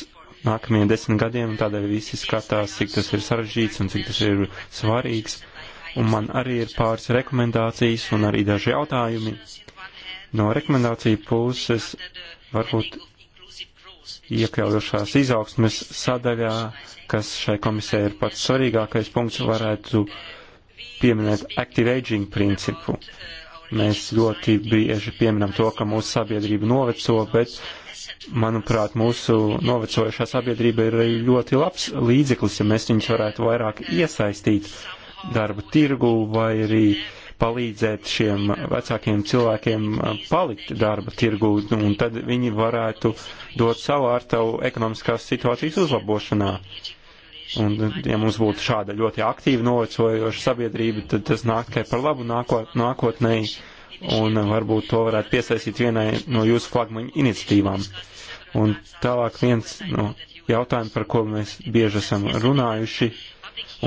nākamajiem desmit gadiem, un tādēļ visi skatās, cik tas ir sarežģīts un cik tas ir svarīgs. Un man arī ir pāris rekomendācijas un arī daži jautājumi No rekomendāciju puses varbūt iekļaujošās izaugsmes sadaļā, kas šai komisē ir pats svarīgākais punkts, varētu pieminēt active aging principu. Mēs ļoti bieži pieminam to, ka mūsu sabiedrība noveco, bet, manuprāt, mūsu novecojušā sabiedrība ir ļoti labs līdzeklis, ja mēs viņus varētu vairāk iesaistīt darba tirgu vai arī uh, palīdzēt šiem vecākiem cilvēkiem uh, palikt darba tirgū, nu, un tad viņi varētu dot savu ārtavu ekonomiskās situācijas uzlabošanā. Un, ja mums būtu šāda ļoti aktīva novecojoša sabiedrība, tad tas nāk tikai par labu nākot, nākotnēji, un uh, varbūt to varētu piesaistīt vienai no jūsu flagmaņu iniciatīvām. Un tālāk viens no nu, jautājumiem, par ko mēs bieži esam runājuši,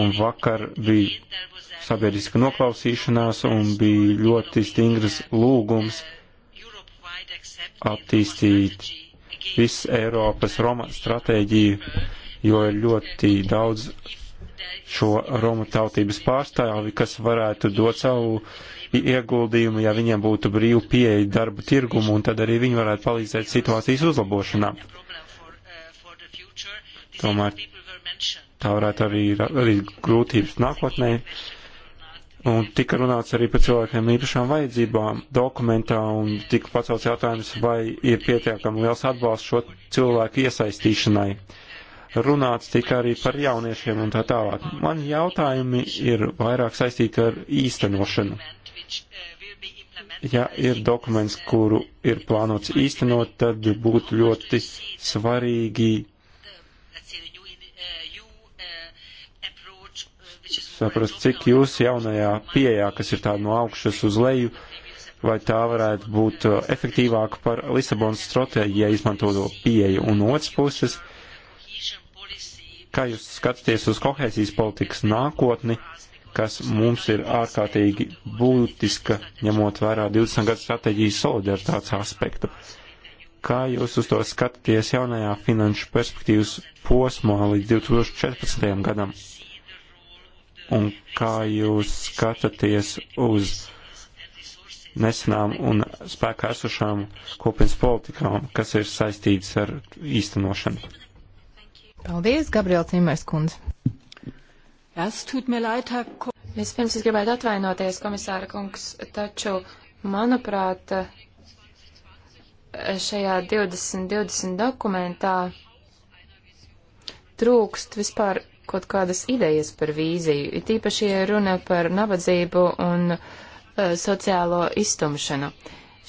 un vakar bija sabiedriska noklausīšanās un bija ļoti stingrs lūgums attīstīt visu Eiropas Roma stratēģiju, jo ir ļoti daudz šo Romu tautības pārstāvi, kas varētu dot savu ieguldījumu, ja viņiem būtu brīva pieeja darba tirgumu, un tad arī viņi varētu palīdzēt situācijas uzlabošanā. Tomēr tā varētu arī radīt grūtības nākotnē. Un tika runāts arī par cilvēkiem īpašām vajadzībām dokumentā un tika pacelts jautājums, vai ir pietiekami liels atbalsts šo cilvēku iesaistīšanai. Runāts tika arī par jauniešiem un tā tālāk. Mani jautājumi ir vairāk saistīti ar īstenošanu. Ja ir dokuments, kuru ir plānots īstenot, tad būtu ļoti svarīgi saprast, cik jūs jaunajā pieejā, kas ir tāda no augšas uz leju, vai tā varētu būt uh, efektīvāka par Lisabonas stratēģiju, ja izmantoto pieeju. Un otrs puses, kā jūs skatāties uz kohēzijas politikas nākotni, kas mums ir ārkārtīgi būtiska, ņemot vērā 20 gadu stratēģijas solidaritātes aspektu. Kā jūs uz to skatāties jaunajā finanšu perspektīvas posmā līdz 2014. gadam? un kā jūs skatāties uz nesenām un spēkā esošām kopienas politikām, kas ir saistītas ar īstenošanu. Paldies, Gabriela Cīmēs kundze. Vispirms es gribētu atvainoties, komisāra kungs, taču, manuprāt, šajā 2020 dokumentā trūkst vispār kaut kādas idejas par vīziju, it īpaši, ja runa par nabadzību un uh, sociālo iztumšanu.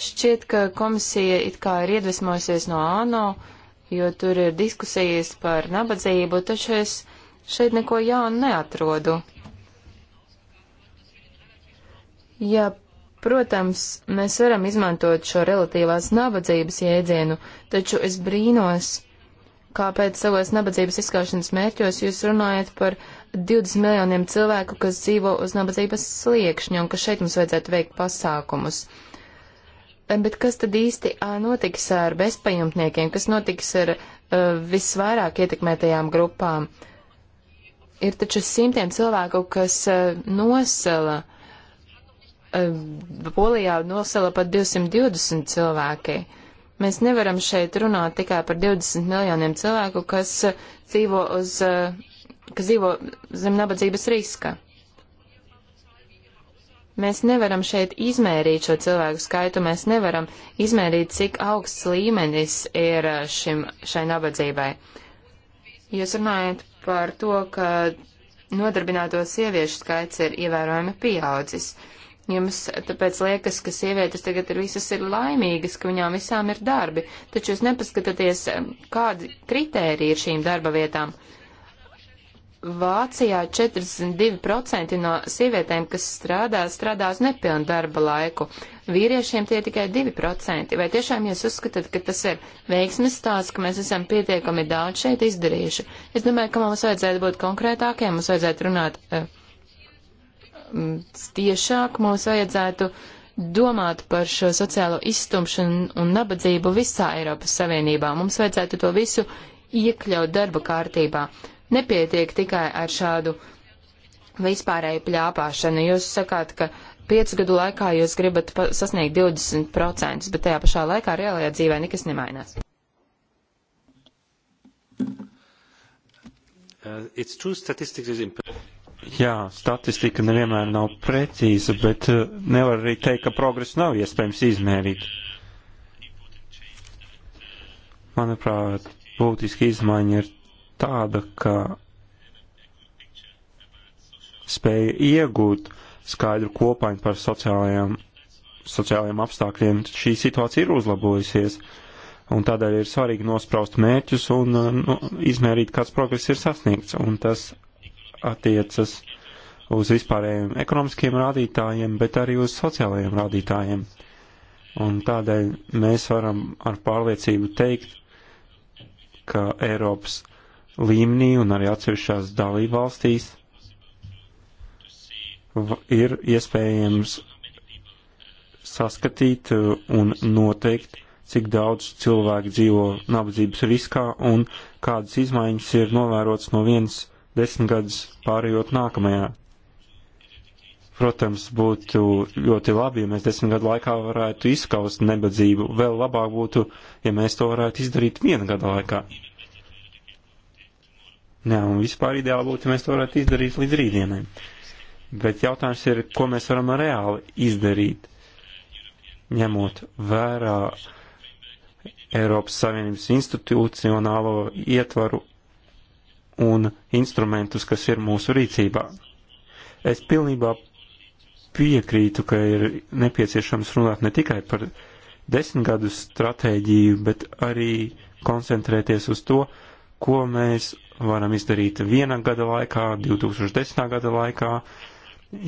Šķiet, ka komisija it kā ir iedvesmojusies no ANO, jo tur ir diskusijas par nabadzību, taču es šeit neko jaunu neatrodu. Ja Protams, mēs varam izmantot šo relatīvās nabadzības jēdzienu, taču es brīnos, kāpēc savos nabadzības izskaušanas mērķos jūs runājat par 20 miljoniem cilvēku, kas dzīvo uz nabadzības sliekšņa un ka šeit mums vajadzētu veikt pasākumus. Eh, bet kas tad īsti notiks ar bezpajumtniekiem, kas notiks ar uh, visvairāk ietekmētajām grupām? Ir taču simtiem cilvēku, kas uh, nosala, uh, Polijā nosala pat 220 cilvēki. Uh, Mēs nevaram šeit runāt tikai par 20 miljoniem cilvēku, kas dzīvo, uz, kas dzīvo zem nabadzības riska. Mēs nevaram šeit izmērīt šo cilvēku skaitu, mēs nevaram izmērīt, cik augsts līmenis ir uh, šim, šai nabadzībai. Jūs runājat par to, ka nodarbināto sieviešu skaits ir ievērojami pieaudzis. Uh, Jums tāpēc liekas, ka sievietes tagad ir visas ir laimīgas, ka viņām visām ir darbi, taču jūs nepaskatāties, kādi kritēriji ir šīm darba vietām. Vācijā 42% no sievietēm, kas strādā, strādās nepilnu darba laiku. Vīriešiem tie tikai 2%. Vai tiešām jūs uzskatāt, ka tas ir veiksmes stāsts, ka mēs esam pietiekami daudz šeit izdarījuši? Es domāju, ka mums vajadzētu būt konkrētākiem, mums vajadzētu runāt. Uh, tiešāk mums vajadzētu domāt par šo sociālo izstumšanu un nabadzību visā Eiropas Savienībā. Mums vajadzētu to visu iekļaut darba kārtībā. Nepietiek tikai ar šādu vispārēju pļāpāšanu. Jūs sakāt, ka piecu gadu laikā jūs gribat sasniegt 20%, bet tajā pašā laikā reālajā dzīvē nekas nemainās. Uh, Jā, statistika nevienmēr nav precīza, bet eh, nevar arī teikt, ka progresu nav iespējams izmērīt. Manuprāt, būtiski izmaiņa ir tāda, ka spēja iegūt skaidru kopainu par sociālajiem, sociālajiem apstākļiem, šī situācija ir uzlabojusies. Un tādēļ ir svarīgi nospraust mērķus un eh, nu, izmērīt, kāds progress ir sasniegts. Un tas attiecas uz vispārējiem ekonomiskiem rādītājiem, bet arī uz sociālajiem rādītājiem. Un tādēļ mēs varam ar pārliecību teikt, ka Eiropas līmenī un arī atsevišķās dalībvalstīs ir iespējams saskatīt un noteikt, cik daudz cilvēku dzīvo nabadzības riskā un kādas izmaiņas ir novērotas no vienas desmit gadus pārējot nākamajā. Protams, būtu ļoti labi, ja mēs desmit gadu laikā varētu izskaust nebadzību. Vēl labāk būtu, ja mēs to varētu izdarīt viena gada laikā. Jā, un vispār ideāli būtu, ja mēs to varētu izdarīt līdz rītdienai. Bet jautājums ir, ko mēs varam reāli izdarīt, ņemot vērā Eiropas Savienības institucionālo ietvaru un instrumentus, kas ir mūsu rīcībā. Es pilnībā piekrītu, ka ir nepieciešams runāt ne tikai par desmitgadu stratēģiju, bet arī koncentrēties uz to, ko mēs varam izdarīt viena gada laikā, 2010. gada laikā,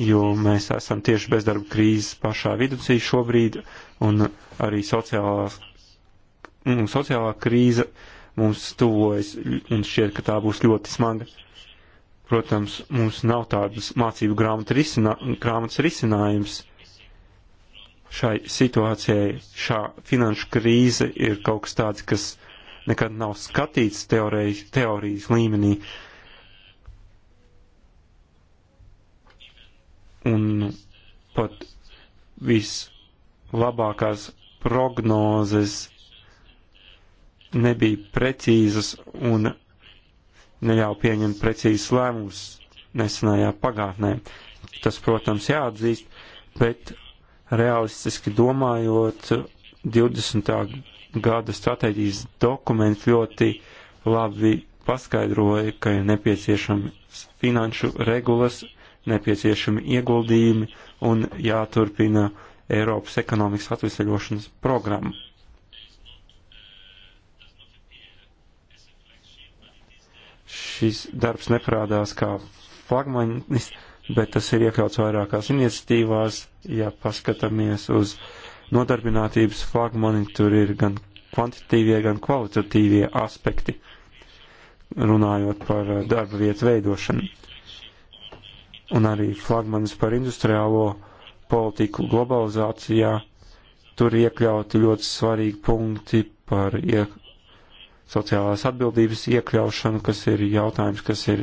jo mēs esam tieši bezdarba krīzes pašā vidusī šobrīd, un arī sociālā, sociālā krīze uh, mums tuvojas un šķiet, ka tā būs ļoti smaga. Protams, mums nav tādas mācību grāmatas risinā, grāmatas risinājums šai situācijai. Šā finanšu krīze ir kaut kas tāds, kas nekad nav skatīts teorijas, teorijas līmenī. Un pat vislabākās prognozes nebija precīzas un neļauj pieņemt precīzas lēmumus nesenajā pagātnē. Tas, protams, jāatzīst, bet realistiski domājot, 20. gada stratēģijas dokuments ļoti labi paskaidroja, ka ir nepieciešams finanšu regulas, nepieciešami ieguldījumi un jāturpina Eiropas ekonomikas atvesaļošanas programma. šis darbs neprādās kā flagmanis, bet tas ir iekļauts vairākās iniciatīvās. Ja paskatāmies uz nodarbinātības flagmani, tur ir gan kvantitīvie, gan kvalitatīvie aspekti, runājot par darba vietu veidošanu. Un arī flagmanis par industriālo politiku globalizācijā, tur iekļauti ļoti svarīgi punkti par iekļautu sociālās atbildības iekļaušanu, kas ir jautājums, kas ir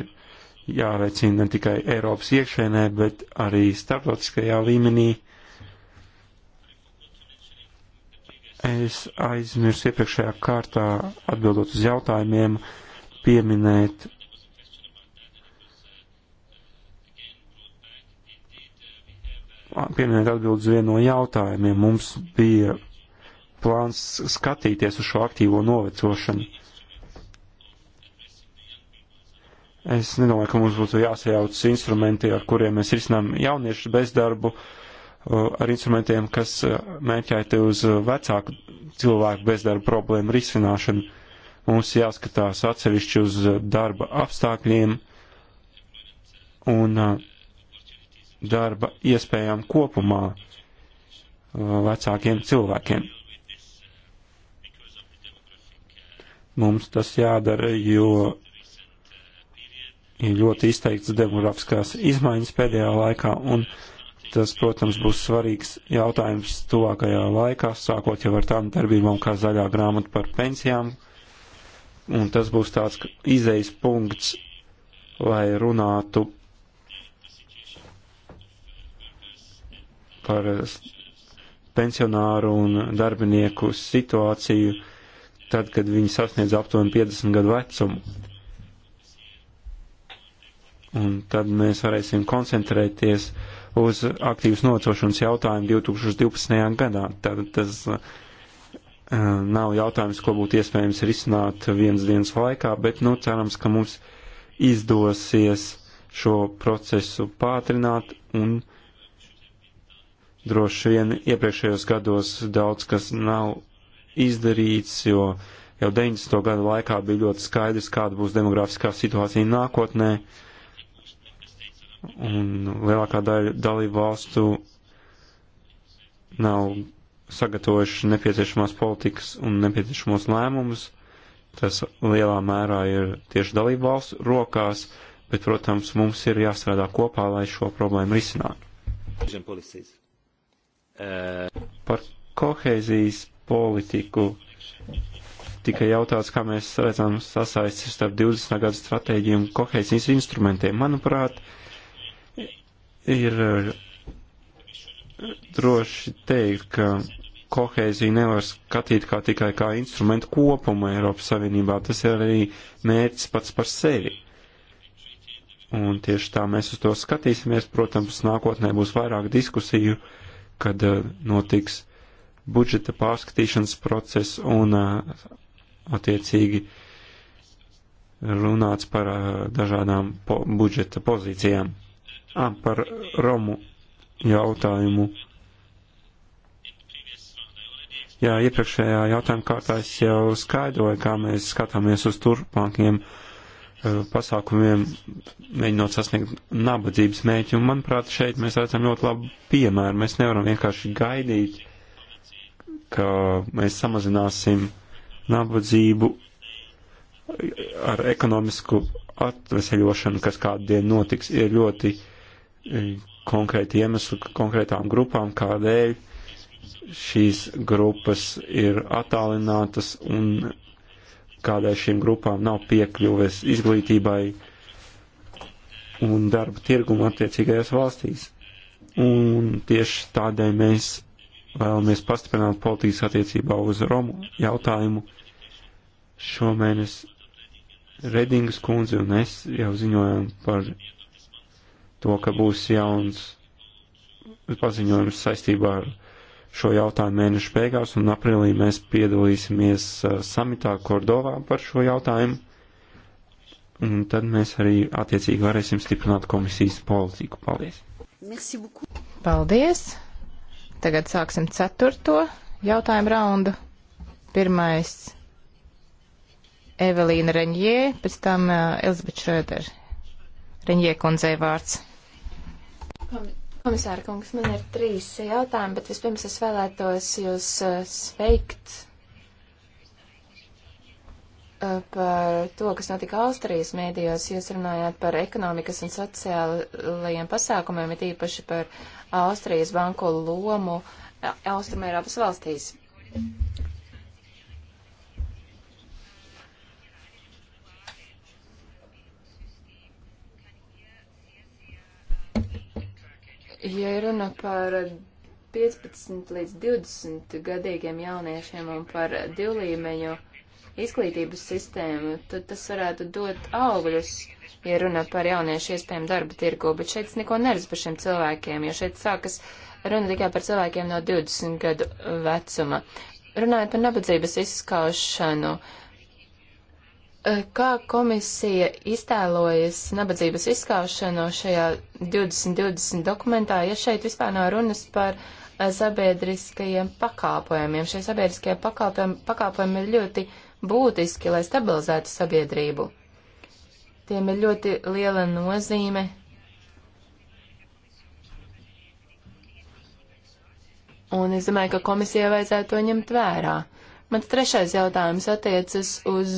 jāveicina ne tikai Eiropas iekšēnē, bet arī starptautiskajā līmenī. Es aizmirsu iepriekšējā kārtā atbildot uz jautājumiem pieminēt pieminēt atbildus vienu no jautājumiem. Mums bija plāns skatīties uz šo aktīvo novecošanu. Es nedomāju, ka mums būtu jāsajauc instrumenti, ar kuriem mēs risinām jauniešu bezdarbu, uh, ar instrumentiem, kas uh, mēķēti uz uh, vecāku cilvēku bezdarbu problēmu risināšanu. Mums jāskatās atsevišķi uz darba apstākļiem un darba iespējām kopumā vecākiem cilvēkiem. Mums tas jādara, jo ir ļoti izteikts demografiskās izmaiņas pēdējā laikā, un tas, protams, būs svarīgs jautājums tuvākajā laikā, sākot jau ar tām darbībām kā zaļā grāmata par pensijām, un tas būs tāds izejas punkts, lai runātu par pensionāru un darbinieku situāciju tad, kad viņi sasniedz aptuveni 50 gadu vecumu. Un tad mēs varēsim koncentrēties uz aktīvas nocošanas jautājumu 2012. gadā. Tad tas uh, nav jautājums, ko būtu iespējams risināt vienas dienas laikā, bet, nu, cerams, ka mums izdosies šo procesu pātrināt un droši vien iepriekšējos gados daudz kas nav izdarīts, jo jau 90. gadu laikā bija ļoti skaidrs, kāda būs demografiskā situācija nākotnē, un lielākā daļa dalību valstu nav sagatavojuši nepieciešamās politikas un nepieciešamos lēmumus. Tas lielā mērā ir tieši dalību valstu rokās, bet, protams, mums ir jāstrādā kopā, lai šo problēmu risinātu. Par kohēzijas politiku. Tika jautāts, kā mēs redzam sasaisti starp 20. gadu stratēģiju un kohēzijas instrumentiem. Manuprāt, ir eh, droši teikt, ka kohēzija nevar skatīt kā tikai kā instrumentu kopumu Eiropas Savienībā. Tas ir arī mērķis pats par sevi. Un tieši tā mēs uz to skatīsimies. Protams, nākotnē būs vairāk diskusiju, kad eh, notiks uh, budžeta pārskatīšanas process un attiecīgi runāts par dažādām po budžeta pozīcijām. À, par Romu jautājumu. Jā, iepriekšējā jautājuma kārtā es jau skaidroju, kā mēs skatāmies uz turpmākiem pasākumiem, mēģinot sasniegt nabadzības mēķi. Un, manuprāt, šeit mēs redzam ļoti labu piemēru. Mēs nevaram vienkārši gaidīt uh, ka mēs samazināsim nabadzību ar ekonomisku atveseļošanu, kas kādu dienu notiks, ir ļoti e, konkrēti iemesli konkrētām grupām, kādēļ šīs grupas ir attālinātas un kādai šīm grupām nav piekļuves izglītībai un darba tirgumu attiecīgajās valstīs. Un tieši tādēļ mēs vēlamies pastiprināt politikas attiecībā uz Romu jautājumu. Šomēnes Redingas kundze un es jau ziņojām par to, ka būs jauns paziņojums saistībā ar šo jautājumu mēnešu beigās, un aprīlī mēs piedalīsimies uh, samitā Kordovā par šo jautājumu, un tad mēs arī attiecīgi varēsim stiprināt komisijas politiku. Paldies! Paldies! Tagad sāksim ceturto jautājumu raundu. Pirmais Evelīna Reņģē, pēc tam uh, Elizabeth Šrēder. Reņģē kundzei vārds. Komisāra kungs, man ir trīs jautājumi, bet vispirms es vēlētos jūs uh, sveikt par to, kas notika Austrijas mēdījos. Jūs runājāt par ekonomikas un sociālajiem pasākumiem, it īpaši par Austrijas banku lomu Austrumēropas valstīs. Ja runa par 15 līdz 20 gadīgiem jauniešiem un par divlīmeņu izglītības sistēmu, tad tas varētu dot augļus, ja runā par jauniešu iespējām darba tirgu, bet šeit es neko neredzu par šiem cilvēkiem, jo šeit sākas runa tikai par cilvēkiem no 20 gadu vecuma. Runājot par nabadzības izskaušanu, eh, kā komisija iztēlojas nabadzības izskaušanu šajā 2020 dokumentā, ja šeit vispār nav runas par eh, sabiedriskajiem pakāpojumiem. Šie sabiedriskie pakāpojumi, pakāpojumi ir ļoti būtiski, lai stabilizētu sabiedrību. Tiem ir ļoti liela nozīme. Un es domāju, ka komisijai vajadzētu to ņemt vērā. Mans trešais jautājums attiecas uz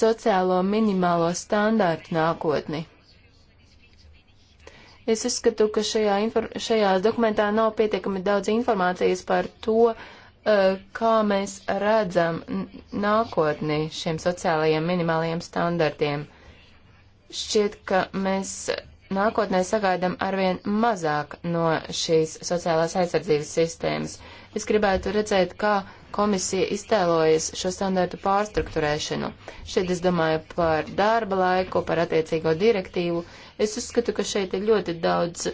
sociālo minimālo standārtu nākotni. Es uzskatu, ka šajā, šajā dokumentā nav pietiekami daudz informācijas par to, uh, Eh, kā mēs redzam nākotni šiem sociālajiem minimālajiem standartiem. Šķiet, ka mēs nākotnē sagaidām arvien mazāk no šīs sociālās aizsardzības sistēmas. Es gribētu redzēt, kā komisija iztēlojas šo standartu pārstruktūrēšanu. Šeit es domāju par darba laiku, par attiecīgo direktīvu. Es uzskatu, ka šeit ir ļoti daudz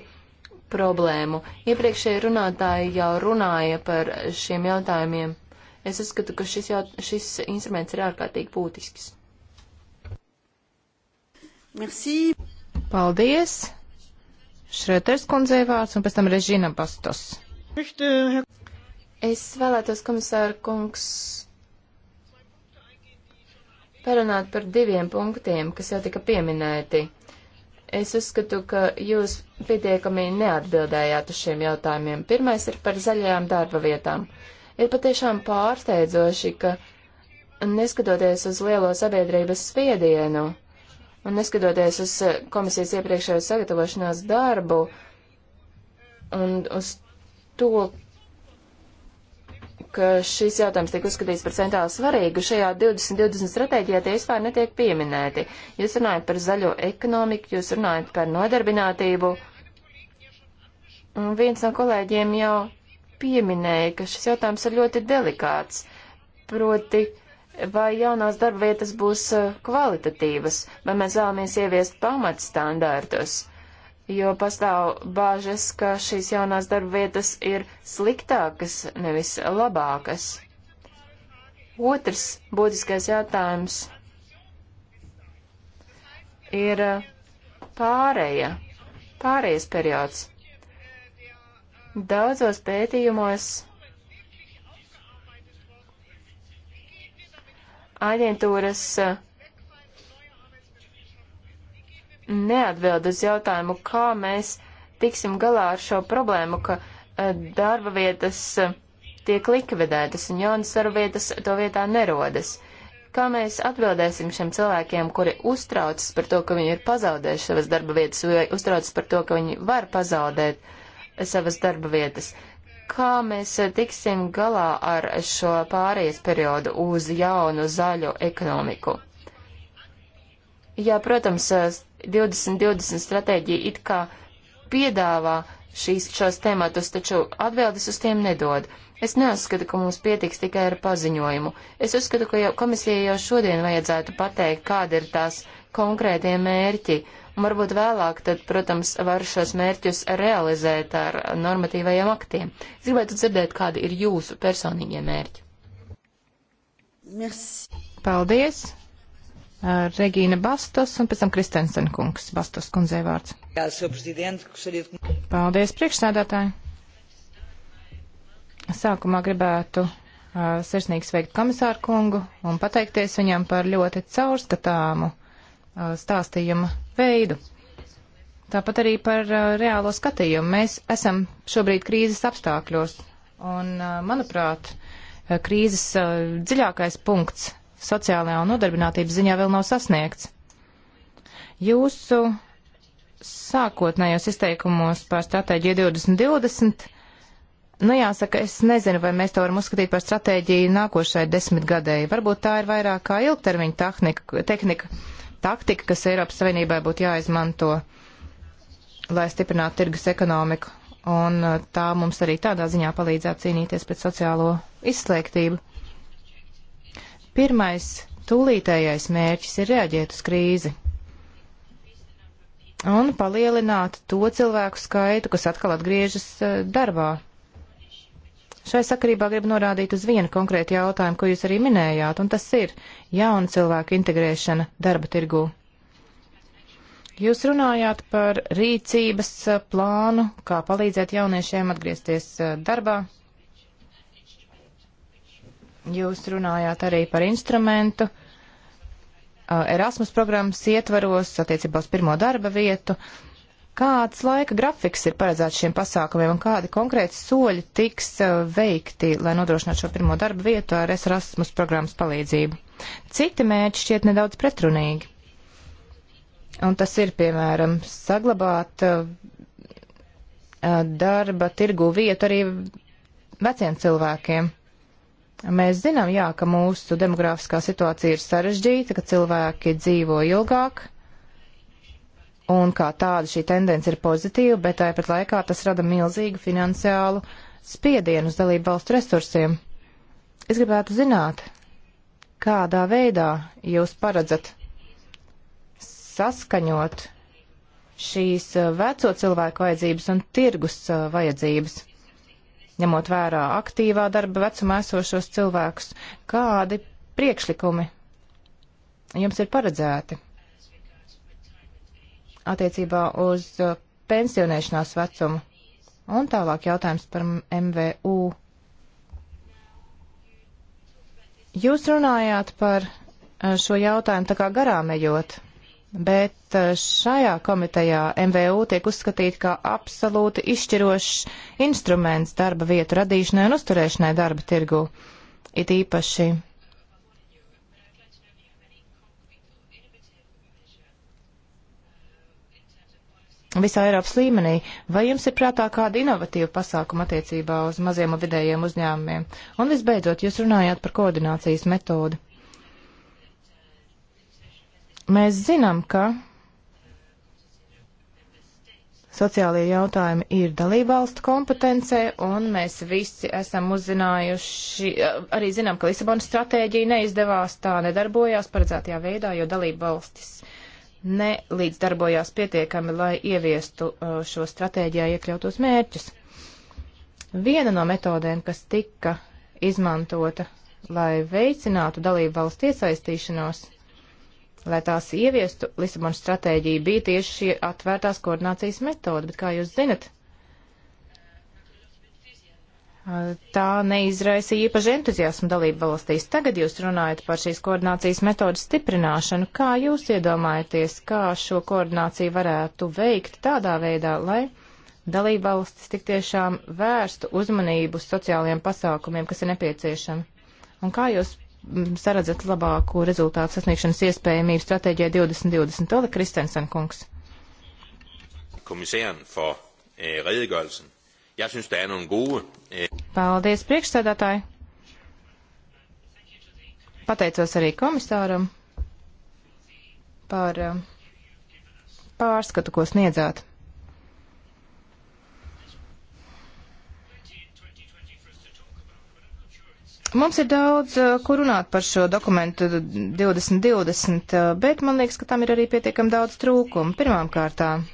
problēmu. Iepriekšēji runātāji jau runāja par šiem jautājumiem. Es uzskatu, ka šis, jau, šis instruments ir ārkārtīgi būtisks. Merci. Paldies! Šrēters kundzei vārds un pēc tam Režīna Bastos. Es vēlētos, komisāra kungs, parunāt par diviem punktiem, kas jau tika pieminēti. Es uzskatu, ka jūs pietiekami neatbildējāt uz šiem jautājumiem. Pirmais ir par zaļajām darba vietām. Ir patiešām pārsteidzoši, ka neskatoties uz lielo sabiedrības spiedienu un neskatoties uz komisijas iepriekšējo sagatavošanās darbu un uz to, ka šis jautājums tiek uzskatīts par centrāli svarīgu, šajā 2020 stratēģijā tie vispār netiek pieminēti. Jūs runājat par zaļo ekonomiku, jūs runājat par nodarbinātību. Un viens no kolēģiem jau pieminēja, ka šis jautājums ir ļoti delikāts. Proti, vai jaunās darba vietas būs eh, kvalitatīvas, vai mēs vēlamies ieviest pamatstandārtus jo pastāv bāžas, ka šīs jaunās darba vietas ir sliktākas, nevis labākas. Otrs būtiskais jautājums ir pārēja, pārējais periods. Daudzos pētījumos aģentūras uh, neatbild uz jautājumu, kā mēs tiksim galā ar šo problēmu, ka eh, darba vietas eh, tiek likvidētas un jaunas darba vietas to vietā nerodas. Kā mēs atbildēsim šiem cilvēkiem, kuri uztraucas par to, ka viņi ir pazaudējuši savas darba vietas, vai uztraucas par to, ka viņi var pazaudēt eh, savas darba vietas? Kā mēs tiksim galā ar šo pārējais periodu uz jaunu zaļu ekonomiku? Jā, protams, 2020 stratēģija it kā piedāvā šīs, šos tematus, taču atbildes uz tiem nedod. Es neuzskatu, ka mums pietiks tikai ar paziņojumu. Es uzskatu, ka jau komisijai jau šodien vajadzētu pateikt, kāda ir tās konkrētie mērķi, un varbūt vēlāk, tad, protams, var šos mērķus realizēt ar normatīvajiem aktiem. Es gribētu dzirdēt, kādi ir jūsu personīgie mērķi. Merci. Paldies! Regīna Bastos un pēc tam Kristensen kungs. Bastos kundzei vārds. Paldies, priekšsēdētāji. Sākumā gribētu uh, sirsnīgi sveikt komisāru kungu un pateikties viņam par ļoti caurskatāmu uh, stāstījumu veidu. Tāpat arī par uh, reālo skatījumu. Mēs esam šobrīd krīzes apstākļos un, uh, manuprāt, uh, krīzes uh, dziļākais punkts sociālajā un nodarbinātības ziņā vēl nav sasniegts. Jūsu sākotnējos izteikumos par stratēģiju 2020, nu jāsaka, es nezinu, vai mēs to varam uzskatīt par stratēģiju nākošai desmitgadēji. Varbūt tā ir vairāk kā ilgtermiņa tehnika, tehnika, taktika, kas Eiropas Savienībai būtu jāizmanto, lai stiprinātu tirgus ekonomiku. Un uh, tā mums arī tādā ziņā palīdzētu cīnīties pret sociālo izslēgtību. Pirmais tūlītējais mērķis ir reaģēt uz krīzi un palielināt to cilvēku skaitu, kas atkal atgriežas eh, darbā. Šai sakarībā gribu norādīt uz vienu konkrētu jautājumu, ko jūs arī minējāt, un tas ir jauna cilvēku integrēšana darba tirgū. Jūs runājāt par rīcības eh, plānu, kā palīdzēt jauniešiem atgriezties eh, darbā. Jūs runājāt arī par instrumentu Erasmus programmas ietvaros attiecībā uz pirmo darba vietu. Kāds laika grafiks ir paredzēts šiem pasākumiem un kādi konkrēti soļi tiks veikti, lai nodrošinātu šo pirmo darbu vietu ar Erasmus programmas palīdzību? Citi mērķi šķiet nedaudz pretrunīgi. Un tas ir, piemēram, saglabāt uh, darba tirgu vietu arī veciem cilvēkiem. Mēs zinām, jā, ka mūsu demografiskā situācija ir sarežģīta, ka cilvēki dzīvo ilgāk, un kā tāda šī tendence ir pozitīva, bet tāpat laikā tas rada milzīgu finansiālu spiedienu uz dalību valstu resursiem. Es gribētu zināt, kādā veidā jūs paredzat saskaņot šīs eh, veco cilvēku vajadzības un tirgus eh, vajadzības ņemot vērā aktīvā darba vecumā esošos cilvēkus, kādi priekšlikumi jums ir paredzēti attiecībā uz uh, pensionēšanās vecumu? Un tālāk jautājums par MVU. Jūs runājāt par uh, šo jautājumu tā kā garām ejot bet eh, šajā komitejā MVU tiek uzskatīti kā absolūti izšķirošs instruments darba vietu radīšanai un uzturēšanai darba tirgu. It īpaši visā Eiropas līmenī. Vai jums ir prātā kāda inovatīva pasākuma attiecībā uz maziem un vidējiem uzņēmumiem? Un visbeidzot, jūs runājāt par koordinācijas metodi. Mēs zinām, ka sociālie jautājumi ir dalībvalstu kompetencē, un mēs visi esam uzzinājuši, arī zinām, ka Lisabonas stratēģija neizdevās, tā nedarbojās paredzētajā veidā, jo dalībvalstis ne līdz darbojās pietiekami, lai ieviestu uh, šo stratēģijā iekļautos mērķus. Viena no metodēm, kas tika izmantota, lai veicinātu dalību valsts iesaistīšanos, lai tās ieviestu Lisabonas stratēģiju, bija tieši šī atvērtās koordinācijas metode, bet kā jūs zinat, tā neizraisīja īpaši entuziasmu dalību valstīs. Tagad jūs runājat par šīs koordinācijas metodas stiprināšanu. Kā jūs iedomājaties, kā šo koordināciju varētu veikt tādā veidā, lai dalību valstis tik tiešām vērstu uzmanību sociālajiem pasākumiem, kas ir nepieciešami? Un kā jūs saredzat labāku rezultātu sasniegšanas iespējamību stratēģijai 2020. Ole Kristensen kungs. Komisēran for eh, redegørelsen. Jeg synes, der er nogle gode... Eh... Paldies, priekšsēdētāji. Pateicos arī komisāram par eh, pārskatu, ko sniedzāt. Mums ir daudz, eh, ko runāt par šo dokumentu 2020, eh, bet man liekas, ka tam ir arī pietiekami daudz trūkumu. Pirmām kārtām,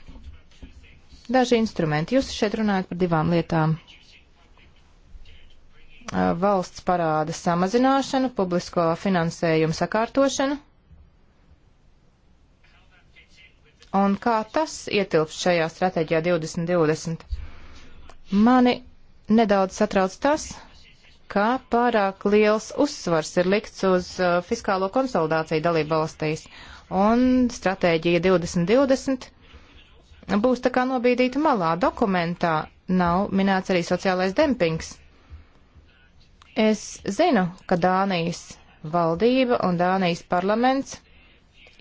daži instrumenti. Jūs šeit runājat par divām lietām. Eh, valsts parāda samazināšanu, publisko finansējumu sakārtošanu. Un kā tas ietilpst šajā stratēģijā 2020? Mani nedaudz satrauc tas, ka pārāk liels uzsvars ir likts uz uh, fiskālo konsolidāciju dalību valstīs, un stratēģija 2020 būs tā kā nobīdīta malā. Dokumentā nav minēts arī sociālais dempings. Es zinu, ka Dānijas valdība un Dānijas parlaments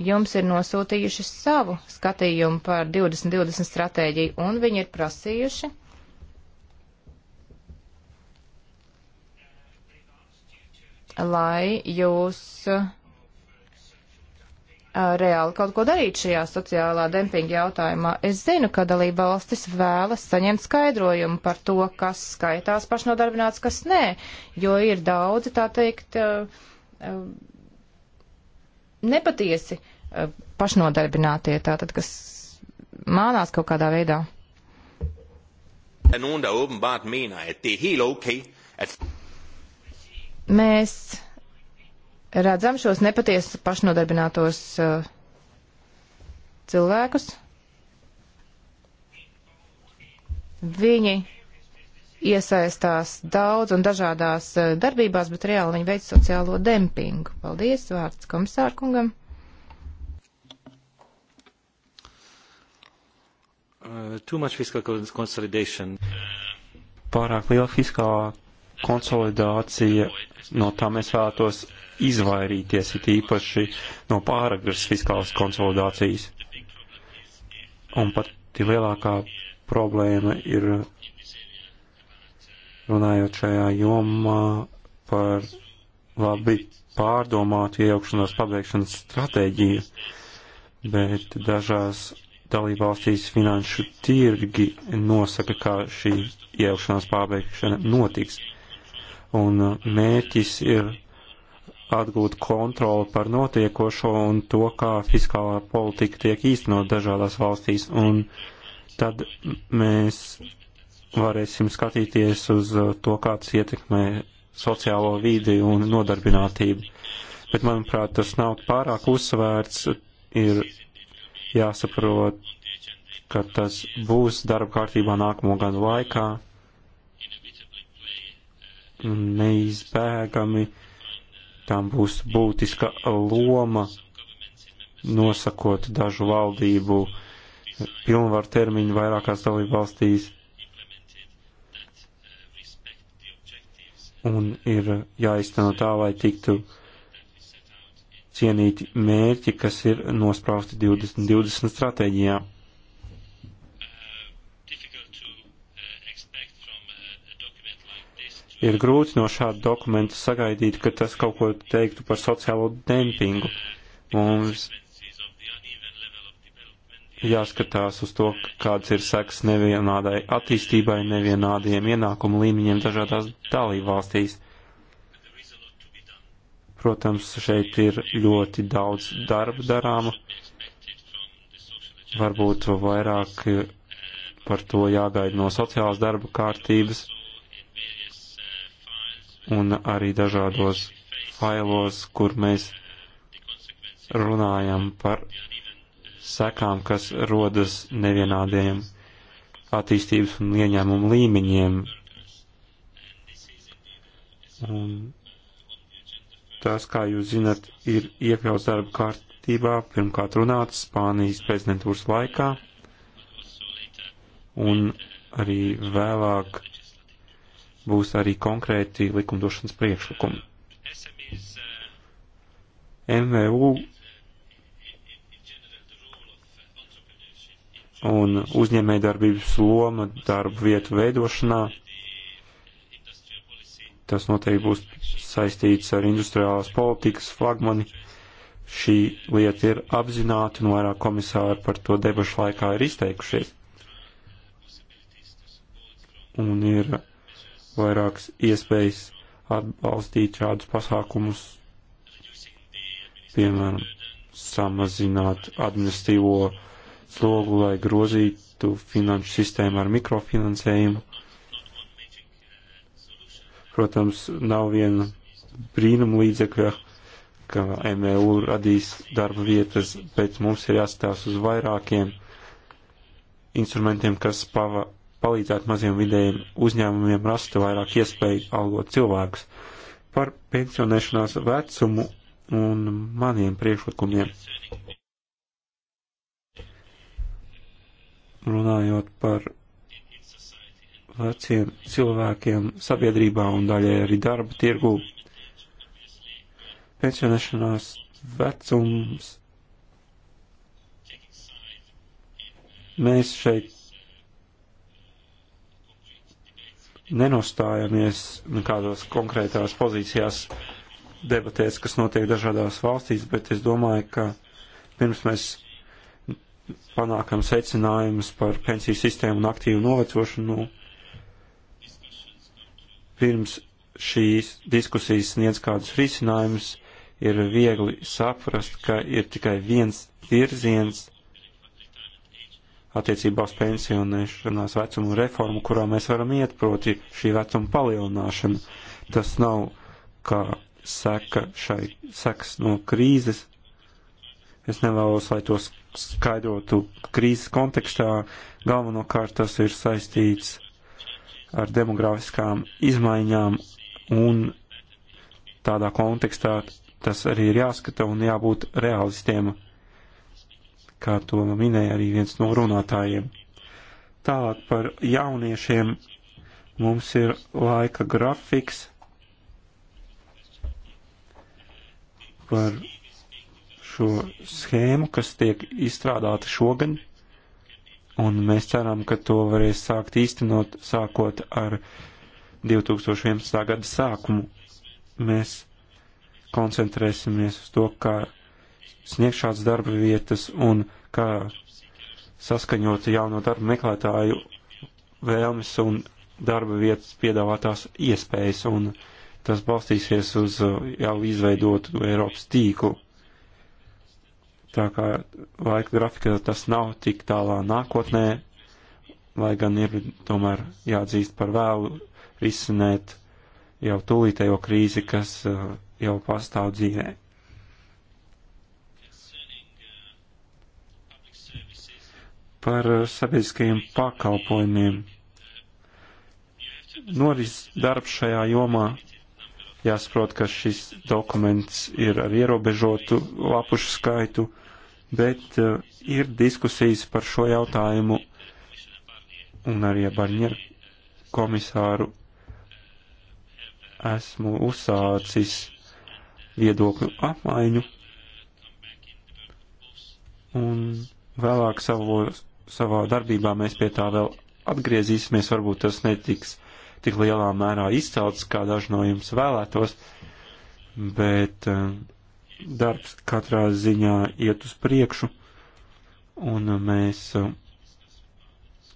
jums ir nosūtījuši savu skatījumu par 2020 stratēģiju, un viņi ir prasījuši lai jūs reāli kaut ko darīt šajā sociālā dempinga jautājumā. Es zinu, ka dalība valstis vēlas saņemt skaidrojumu par to, kas skaitās pašnodarbināts, kas nē, jo ir daudzi, tā teikt, nepatiesi pašnodarbinātie, tātad, kas mānās kaut kādā veidā. Er, er nogen, der åbenbart mener, at det er helt okay, at Mēs redzam šos nepatiesu pašnodarbinātos uh, cilvēkus. Viņi iesaistās daudz un dažādās uh, darbībās, bet reāli viņi veic sociālo dempingu. Paldies, vārds komisārkungam. Uh, too much fiscal consolidation. Pārāk liela fiskālā konsolidācija, no tā mēs vēlētos izvairīties, it īpaši no pāragras fiskālas konsolidācijas. Un pati lielākā problēma ir runājot šajā jomā par labi pārdomātu iejaukšanos pabeigšanas stratēģiju, bet dažās dalībvalstīs finanšu tirgi nosaka, kā šī iejaukšanās pabeigšana notiks un uh, mērķis ir atgūt kontroli par notiekošo un to, kā fiskālā politika tiek īstenot dažādās valstīs, un tad mēs varēsim skatīties uz uh, to, kā tas ietekmē sociālo vīdi un nodarbinātību. Bet, manuprāt, tas nav pārāk uzsvērts, ir jāsaprot, ka tas būs darba kārtībā nākamo gadu laikā neizbēgami tam būs būtiska loma nosakot dažu valdību pilnvaru termiņu vairākās dalību valstīs. Un ir jāizteno tā, lai tiktu cienīti mērķi, kas ir nosprausti 2020 stratēģijā. ir grūti no šāda dokumenta sagaidīt, ka tas kaut ko teiktu par sociālo dempingu. Mums jāskatās uz to, kāds ir seks nevienādai attīstībai, nevienādiem ienākumu līmeņiem dažādās dalībvalstīs. Protams, šeit ir ļoti daudz darba darāma. Varbūt vairāk par to jāgaida no sociālās darba kārtības un arī dažādos failos, kur mēs runājam par sekām, kas rodas nevienādiem attīstības un ieņēmumu līmeņiem. Un tas, kā jūs zinat, ir iekļauts darba kārtībā, pirmkārt runāts Spānijas prezidentūras laikā, un arī vēlāk būs arī konkrēti likumdošanas priekšlikumi. MVU un uzņēmēja darbības loma darba vietu veidošanā. Tas noteikti būs saistīts ar industriālās politikas flagmani. Šī lieta ir apzināta un vairāk komisāri par to debašu laikā ir izteikušies. Un ir vairākas iespējas atbalstīt šādus pasākumus, piemēram, samazināt administratīvo slogu, lai grozītu finanšu sistēmu ar mikrofinansējumu. Protams, nav viena brīnuma līdzekļa, ka MEU radīs darba vietas, bet mums ir jāskatās uz vairākiem instrumentiem, kas pava palīdzētu maziem vidējiem uzņēmumiem rast vairāk iespēju algot cilvēkus. Par pensionēšanās vecumu un maniem priekšlikumiem. Runājot par veciem cilvēkiem sabiedrībā un daļai arī darba tirgū, pensionēšanās vecums mēs šeit nenostājamies nekādos konkrētās pozīcijās debatēs, kas notiek dažādās valstīs, bet es domāju, ka pirms mēs panākam secinājumus par pensiju sistēmu un aktīvu novecošanu, pirms šīs diskusijas sniedz kādus risinājumus, ir viegli saprast, ka ir tikai viens virziens, attiecībā uz pensionēšanās vecumu reformu, kurā mēs varam iet, proti šī vecuma palielināšana. Tas nav kā seka šai seks no krīzes. Es nevēlos, lai to skaidrotu krīzes kontekstā. Galvenokārt tas ir saistīts ar demografiskām izmaiņām un tādā kontekstā tas arī ir jāskata un jābūt realistiem kā to minēja arī viens no runātājiem. Tālāk par jauniešiem mums ir laika grafiks par šo schēmu, kas tiek izstrādāta šogad, un mēs ceram, ka to varēs sākt īstenot sākot ar 2011. gada sākumu. Mēs koncentrēsimies uz to, kā sniegt šādas darba vietas un kā saskaņot jauno darba meklētāju vēlmes un darba vietas piedāvātās iespējas, un tas balstīsies uz uh, jau izveidotu Eiropas tīklu. Tā kā laika grafikā tas nav tik tālā nākotnē, lai gan ir tomēr jāatzīst par vēlu risinēt jau tūlītējo krīzi, kas uh, jau pastāv dzīvē. par eh, sabiedriskajiem pakalpojumiem. Noris darbs šajā jomā jāsaprot, ka šis dokuments ir ar ierobežotu lapušu skaitu, bet eh, ir diskusijas par šo jautājumu un arī ar Barņer komisāru esmu uzsācis viedokļu apmaiņu un Vēlāk savu, savā darbībā mēs pie tā vēl atgriezīsimies, varbūt tas netiks tik lielā mērā izcelts, kā daži no jums vēlētos, bet eh, darbs katrā ziņā iet uz priekšu, un eh, mēs eh,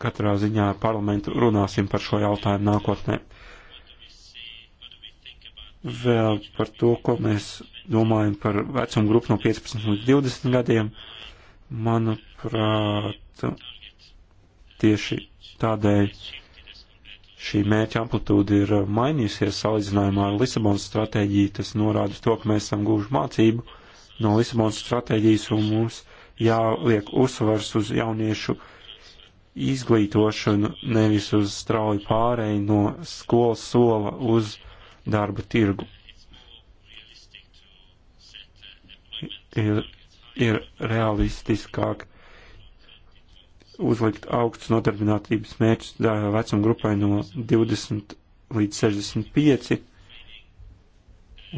katrā ziņā ar parlamentu runāsim par šo jautājumu nākotnē. Vēl par to, ko mēs domājam par vecumu grupu no 15 līdz 20 gadiem, manuprāt, manuprāt, tieši tādēļ šī mērķa amplitūda ir mainījusies salīdzinājumā ar Lisabonas stratēģiju. Tas norāda to, ka mēs esam gūši mācību no Lisabonas stratēģijas un mums jāliek uzsvars uz jauniešu izglītošanu, nevis uz strauju pārēju no skolas sola uz darba tirgu. Ir, ir realistiskāk uzlikt augsts nodarbinātības mērķus vecuma grupai no 20 līdz 65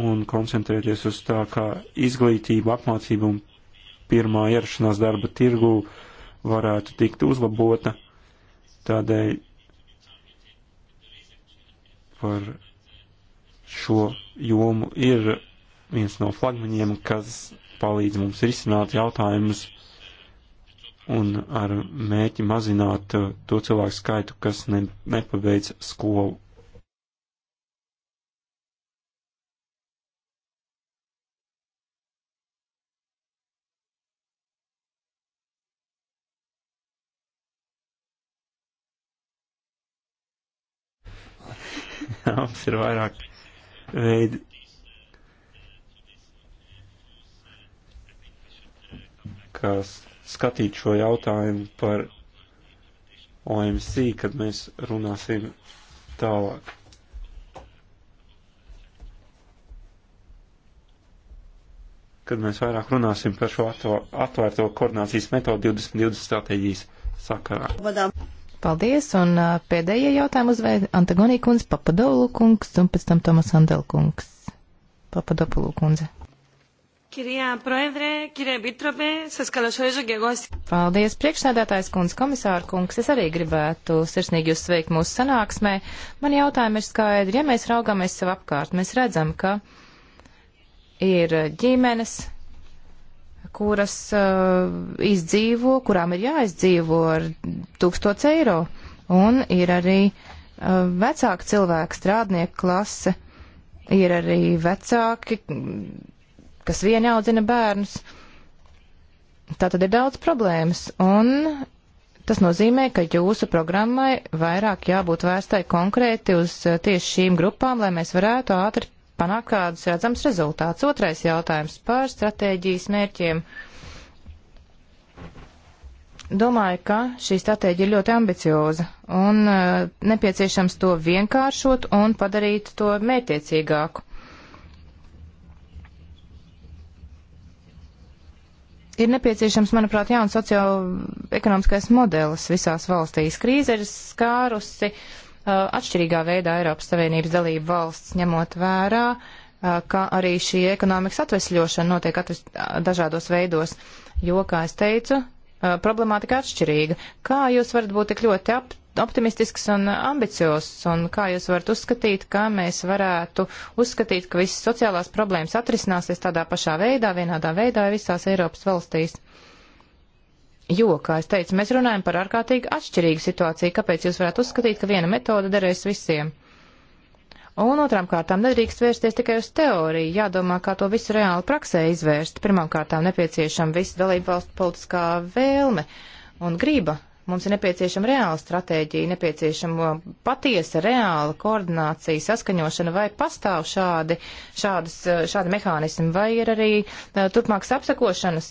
un koncentrēties uz tā kā izglītību, apmācību un pirmā ierašanās darba tirgu varētu tikt uzlabota. Tādēļ par šo jomu ir viens no flagmaņiem, kas palīdz mums risināt jautājumus un ar mēķi mazināt uh, to cilvēku skaitu, kas ne, nepabeidz skolu. Jā, *laughs* mums ir vairāk veidi. Kas skatīt šo jautājumu par OMC, kad mēs runāsim tālāk. Kad mēs vairāk runāsim par šo atvērto koordinācijas metodu 2020 stratēģijas sakarā. Paldies, un uh, pēdējie jautājumi uzveid Antagonī kungs, Papadoulu kungs, un pēc tam Tomas Andel kungs. Papadopulu kundze. Κυρία Πρόεδρε, κύριε Επίτροπε, σας καλωσορίζω και εγώ. Paldies, priekšsēdētājs kundze, komisāra kungs. Es arī gribētu sirsnīgi jūs sveikt mūsu sanāksmē. Man jautājumi ir skaidri. Ja mēs raugāmies sev apkārt, mēs redzam, ka ir ģimenes, kuras uh, izdzīvo, kurām ir jāizdzīvo ar tūkstots eiro. Un ir arī uh, vecāka cilvēka strādnieku klase, ir arī vecāki kas vieni audzina bērnus. Tā tad ir daudz problēmas, un tas nozīmē, ka jūsu programmai vairāk jābūt vērstai konkrēti uz eh, tieši šīm grupām, lai mēs varētu ātri panākt kādus redzams rezultāts. Otrais jautājums par stratēģijas mērķiem. Domāju, ka šī stratēģija ir ļoti ambicioza un uh, nepieciešams to vienkāršot un padarīt to mētiecīgāku. Ir nepieciešams, manuprāt, jauns socioekonomiskais modelis visās valstīs. Krīze ir skārusi uh, atšķirīgā veidā Eiropas Savienības dalību valsts, ņemot vērā, uh, ka arī šī ekonomikas atvesļošana notiek atves uh, dažādos veidos, jo, kā es teicu, uh, problemātika atšķirīga. Kā jūs varat būt tik ļoti apt optimistisks un ambiciozs, un kā jūs varat uzskatīt, ka mēs varētu uzskatīt, ka visas sociālās problēmas atrisināsies tādā pašā veidā, vienādā veidā visās Eiropas valstīs? Jo, kā es teicu, mēs runājam par ārkārtīgi atšķirīgu situāciju, kāpēc jūs varētu uzskatīt, ka viena metode derēs visiem? Un otrām kārtām nedrīkst vērsties tikai uz teoriju, jādomā, kā to visu reāli praksē izvērst. Pirmām kārtām nepieciešama visa dalību valstu politiskā vēlme un griba Mums ir nepieciešama reāla stratēģija, nepieciešama patiesa, reāla koordinācija, saskaņošana, vai pastāv šādi, šādas, šādi mehānismi, vai ir arī turpmākas apsakošanas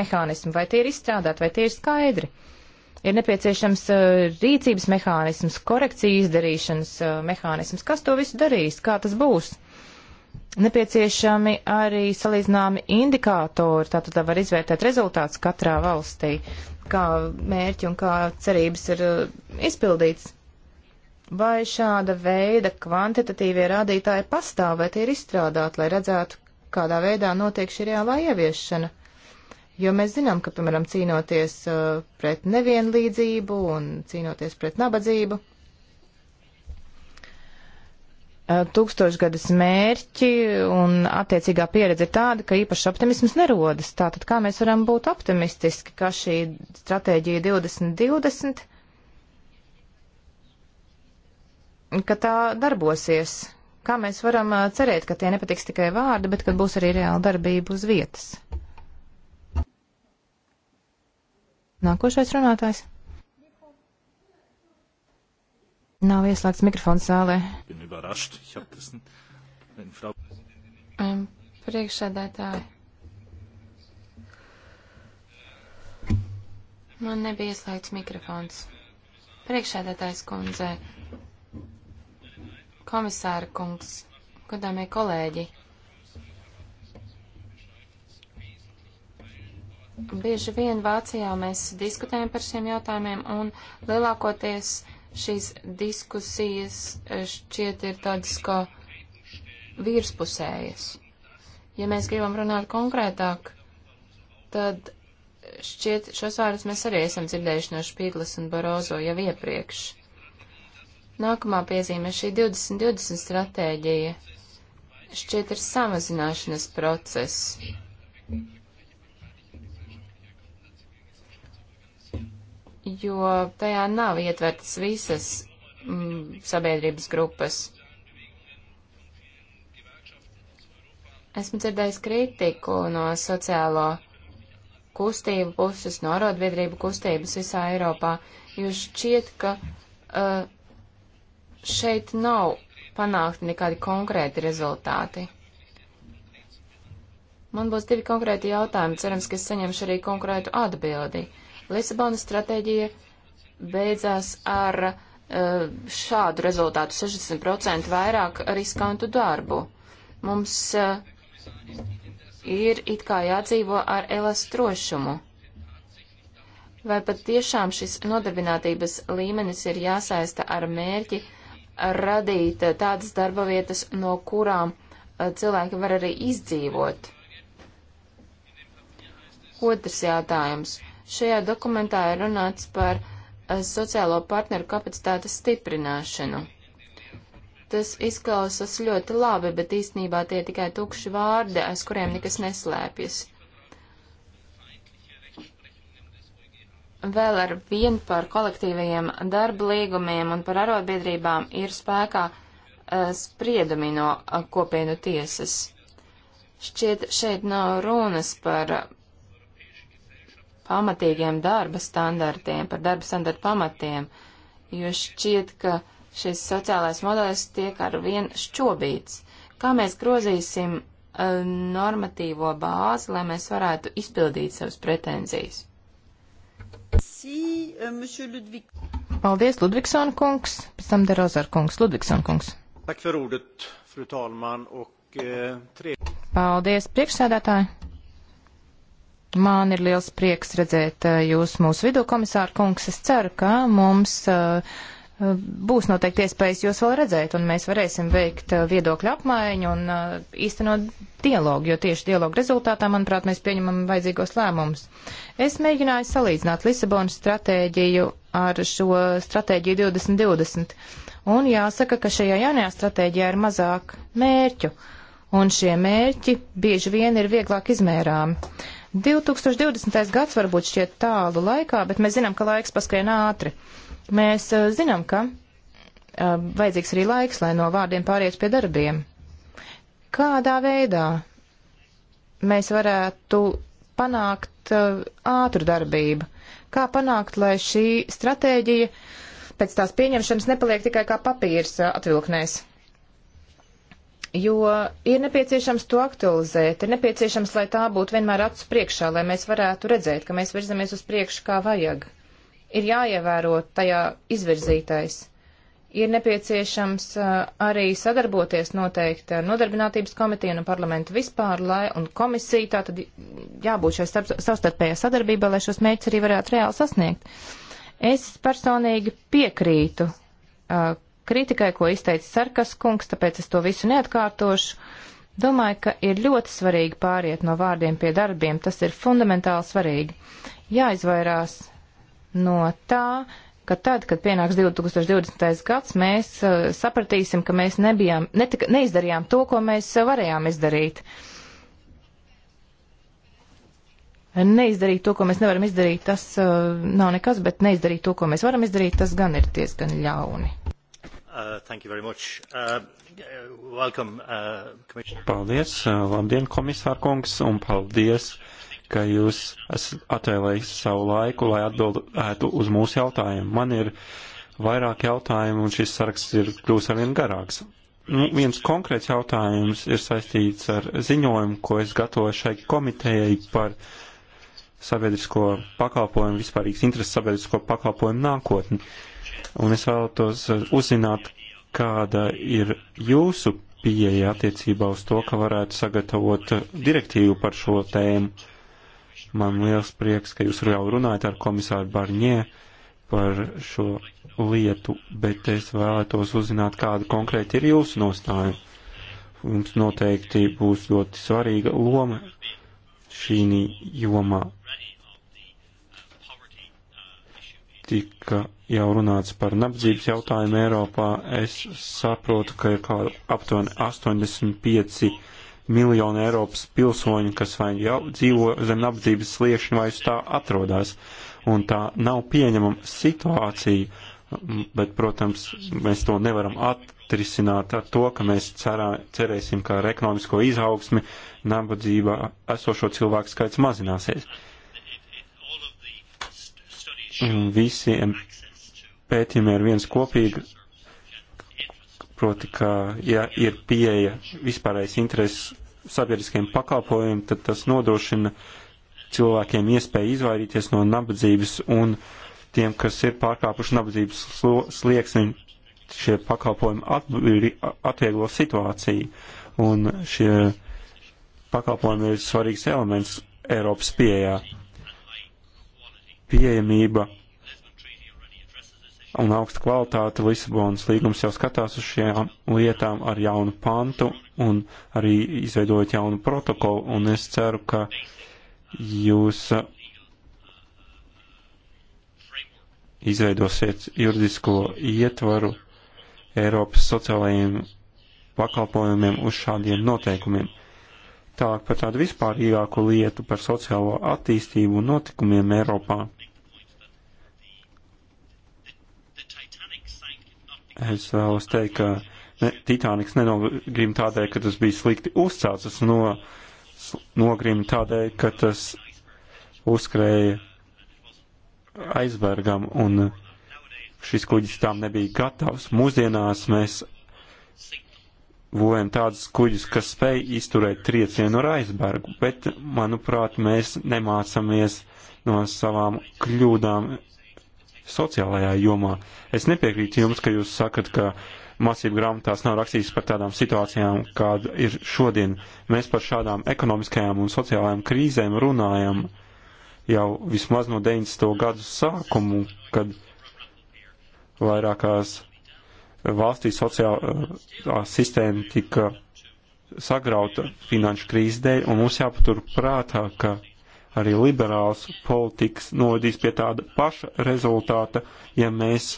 mehānismi, vai tie ir izstrādāti, vai tie ir skaidri. Ir nepieciešams rīcības mehānisms, korekcijas izdarīšanas mehānisms. Kas to visu darīs? Kā tas būs? nepieciešami arī salīdzināmi indikātori, tātad tā var izvērtēt rezultātus katrā valstī kā mērķi un kā cerības ir uh, izpildīts. Vai šāda veida kvantitatīvie rādītāji pastāv vai tie ir izstrādāti, lai redzētu, kādā veidā notiek šī reālā ieviešana? Jo mēs zinām, ka, piemēram, cīnoties uh, pret nevienlīdzību un cīnoties pret nabadzību, Eh, tūkstošgadas mērķi un attiecīgā pieredze ir tāda, ka īpašs optimisms nerodas. Tātad kā mēs varam būt optimistiski, ka šī stratēģija 2020, ka tā darbosies? Kā mēs varam eh, cerēt, ka tie nepatiks tikai vārdi, bet ka būs arī reāla darbība uz vietas? Nākošais runātājs. Nav ieslēgts mikrofons zālē. Priekšsēdētāji. Man nebija ieslēgts mikrofons. Priekšsēdētājs kundze, komisāra kungs, godāmie kolēģi. Bieži vien Vācijā mēs diskutējam par šiem jautājumiem un lielākoties šīs diskusijas e, šķiet ir tādas kā virspusējas. Ja mēs gribam runāt konkrētāk, tad šķiet šos vārdus mēs arī esam dzirdējuši no Špīglas un Barozo jau iepriekš. Nākamā piezīme šī 2020 stratēģija šķiet ir samazināšanas process. jo tajā nav ietvertas visas mm, sabiedrības grupas. Esmu dzirdējis kritiku no sociālo kustību puses, no arotbiedrību kustības visā Eiropā, jo šķiet, ka uh, šeit nav panākti nekādi konkrēti rezultāti. Man būs divi konkrēti jautājumi, cerams, ka es saņemšu arī konkrētu atbildi. Uh, Lisabonas stratēģija beidzās ar eh, šādu rezultātu 60% vairāk riskantu darbu. Mums eh, ir it kā jādzīvo ar elastrošumu. Vai pat tiešām šis nodarbinātības līmenis ir jāsaista ar mērķi radīt eh, tādas darba vietas, no kurām cilvēki var arī izdzīvot? Otrs jautājums. Šajā dokumentā ir runāts par eh, sociālo partneru kapacitātes stiprināšanu. Tas izklausās ļoti labi, bet īstenībā tie tikai tukši vārdi, aiz kuriem nekas neslēpjas. Vēl ar vienu par kolektīvajiem darba līgumiem un par arotbiedrībām ir spēkā eh, spriedumi no eh, kopienu tiesas. Šķiet, šeit nav runas par pamatīgiem darba standartiem, par darba standartu pamatiem, jo šķiet, ka šis sociālais modelis tiek ar vien šķobīts. Kā mēs grozīsim uh, normatīvo bāzi, lai mēs varētu izpildīt savas pretenzijas? E, Paldies, Ludvigsona kungs, pēc tam Derozar kungs, Ludvigsona kungs. Eh, Paldies, priekšsēdētāji. Man ir liels prieks redzēt eh, jūs mūsu vidū, komisāra kungs. Es ceru, ka mums eh, būs noteikti iespējas jūs vēl redzēt, un mēs varēsim veikt eh, viedokļu apmaiņu un īstenot dialogu, jo tieši dialogu rezultātā, manuprāt, mēs pieņemam vajadzīgos lēmumus. Es mēģināju salīdzināt Lisabonas stratēģiju ar šo stratēģiju 2020, un jāsaka, ka šajā jaunajā stratēģijā ir mazāk mērķu, un šie mērķi bieži vien ir vieglāk izmērāmi. 2020. gads varbūt šķiet tālu laikā, bet mēs zinām, ka laiks paskrien ātri. Mēs eh, zinām, ka eh, vajadzīgs arī laiks, lai no vārdiem pāriet pie darbiem. Kādā veidā mēs varētu panākt eh, ātru darbību? Kā panākt, lai šī stratēģija pēc tās pieņemšanas nepaliek tikai kā papīrs atvilknēs? jo ir nepieciešams to aktualizēt, ir nepieciešams, lai tā būtu vienmēr acu priekšā, lai mēs varētu redzēt, ka mēs virzamies uz priekšu kā vajag. Ir jāievēro tajā izvirzītais. Ir nepieciešams uh, arī sadarboties noteikti ar Nodarbinātības komiteju un parlamentu vispār, lai un komisiju tā tad jābūt šai savstarpējā sadarbībā, lai šos mērķus arī varētu reāli sasniegt. Es personīgi piekrītu uh, kritikai, ko izteica Sarkas kungs, tāpēc es to visu neatkārtošu. Domāju, ka ir ļoti svarīgi pāriet no vārdiem pie darbiem. Tas ir fundamentāli svarīgi. Jāizvairās no tā, ka tad, kad pienāks 2020. gads, mēs uh, sapratīsim, ka mēs nebijām, netika, neizdarījām to, ko mēs uh, varējām izdarīt. Neizdarīt to, ko mēs nevaram izdarīt, tas uh, nav nekas, bet neizdarīt to, ko mēs varam izdarīt, tas gan ir diezgan ļauni. Uh, uh, welcome, uh, paldies, uh, labdien, komisār kungs, un paldies, ka jūs esat atvēlējis savu laiku, lai atbildētu uz mūsu jautājumu. Man ir vairāk jautājumu, un šis saraksts ir kļūst arvien garāks. Nu, viens konkrēts jautājums ir saistīts ar ziņojumu, ko es gatavoju šai komitejai par sabiedrisko pakalpojumu, vispārīgs interesi sabiedrisko pakalpojumu nākotni. Uh, un es vēlētos eh, uzzināt, kāda ir jūsu pieeja attiecībā uz to, ka varētu sagatavot eh, direktīvu par šo tēmu. Man liels prieks, ka jūs jau runājat ar komisāru Barņē par šo lietu, bet es vēlētos uzzināt, kāda konkrēti ir jūsu nostāja. Jums noteikti būs ļoti svarīga loma šī jomā. Tika jau runāts par nabadzības jautājumu Eiropā, es saprotu, ka ir kaut aptuveni 85 miljoni Eiropas pilsoņu, kas vai jau dzīvo zem nabadzības sliekšņa vai uz tā atrodas. Un tā nav pieņemama situācija, bet, protams, mēs to nevaram atrisināt ar to, ka mēs cerā, cerēsim, ka ar ekonomisko izaugsmi nabadzībā esošo cilvēku skaits mazināsies. Visiem pētījumiem ir viens kopīga, proti, ka ja ir pieeja vispārējais intereses sabiedriskiem pakalpojumiem, tad tas nodrošina cilvēkiem iespēju izvairīties no nabadzības un tiem, kas ir pārkāpuši nabadzības slieksni, šie pakalpojumi atvieglo situāciju. Un šie pakalpojumi ir svarīgs elements Eiropas pieejā. Pieejamība un augsta kvalitāte Lisabonas līgums jau skatās uz šiem lietām ar jaunu pantu un arī izveidojot jaunu protokolu, un es ceru, ka jūs uh, izveidosiet juridisko ietvaru Eiropas sociālajiem pakalpojumiem uz šādiem noteikumiem. Tālāk par tādu vispārīgāku lietu par sociālo attīstību un notikumiem Eiropā. Es vēlos teikt, ka ne, Titaniks nenogrim tādēļ, ka tas bija slikti uzcelts, tas no, nogrim tādēļ, ka tas uzkrēja aizbergam un šis kuģis tām nebija gatavs. Mūsdienās mēs būvējam tādus kuģus, kas spēj izturēt triecienu ar aizbergu, bet, manuprāt, mēs nemācamies no savām kļūdām sociālajā jomā. Es nepiekrītu jums, ka jūs sakat, ka mācību grāmatās nav rakstīts par tādām situācijām, kāda ir šodien. Mēs par šādām ekonomiskajām un sociālajām krīzēm runājam jau vismaz no 90. gadu sākumu, kad vairākās valstī sociālā sistēma tika sagrauta finanšu krīzes dēļ, un mums jāpatur prātā, ka Arī liberāls politikas nodīs pie tāda paša rezultāta, ja mēs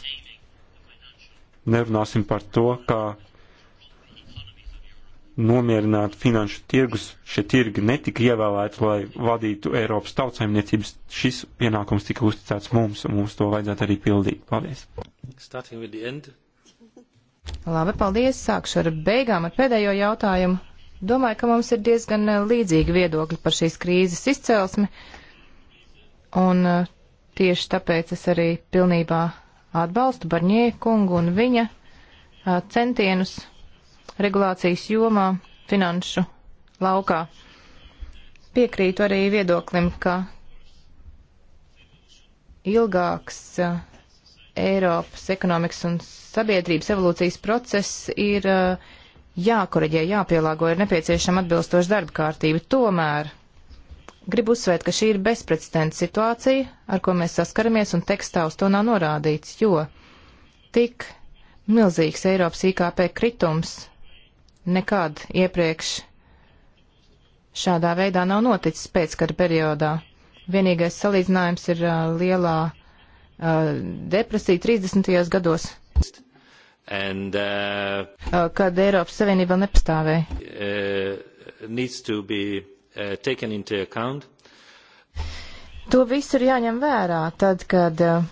nerunāsim par to, kā nomierināt finanšu tirgus. Šie tirgi netika ievēlēti, lai vadītu Eiropas tautsaimniecības. Šis pienākums tika uzticēts mums, un mums to vajadzētu arī pildīt. Paldies! Labi, paldies! Sākšu ar beigām, ar pēdējo jautājumu. Domāju, ka mums ir diezgan eh, līdzīgi viedokļi par šīs krīzes izcelsmi, un eh, tieši tāpēc es arī pilnībā atbalstu Barņē kungu un viņa eh, centienus regulācijas jomā, finanšu laukā. Piekrītu arī viedoklim, ka ilgāks Eiropas ekonomikas un sabiedrības evolūcijas process ir uh, jākoriģē, jāpielāgo, ir nepieciešama atbilstoša darba kārtība. Tomēr gribu uzsvērt, ka šī ir bezprecedenta situācija, ar ko mēs saskaramies, un tekstā uz to nav norādīts, jo tik milzīgs Eiropas IKP kritums nekad iepriekš šādā veidā nav noticis pēckara periodā. Vienīgais salīdzinājums ir uh, lielā uh, depresija 30. gados. And, uh, uh, kad Eiropas Savienība vēl nepastāvēja. Uh, be, uh, to visu ir jāņem vērā tad, kad uh,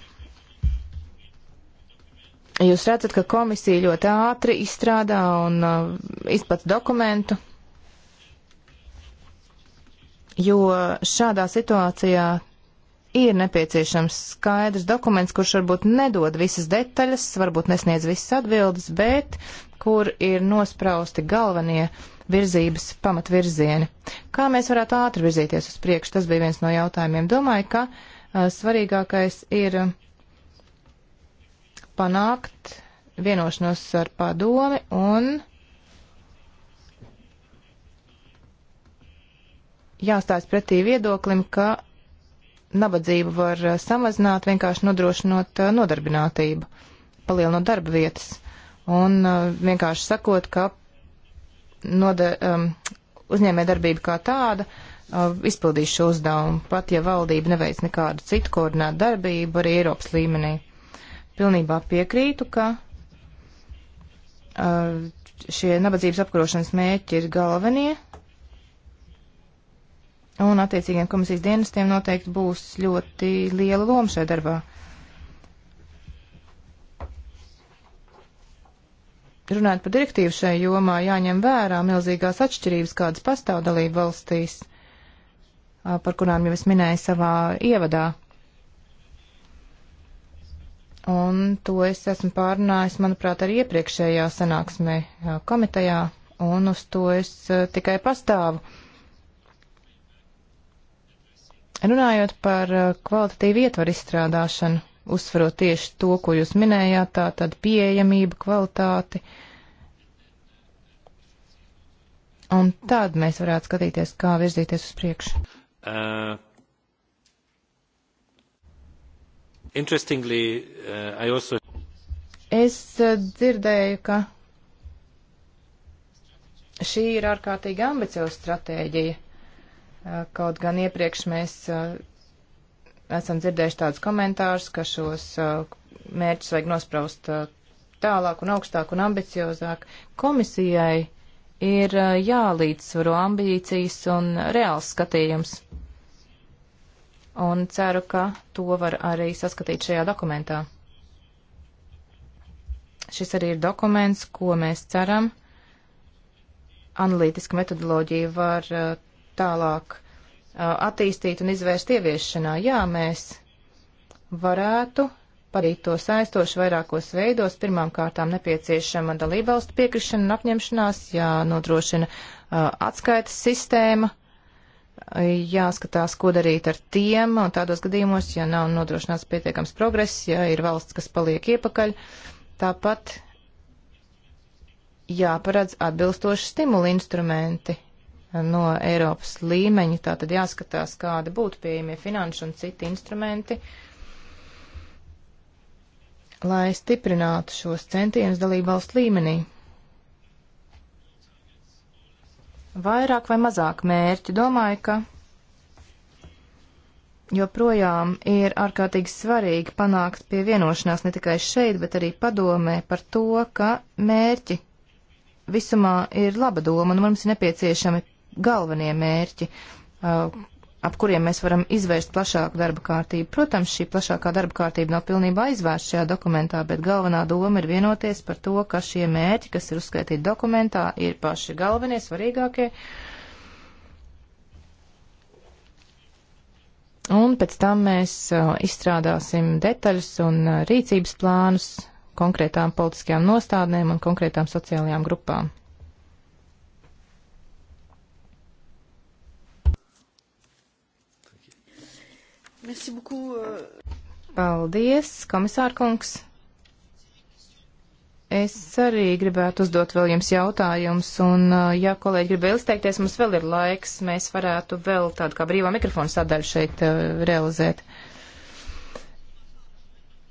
jūs redzat, ka komisija ļoti ātri izstrādā un uh, izpats dokumentu, jo šādā situācijā ir nepieciešams skaidrs dokuments, kurš varbūt nedod visas detaļas, varbūt nesniedz visas atbildes, bet kur ir nosprausti galvenie virzības pamatvirzieni. Kā mēs varētu ātri virzīties uz priekšu, tas bija viens no jautājumiem. Domāju, ka uh, svarīgākais ir panākt vienošanos ar padomi un jāstājas pretī viedoklim, ka nabadzību var eh, samazināt, vienkārši nodrošinot eh, nodarbinātību, palielinot darba vietas. Un eh, vienkārši sakot, ka noda, um, ehm, uzņēmē darbība kā tāda uh, izpildīs šo uzdevumu, pat ja valdība neveic nekādu citu koordinētu darbību arī Eiropas līmenī. Pilnībā piekrītu, ka uh, šie nabadzības apkarošanas mēķi ir galvenie, un attiecīgiem komisijas dienestiem noteikti būs ļoti liela loma šajā darbā. Runājot par direktīvu šai jomā, jāņem vērā milzīgās atšķirības, kādas pastāv dalību valstīs, par kurām jau es minēju savā ievadā. Un to es esmu pārunājis, manuprāt, arī iepriekšējā sanāksmē komitejā, un uz to es tikai pastāvu. Runājot par uh, kvalitatīvu ietvaru izstrādāšanu, uzsverot tieši to, ko jūs minējāt, tā tad pieejamība, kvalitāti. Un tad mēs varētu skatīties, kā virzīties uz priekšu. Uh, interestingly, uh, I also. Es uh, dzirdēju, ka šī ir ārkārtīgi ambicioza stratēģija. Eh, kaut gan iepriekš mēs eh, esam dzirdējuši tādus komentārus, ka šos eh, mērķus vajag nospraust tālāk un augstāk un ambiciozāk. Komisijai ir jālīdzsvaro ambīcijas un reāls skatījums. Un ceru, ka to var arī saskatīt šajā dokumentā. Šis arī ir dokuments, ko mēs ceram analītiska metodoloģija var tālāk attīstīt un izvērst ieviešanā. Jā, mēs varētu padarīt to saistoši vairākos veidos. Pirmām kārtām nepieciešama dalībvalstu piekrišana un apņemšanās, jānodrošina atskaitas sistēma, jāskatās, ko darīt ar tiem, un tādos gadījumos, ja nav nodrošināts pietiekams progress, ja ir valsts, kas paliek iepakaļ, tāpat jāparedz atbilstoši stimuli instrumenti no Eiropas līmeņa, tā tad jāskatās, kāda būtu pieejamie finanšu un citi instrumenti, lai stiprinātu šos centienus dalību valstu līmenī. Vairāk vai mazāk mērķi domāju, ka joprojām ir ārkārtīgi svarīgi panākt pie vienošanās ne tikai šeit, bet arī padomē par to, ka mērķi visumā ir laba doma, un mums ir nepieciešami galvenie mērķi, uh, ap kuriem mēs varam izvērst plašāku darba kārtību. Protams, šī plašākā darba kārtība nav pilnībā aizvērsta šajā dokumentā, bet galvenā doma ir vienoties par to, ka šie mērķi, kas ir uzskaitīti dokumentā, ir paši galvenie, svarīgākie. Un pēc tam mēs uh, izstrādāsim detaļas un uh, rīcības plānus konkrētām politiskajām nostādnēm un konkrētām sociālajām grupām. Merci beaucoup. Euh. Paldies, komisārkungs. Es arī gribētu uzdot vēl jums jautājumus, un, uh, ja kolēģi grib vēl izteikties, mums vēl ir laiks, mēs varētu vēl tādu kā brīvā mikrofona sadaļu šeit uh, realizēt.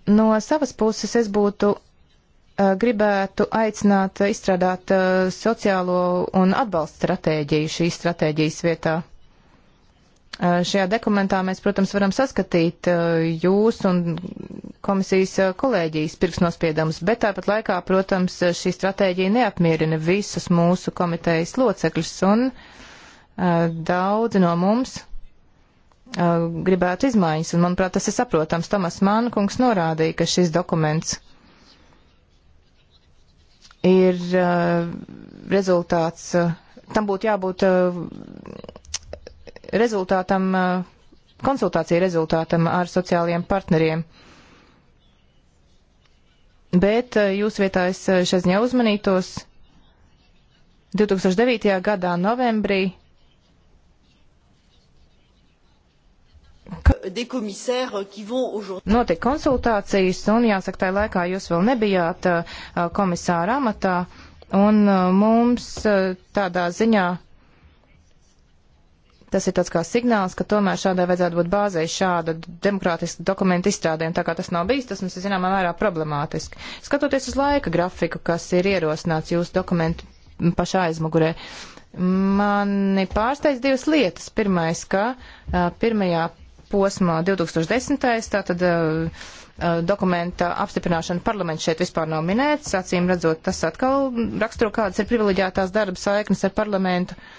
No savas puses es būtu uh, gribētu aicināt uh, izstrādāt uh, sociālo un atbalstu stratēģiju šīs stratēģijas vietā. Eh, šajā dokumentā mēs, protams, varam saskatīt eh, jūs un komisijas eh, kolēģijas pirksnospiedumus, bet tāpat laikā, protams, šī stratēģija neapmierina visus mūsu komitejas locekļus un daudzi no mums gribētu izmaiņas, un, manuprāt, tas ir saprotams. Tomas Mānkungs norādīja, ka šis dokuments ir rezultāts, tam būtu jābūt rezultātam, konsultāciju rezultātam ar sociālajiem partneriem. Bet jūs vietā es šeit ziņā uzmanītos 2009. gadā novembrī. Notika konsultācijas, un jāsaka, tajā laikā jūs vēl nebijāt komisāra amatā, un mums tādā ziņā Tas ir tāds kā signāls, ka tomēr šādai vajadzētu būt bāzei šāda demokrātiska dokumenta izstrādē, un tā kā tas nav bijis, tas mums ir zināmā mērā problemātiski. Skatoties uz laika grafiku, kas ir ierosināts jūsu dokumentu pašā aizmugurē, mani pārsteidz divas lietas. Pirmais, ka uh, pirmajā posmā 2010. tātad uh, dokumenta apstiprināšana parlaments šeit vispār nav minēts, acīm redzot, tas atkal raksturo, kādas ir privileģētās darba saiknes ar parlamentu. Uh,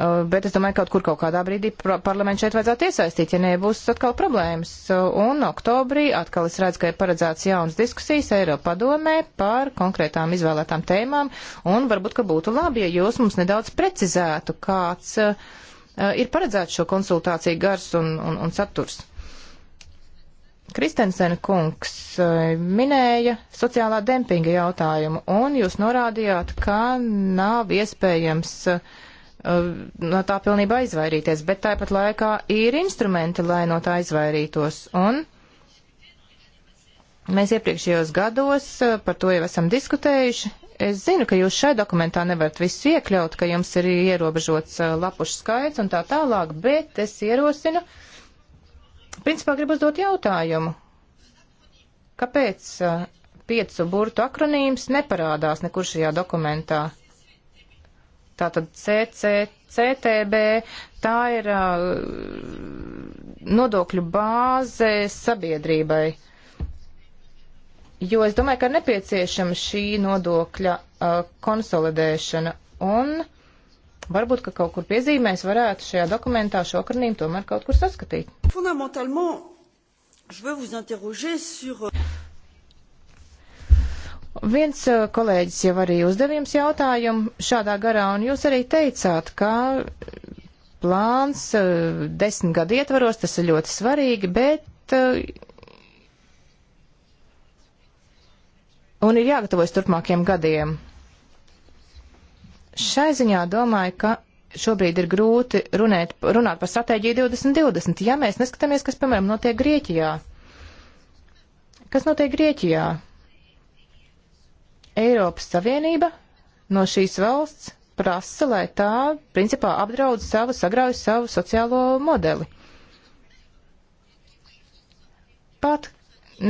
Eh, bet es domāju, kaut kur kaut kādā brīdī parlamentu šeit vajadzētu iesaistīt, ja nebūs atkal problēmas. Un oktobrī atkal es redzu, ka ir paredzēts jaunas diskusijas Eiropa padomē par konkrētām izvēlētām tēmām, un varbūt, ka būtu labi, ja jūs mums nedaudz precizētu, kāds eh, ir paredzēts šo konsultāciju gars un, un, un saturs. Kristensen kungs eh, minēja sociālā dempinga jautājumu, un jūs norādījāt, ka nav iespējams uh, Uh, no tā pilnībā izvairīties, bet tāpat laikā ir instrumenti, lai no tā izvairītos. Un mēs iepriekšējos gados uh, par to jau esam diskutējuši. Es zinu, ka jūs šai dokumentā nevarat visu iekļaut, ka jums ir ierobežots uh, lapušu skaits un tā tālāk, bet es ierosinu, principā gribu uzdot jautājumu. Kāpēc piecu burtu akronīms neparādās nekur šajā dokumentā? Tātad CCCTB, tā ir nodokļu bāze sabiedrībai. Jo es domāju, ka ir nepieciešama šī nodokļa konsolidēšana un varbūt, ka kaut kur piezīmēs varētu šajā dokumentā šo karnīm tomēr kaut kur saskatīt. Fundamentāli, je veux vous interroger sur Viens eh, kolēģis jau arī uzdeva jums jautājumu šādā garā, un jūs arī teicāt, ka plāns eh, desmit gadu ietvaros, tas ir ļoti svarīgi, bet. Eh, un ir jāgatavojas turpmākiem gadiem. Šai ziņā domāju, ka šobrīd ir grūti runēt, runāt par stratēģiju 2020, ja mēs neskatāmies, kas, piemēram, notiek Grieķijā. Kas notiek Grieķijā? Eiropas Savienība no šīs valsts prasa, lai tā principā apdraud savu, sagrauj savu sociālo modeli. Pat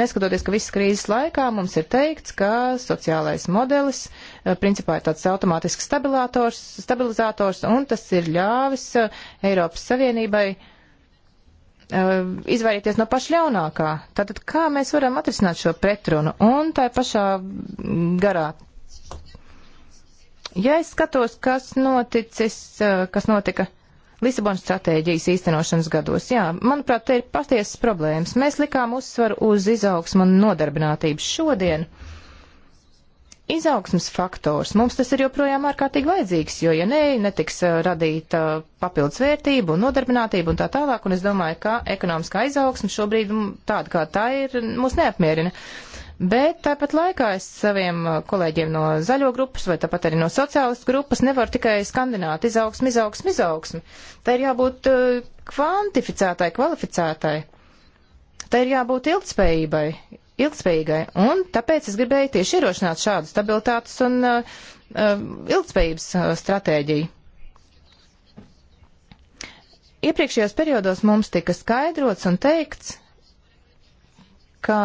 neskatoties, ka visas krīzes laikā mums ir teikts, ka sociālais modelis eh, principā ir tāds automātisks stabilizators, stabilizators un tas ir ļāvis eh, Eiropas Savienībai uh, Eh, izvairīties no pašļaunākā. Tātad, kā mēs varam atrisināt šo pretrunu? Un tā pašā garā. Ja es skatos, kas noticis, eh, kas notika Lisabonas stratēģijas īstenošanas gados, jā, manuprāt, te ir patiesas problēmas. Mēs likām uzsvaru uz izaugsmu un nodarbinātību šodien. Uh, izaugsmas faktors. Mums tas ir joprojām ārkārtīgi vajadzīgs, jo, ja nē, ne, netiks uh, radīta uh, papildus vērtība un nodarbinātība un tā tālāk, un es domāju, ka ekonomiskā izaugsma šobrīd tāda, kā tā ir, mūs neapmierina. Bet tāpat laikā es saviem uh, kolēģiem no zaļo grupas vai tāpat arī no sociālistu grupas nevaru tikai skandināt izaugsmi, izaugsmi, izaugsmi. Tā ir jābūt kvantificētai, kvalificētai. Tā ir jābūt ilgspējībai, ilgspējīgai. Un tāpēc es gribēju tieši ierošināt šādu stabilitātes un uh, uh, ilgspējības uh, stratēģiju. Iepriekšējos periodos mums tika skaidrots un teikts, ka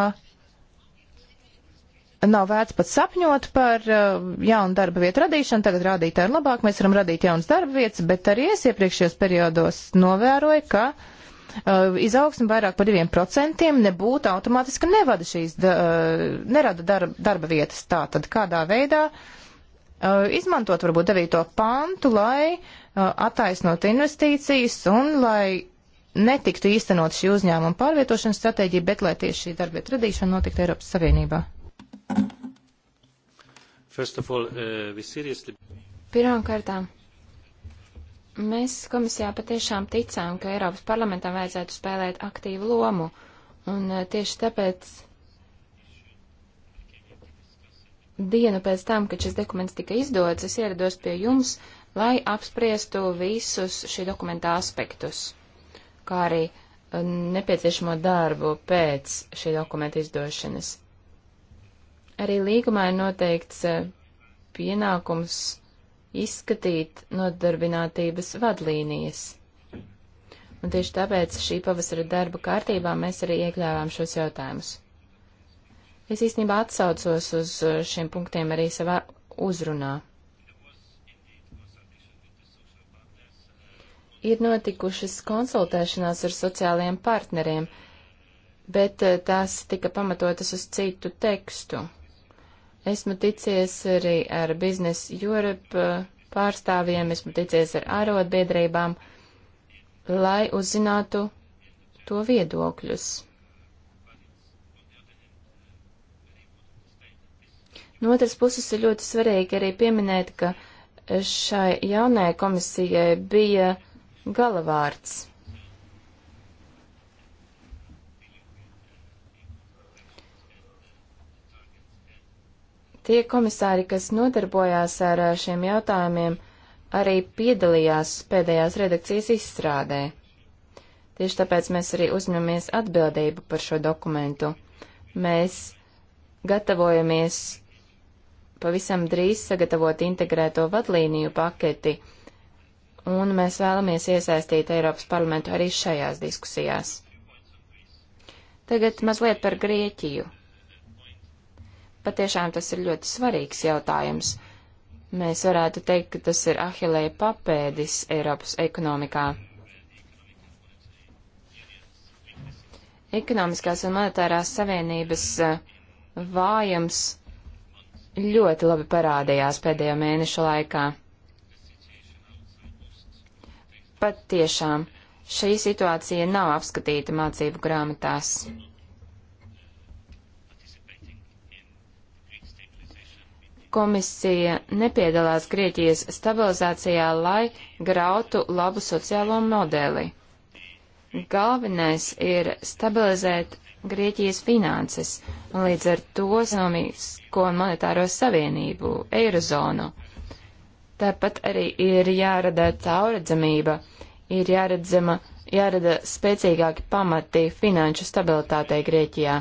nav vērts pat sapņot par uh, jaunu darba vietu radīšanu, tagad rādītāji ir labāk, mēs varam radīt jaunas darba vietas, bet arī es iepriekšējos periodos novēroju, ka uh, uh, izaugsme vairāk par 2% nebūtu automātiski nevada šīs, da, uh, nerada darba, darba vietas. Tātad kādā veidā uh, izmantot varbūt 9. pantu, lai uh, attaisnot investīcijas un lai netiktu īstenot šī uzņēmuma pārvietošanas stratēģija, bet lai tieši šī darbiet radīšana notiktu Eiropas Savienībā. All, uh, seriously... Pirmkārtām, Mēs komisijā patiešām ticām, ka Eiropas parlamentam vajadzētu spēlēt aktīvu lomu, un eh, tieši tāpēc dienu pēc tam, kad šis dokuments tika izdots, es ierados pie jums, lai apspriestu visus šī dokumenta aspektus, kā arī eh, nepieciešamo darbu pēc šī dokumenta izdošanas. Arī līgumā ir noteikts eh, pienākums izskatīt nodarbinātības vadlīnijas. Un tieši tāpēc šī pavasara darba kārtībā mēs arī iekļāvām šos jautājumus. Es īstenībā atsaucos uz šiem punktiem arī savā uzrunā. Ir notikušas konsultēšanās ar sociālajiem partneriem, bet eh, tās tika pamatotas uz citu tekstu. Esmu ticies arī ar Business Europe uh, pārstāvjiem, esmu ticies ar ārotbiedrībām, lai uzzinātu to viedokļus. No otras puses ir ļoti svarīgi arī pieminēt, ka šai jaunajai komisijai bija galavārds. Tie komisāri, kas nodarbojās ar eh, šiem jautājumiem, arī piedalījās pēdējās redakcijas izstrādē. Tieši tāpēc mēs arī uzņemamies atbildību par šo dokumentu. Mēs gatavojamies pavisam drīz sagatavot integrēto vadlīniju paketi, un mēs vēlamies iesaistīt Eiropas parlamentu arī šajās diskusijās. Tagad mazliet par Grieķiju. Patiešām tas ir ļoti svarīgs jautājums. Mēs varētu teikt, ka tas ir ahilēja papēdis Eiropas ekonomikā. Ekonomiskās un monetārās savienības eh, vājums ļoti labi parādījās pēdējo mēnešu laikā. Pat tiešām šī situācija nav apskatīta mācību grāmatās. komisija nepiedalās Grieķijas stabilizācijā, lai grautu labu sociālo modeli. Galvenais ir stabilizēt Grieķijas finanses un līdz ar to ekonomisko un monetāro savienību, eirozonu. Tāpat arī ir jārada cauredzamība, ir jāredzama, jārada spēcīgāki pamati finanšu stabilitātei Grieķijā.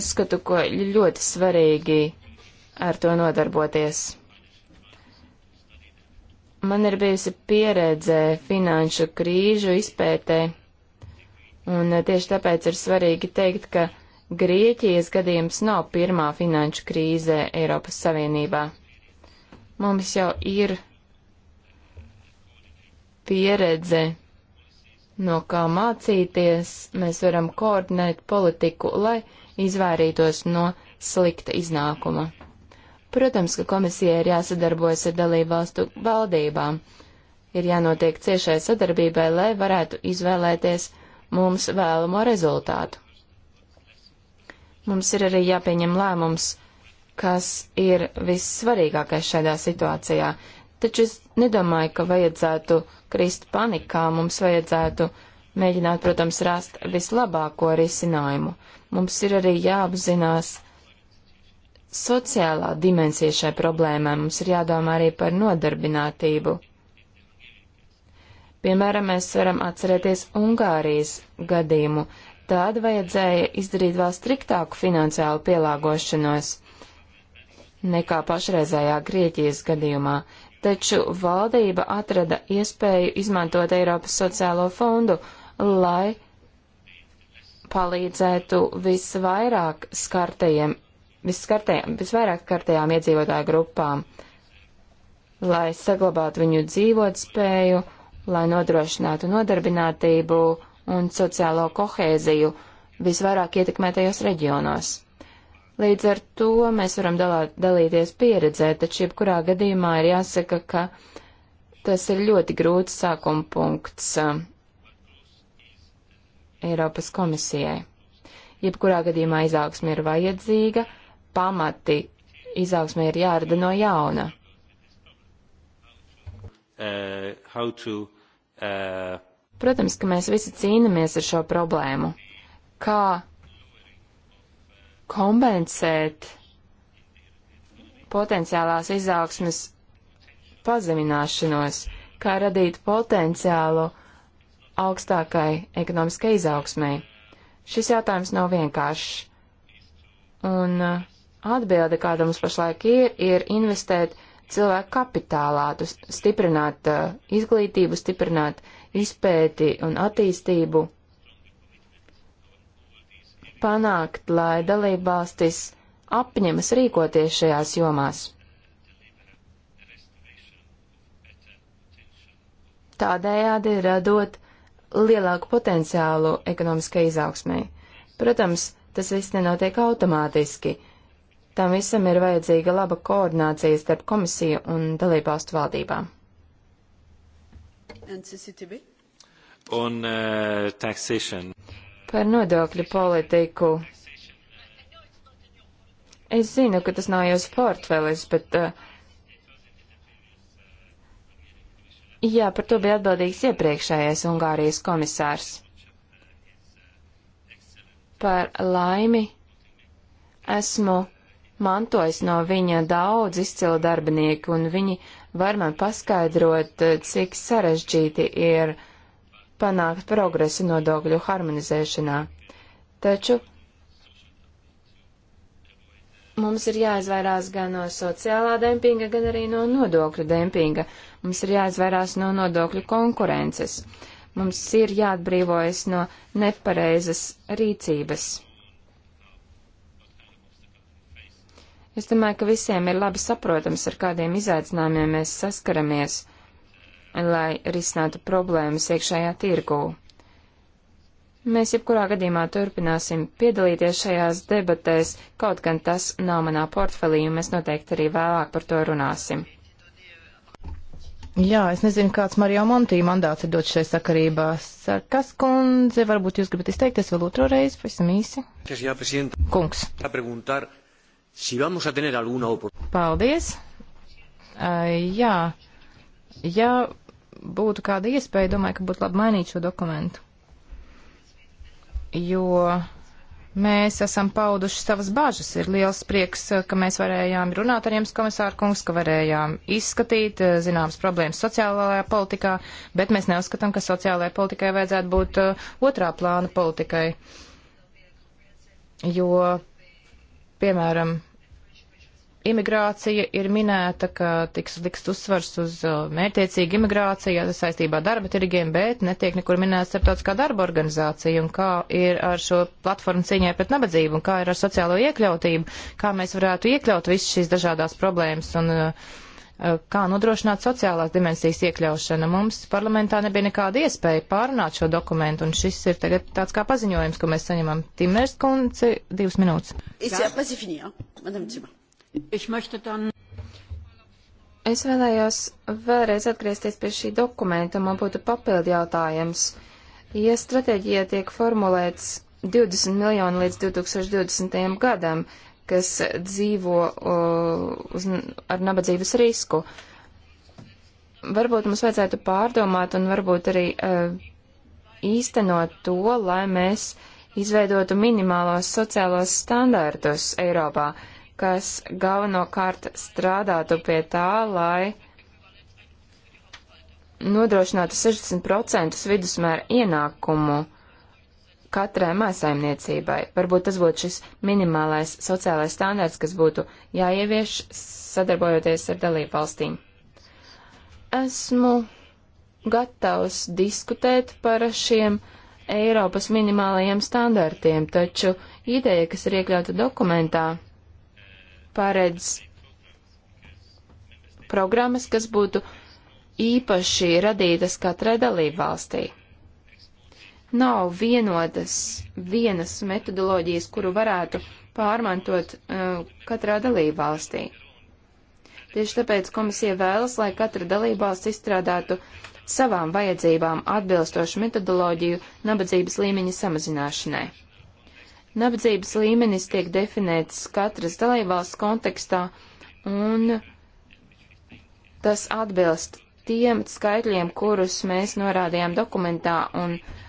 Uzskatu, ko ļoti svarīgi ar to nodarboties. Man ir bijusi pieredze finanšu krīžu izpētē, un tieši tāpēc ir svarīgi teikt, ka Grieķijas gadījums nav pirmā finanšu krīze Eiropas Savienībā. Mums jau ir pieredze, no kā mācīties, mēs varam koordinēt politiku, lai izvairītos no slikta iznākuma. Protams, ka komisija ir jāsadarbojas ar dalību valstu valdībām. Ir jānotiek ciešai sadarbībai, lai varētu izvēlēties mums vēlamo rezultātu. Mums ir arī jāpieņem lēmums, kas ir vissvarīgākais šajā situācijā. Taču es nedomāju, ka vajadzētu krist panikā, mums vajadzētu mēģināt, protams, rast vislabāko risinājumu. Mums ir arī jāapzinās, sociālā dimensija šai problēmai. Mums ir jādomā arī par nodarbinātību. Piemēram, mēs varam atcerēties Ungārijas gadījumu. Tad vajadzēja izdarīt vēl striktāku finansiālu pielāgošanos nekā pašreizējā Grieķijas gadījumā, taču valdība atrada iespēju izmantot Eiropas sociālo fondu, lai palīdzētu visvairāk skartajiem viskartējām, visvairāk kartējām iedzīvotāju grupām, lai saglabātu viņu dzīvotspēju, lai nodrošinātu nodarbinātību un sociālo kohēziju visvairāk ietekmētajos reģionos. Līdz ar to mēs varam dalāt, dalīties pieredzē, taču jebkurā gadījumā ir jāsaka, ka tas ir ļoti grūts sākuma punkts uh, Eiropas komisijai. Jebkurā gadījumā izaugsme ir vajadzīga, pamati izaugsmē ir jārada no jauna. Uh, to, uh... Protams, ka mēs visi cīnāmies ar šo problēmu. Kā kompensēt potenciālās izaugsmes pazemināšanos, kā radīt potenciālu augstākai ekonomiskai izaugsmai. Šis jautājums nav vienkāršs. Un uh, Atbilde, kāda mums pašlaik ir, ir investēt cilvēku kapitālā, stiprināt uh, izglītību, stiprināt izpēti un attīstību, panākt, lai dalībvalstis apņemas rīkoties šajās jomās. Tādējādi radot lielāku potenciālu ekonomiskai izaugsmai. Protams, tas viss nenotiek automātiski Tam visam ir vajadzīga laba koordinācija starp komisiju un dalībvalstu valdībām. Un uh, taxation. Par nodokļu politiku. Es zinu, ka tas nav jūsu portfelis, bet. Uh, jā, par to bija atbildīgs iepriekšējais Ungārijas komisārs. Par laimi esmu mantojis no viņa daudz izcilu darbinieku, un viņi var man paskaidrot, eh, cik sarežģīti ir panākt progresu nodokļu harmonizēšanā. Taču mums ir jāizvairās gan no sociālā dempinga, gan arī no nodokļu dempinga. Mums ir jāizvairās no nodokļu konkurences. Mums ir jāatbrīvojas no nepareizas rīcības. Es domāju, ka visiem ir labi saprotams, ar kādiem izaicinājumiem mēs saskaramies, lai risinātu problēmas iekšējā tirgū. Mēs jebkurā gadījumā turpināsim piedalīties šajās debatēs, kaut gan tas nav manā portfelī, un mēs noteikti arī vēlāk par to runāsim. Jā, es nezinu, kāds Mario Monti mandāts ir dots šai sakarībā. Sarkas kundze, varbūt jūs gribat izteikties vēl otro reizi, pavisam īsi. Kungs. Si vamos a tener alguna oportunitāte. Paldies. Uh, jā, ja būtu kāda iespēja, domāju, ka būtu labi mainīt šo dokumentu. Jo mēs esam pauduši savas bažas. Ir liels prieks, ka mēs varējām runāt ar jums, komisāra kungs, ka varējām izskatīt eh, zināmas problēmas sociālajā politikā, bet mēs neuzskatām, ka sociālajai politikai vajadzētu būt eh, otrā plāna politikai. Jo Piemēram, imigrācija ir minēta, ka tiks liks uzsvars uz uh, mērķiecīgu imigrāciju saistībā darba tirgiem, bet netiek nekur minēta starptautiskā darba organizācija un kā ir ar šo platformu cīņai pret nabadzību un kā ir ar sociālo iekļautību, kā mēs varētu iekļaut visas šīs dažādās problēmas un uh, Eh, kā nodrošināt sociālās dimensijas iekļaušana. Mums parlamentā nebija nekāda iespēja pārunāt šo dokumentu, un šis ir tagad tāds kā paziņojums, ko mēs saņemam. Timers kundze, divas minūtes. Es vēlējos vēlreiz atgriezties pie šī dokumenta, man būtu papildi jautājums. Ja stratēģijā tiek formulēts 20 miljoni līdz 2020. gadam, kas dzīvo uz, ar nabadzības risku. Varbūt mums vajadzētu pārdomāt un varbūt arī e, īstenot to, lai mēs izveidotu minimālos sociālos standārtus Eiropā, kas galvenokārt strādātu pie tā, lai nodrošinātu 60% vidusmēra ienākumu uh, katrai mājasaimniecībai. Varbūt tas būtu šis minimālais sociālais standarts, kas būtu jāievieš sadarbojoties ar dalību valstīm. Esmu gatavs diskutēt par šiem Eiropas minimālajiem standartiem, taču ideja, kas ir iekļauta dokumentā, paredz programmas, kas būtu īpaši radītas katrai dalību valstī nav vienotas vienas metodoloģijas, kuru varētu pārmantot uh, katrā dalībvalstī. Tieši tāpēc komisija vēlas, lai katra dalībvalsts izstrādātu savām vajadzībām atbilstošu metodoloģiju nabadzības līmeņa samazināšanai. Nabadzības līmenis tiek definēts katras dalībvalsts kontekstā un tas atbilst tiem skaitļiem, kurus mēs norādījām dokumentā un uh,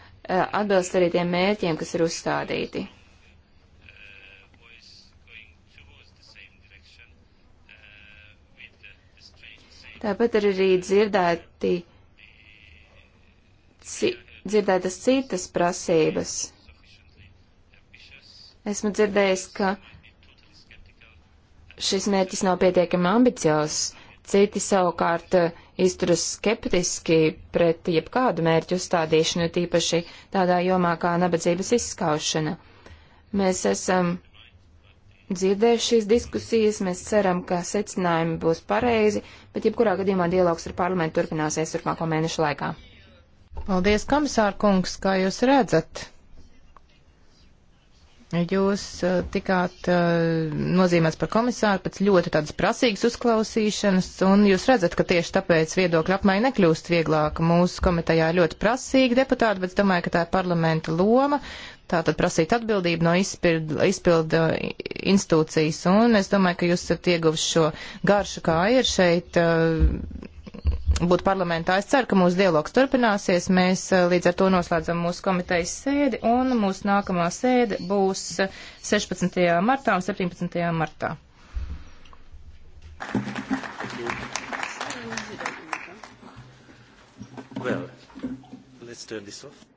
atbilst arī tiem mērķiem, kas ir uzstādīti. Tāpat ir arī dzirdēti, ci, dzirdētas citas prasības. Esmu dzirdējis, ka šis mērķis nav pietiekami ambiciozs, citi savukārt uh, izturas skeptiski pret jebkādu mērķu uzstādīšanu, tīpaši tādā jomā kā nabadzības izskaušana. Mēs esam dzirdējuši šīs diskusijas, mēs ceram, ka secinājumi būs pareizi, bet jebkurā gadījumā dialogs ar parlamentu turpināsies turpmāko mēnešu laikā. Paldies, komisārkungs, kā jūs redzat? Jūs eh, tikāt eh, nozīmēts par komisāru pēc ļoti tādas prasīgas uzklausīšanas, un jūs redzat, ka tieši tāpēc viedokļa apmaiņa nekļūst vieglāka. Mūsu komitejā ir ļoti prasīgi deputāti, bet es domāju, ka tā ir parlamenta loma. Tātad prasīt atbildību no izpildu, izpildu institūcijas, un es domāju, ka jūs esat ieguvis šo garšu, kā ir šeit eh, būt parlamentā. Es ceru, ka mūsu dialogs turpināsies. Mēs eh, līdz ar to noslēdzam mūsu komitejas sēdi, un mūsu nākamā sēde būs 16. Eh, martā un 17. martā. Well, let's turn this off.